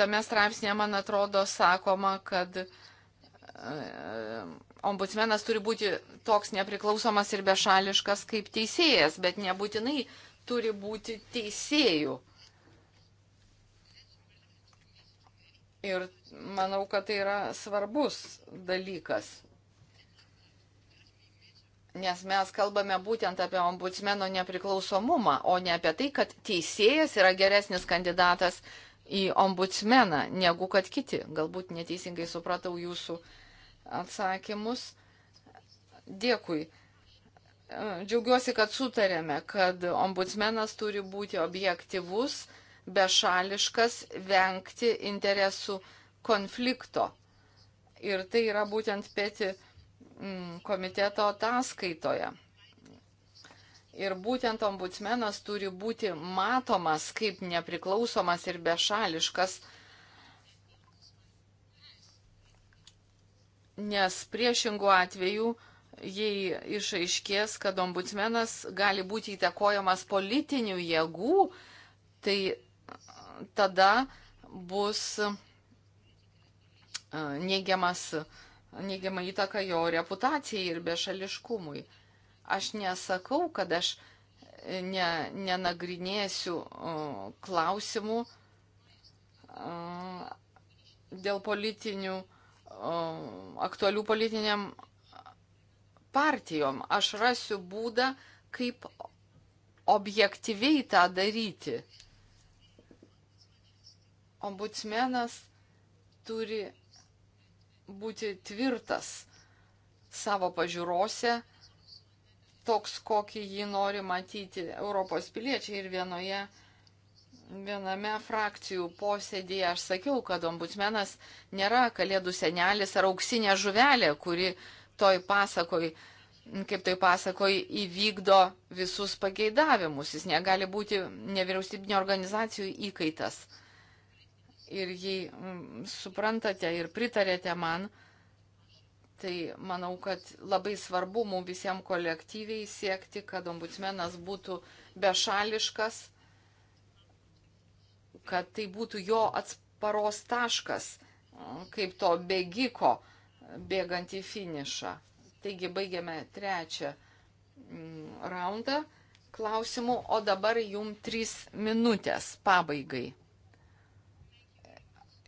Tame straipsnėje, man atrodo, sakoma, kad e, ombudsmenas turi būti toks nepriklausomas ir bešališkas kaip teisėjas, bet nebūtinai turi būti teisėjų. Ir manau, kad tai yra svarbus dalykas. Nes mes kalbame būtent apie ombudsmeno nepriklausomumą, o ne apie tai, kad teisėjas yra geresnis kandidatas į ombudsmeną negu kad kiti. Galbūt neteisingai supratau jūsų atsakymus. Dėkui. Džiaugiuosi, kad sutarėme, kad ombudsmenas turi būti objektivus bešališkas, vengti interesų konflikto. Ir tai yra būtent peti mm, komiteto ataskaitoje. Ir būtent ombudsmenas turi būti matomas kaip nepriklausomas ir bešališkas, nes priešingų atvejų, jei išaiškės, kad ombudsmenas gali būti įtakojamas politinių jėgų, tai tada bus e, neigiamas, neigiama įtaka jo reputacijai ir bešališkumui. Aš nesakau, kad aš e, ne, nenagrinėsiu e, klausimų dėl politinių, aktualių politiniam partijom. Aš rasiu būdą, kaip objektyviai tą daryti ombudsmenas turi būti tvirtas savo pažiūrose, toks, kokį jį nori matyti Europos piliečiai. Ir vienoje, viename frakcijų posėdėje aš sakiau, kad ombudsmenas nėra kalėdų senelis ar auksinė žuvelė, kuri toj pasakoj, kaip toj pasakoj, įvykdo visus pageidavimus. Jis negali būti nevyriausybinio organizacijų įkaitas ir jei mm, suprantate ir pritarėte man, tai manau, kad labai svarbu mums visiems kolektyviai siekti, kad ombudsmenas būtų bešališkas, kad tai būtų jo atsparos taškas, mm, kaip to bėgiko bėgant į finišą. Taigi baigiame trečią mm, raundą klausimų, o dabar jum trys minutės pabaigai.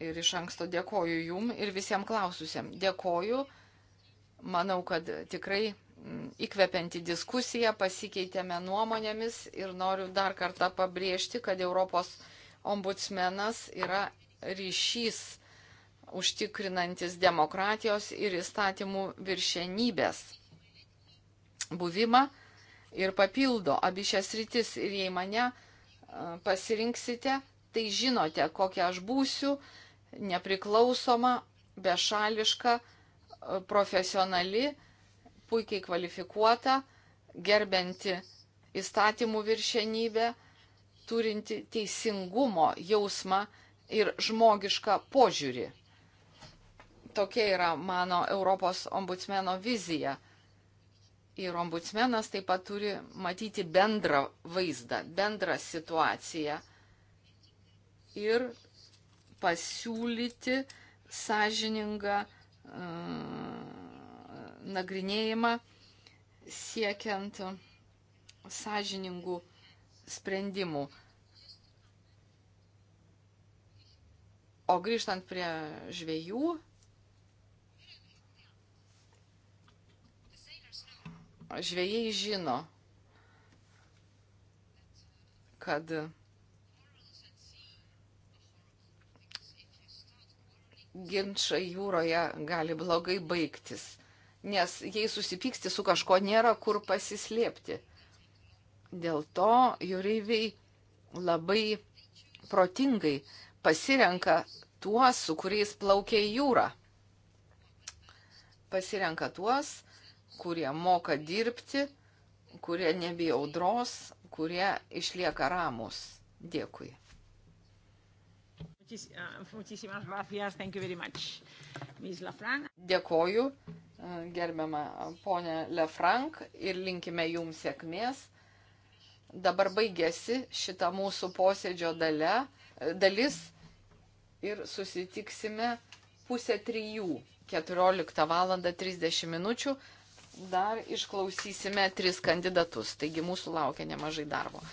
Ir iš anksto dėkoju jum ir visiems klaususiem. Dėkoju. Manau, kad tikrai mm, įkvepianti diskusija, pasikeitėme nuomonėmis ir noriu dar kartą pabrėžti, kad Europos ombudsmenas yra ryšys užtikrinantis demokratijos ir įstatymų viršenybės buvimą ir papildo abi šias rytis. Ir jei mane pasirinksite, tai žinote, kokia aš būsiu, uh, nepriklausoma, bešališka, profesionali, puikiai kvalifikuota, gerbinti įstatymų viršenybę, turinti teisingumo jausmą ir žmogišką požiūrį. Tokia yra mano Europos ombudsmeno vizija. Ir ombudsmenas taip pat turi matyti bendrą vaizdą, bendrą situaciją ir pasiūlyti sąžiningą e, nagrinėjimą siekiant sąžiningų sprendimų. O grįžtant prie žvėjų, žvėjai žino, kad ginčai jūroje gali blogai baigtis, nes jei susipyksti su kažko nėra kur pasislėpti. Dėl to jūreiviai labai protingai pasirenka tuos, su kuriais plaukia į jūrą. Pasirenka tuos, kurie moka dirbti, kurie nebijo audros, kurie išlieka ramus. Dėkui. Ah, Dėkoju, ah, gerbiama ponė Lefrank, ir linkime jums sėkmės. Dabar baigėsi šita mūsų posėdžio dalė, eh, dalis ir susitiksime pusę trijų, 14 val. 30 minučių. Dar išklausysime tris kandidatus, taigi mūsų laukia nemažai darbo.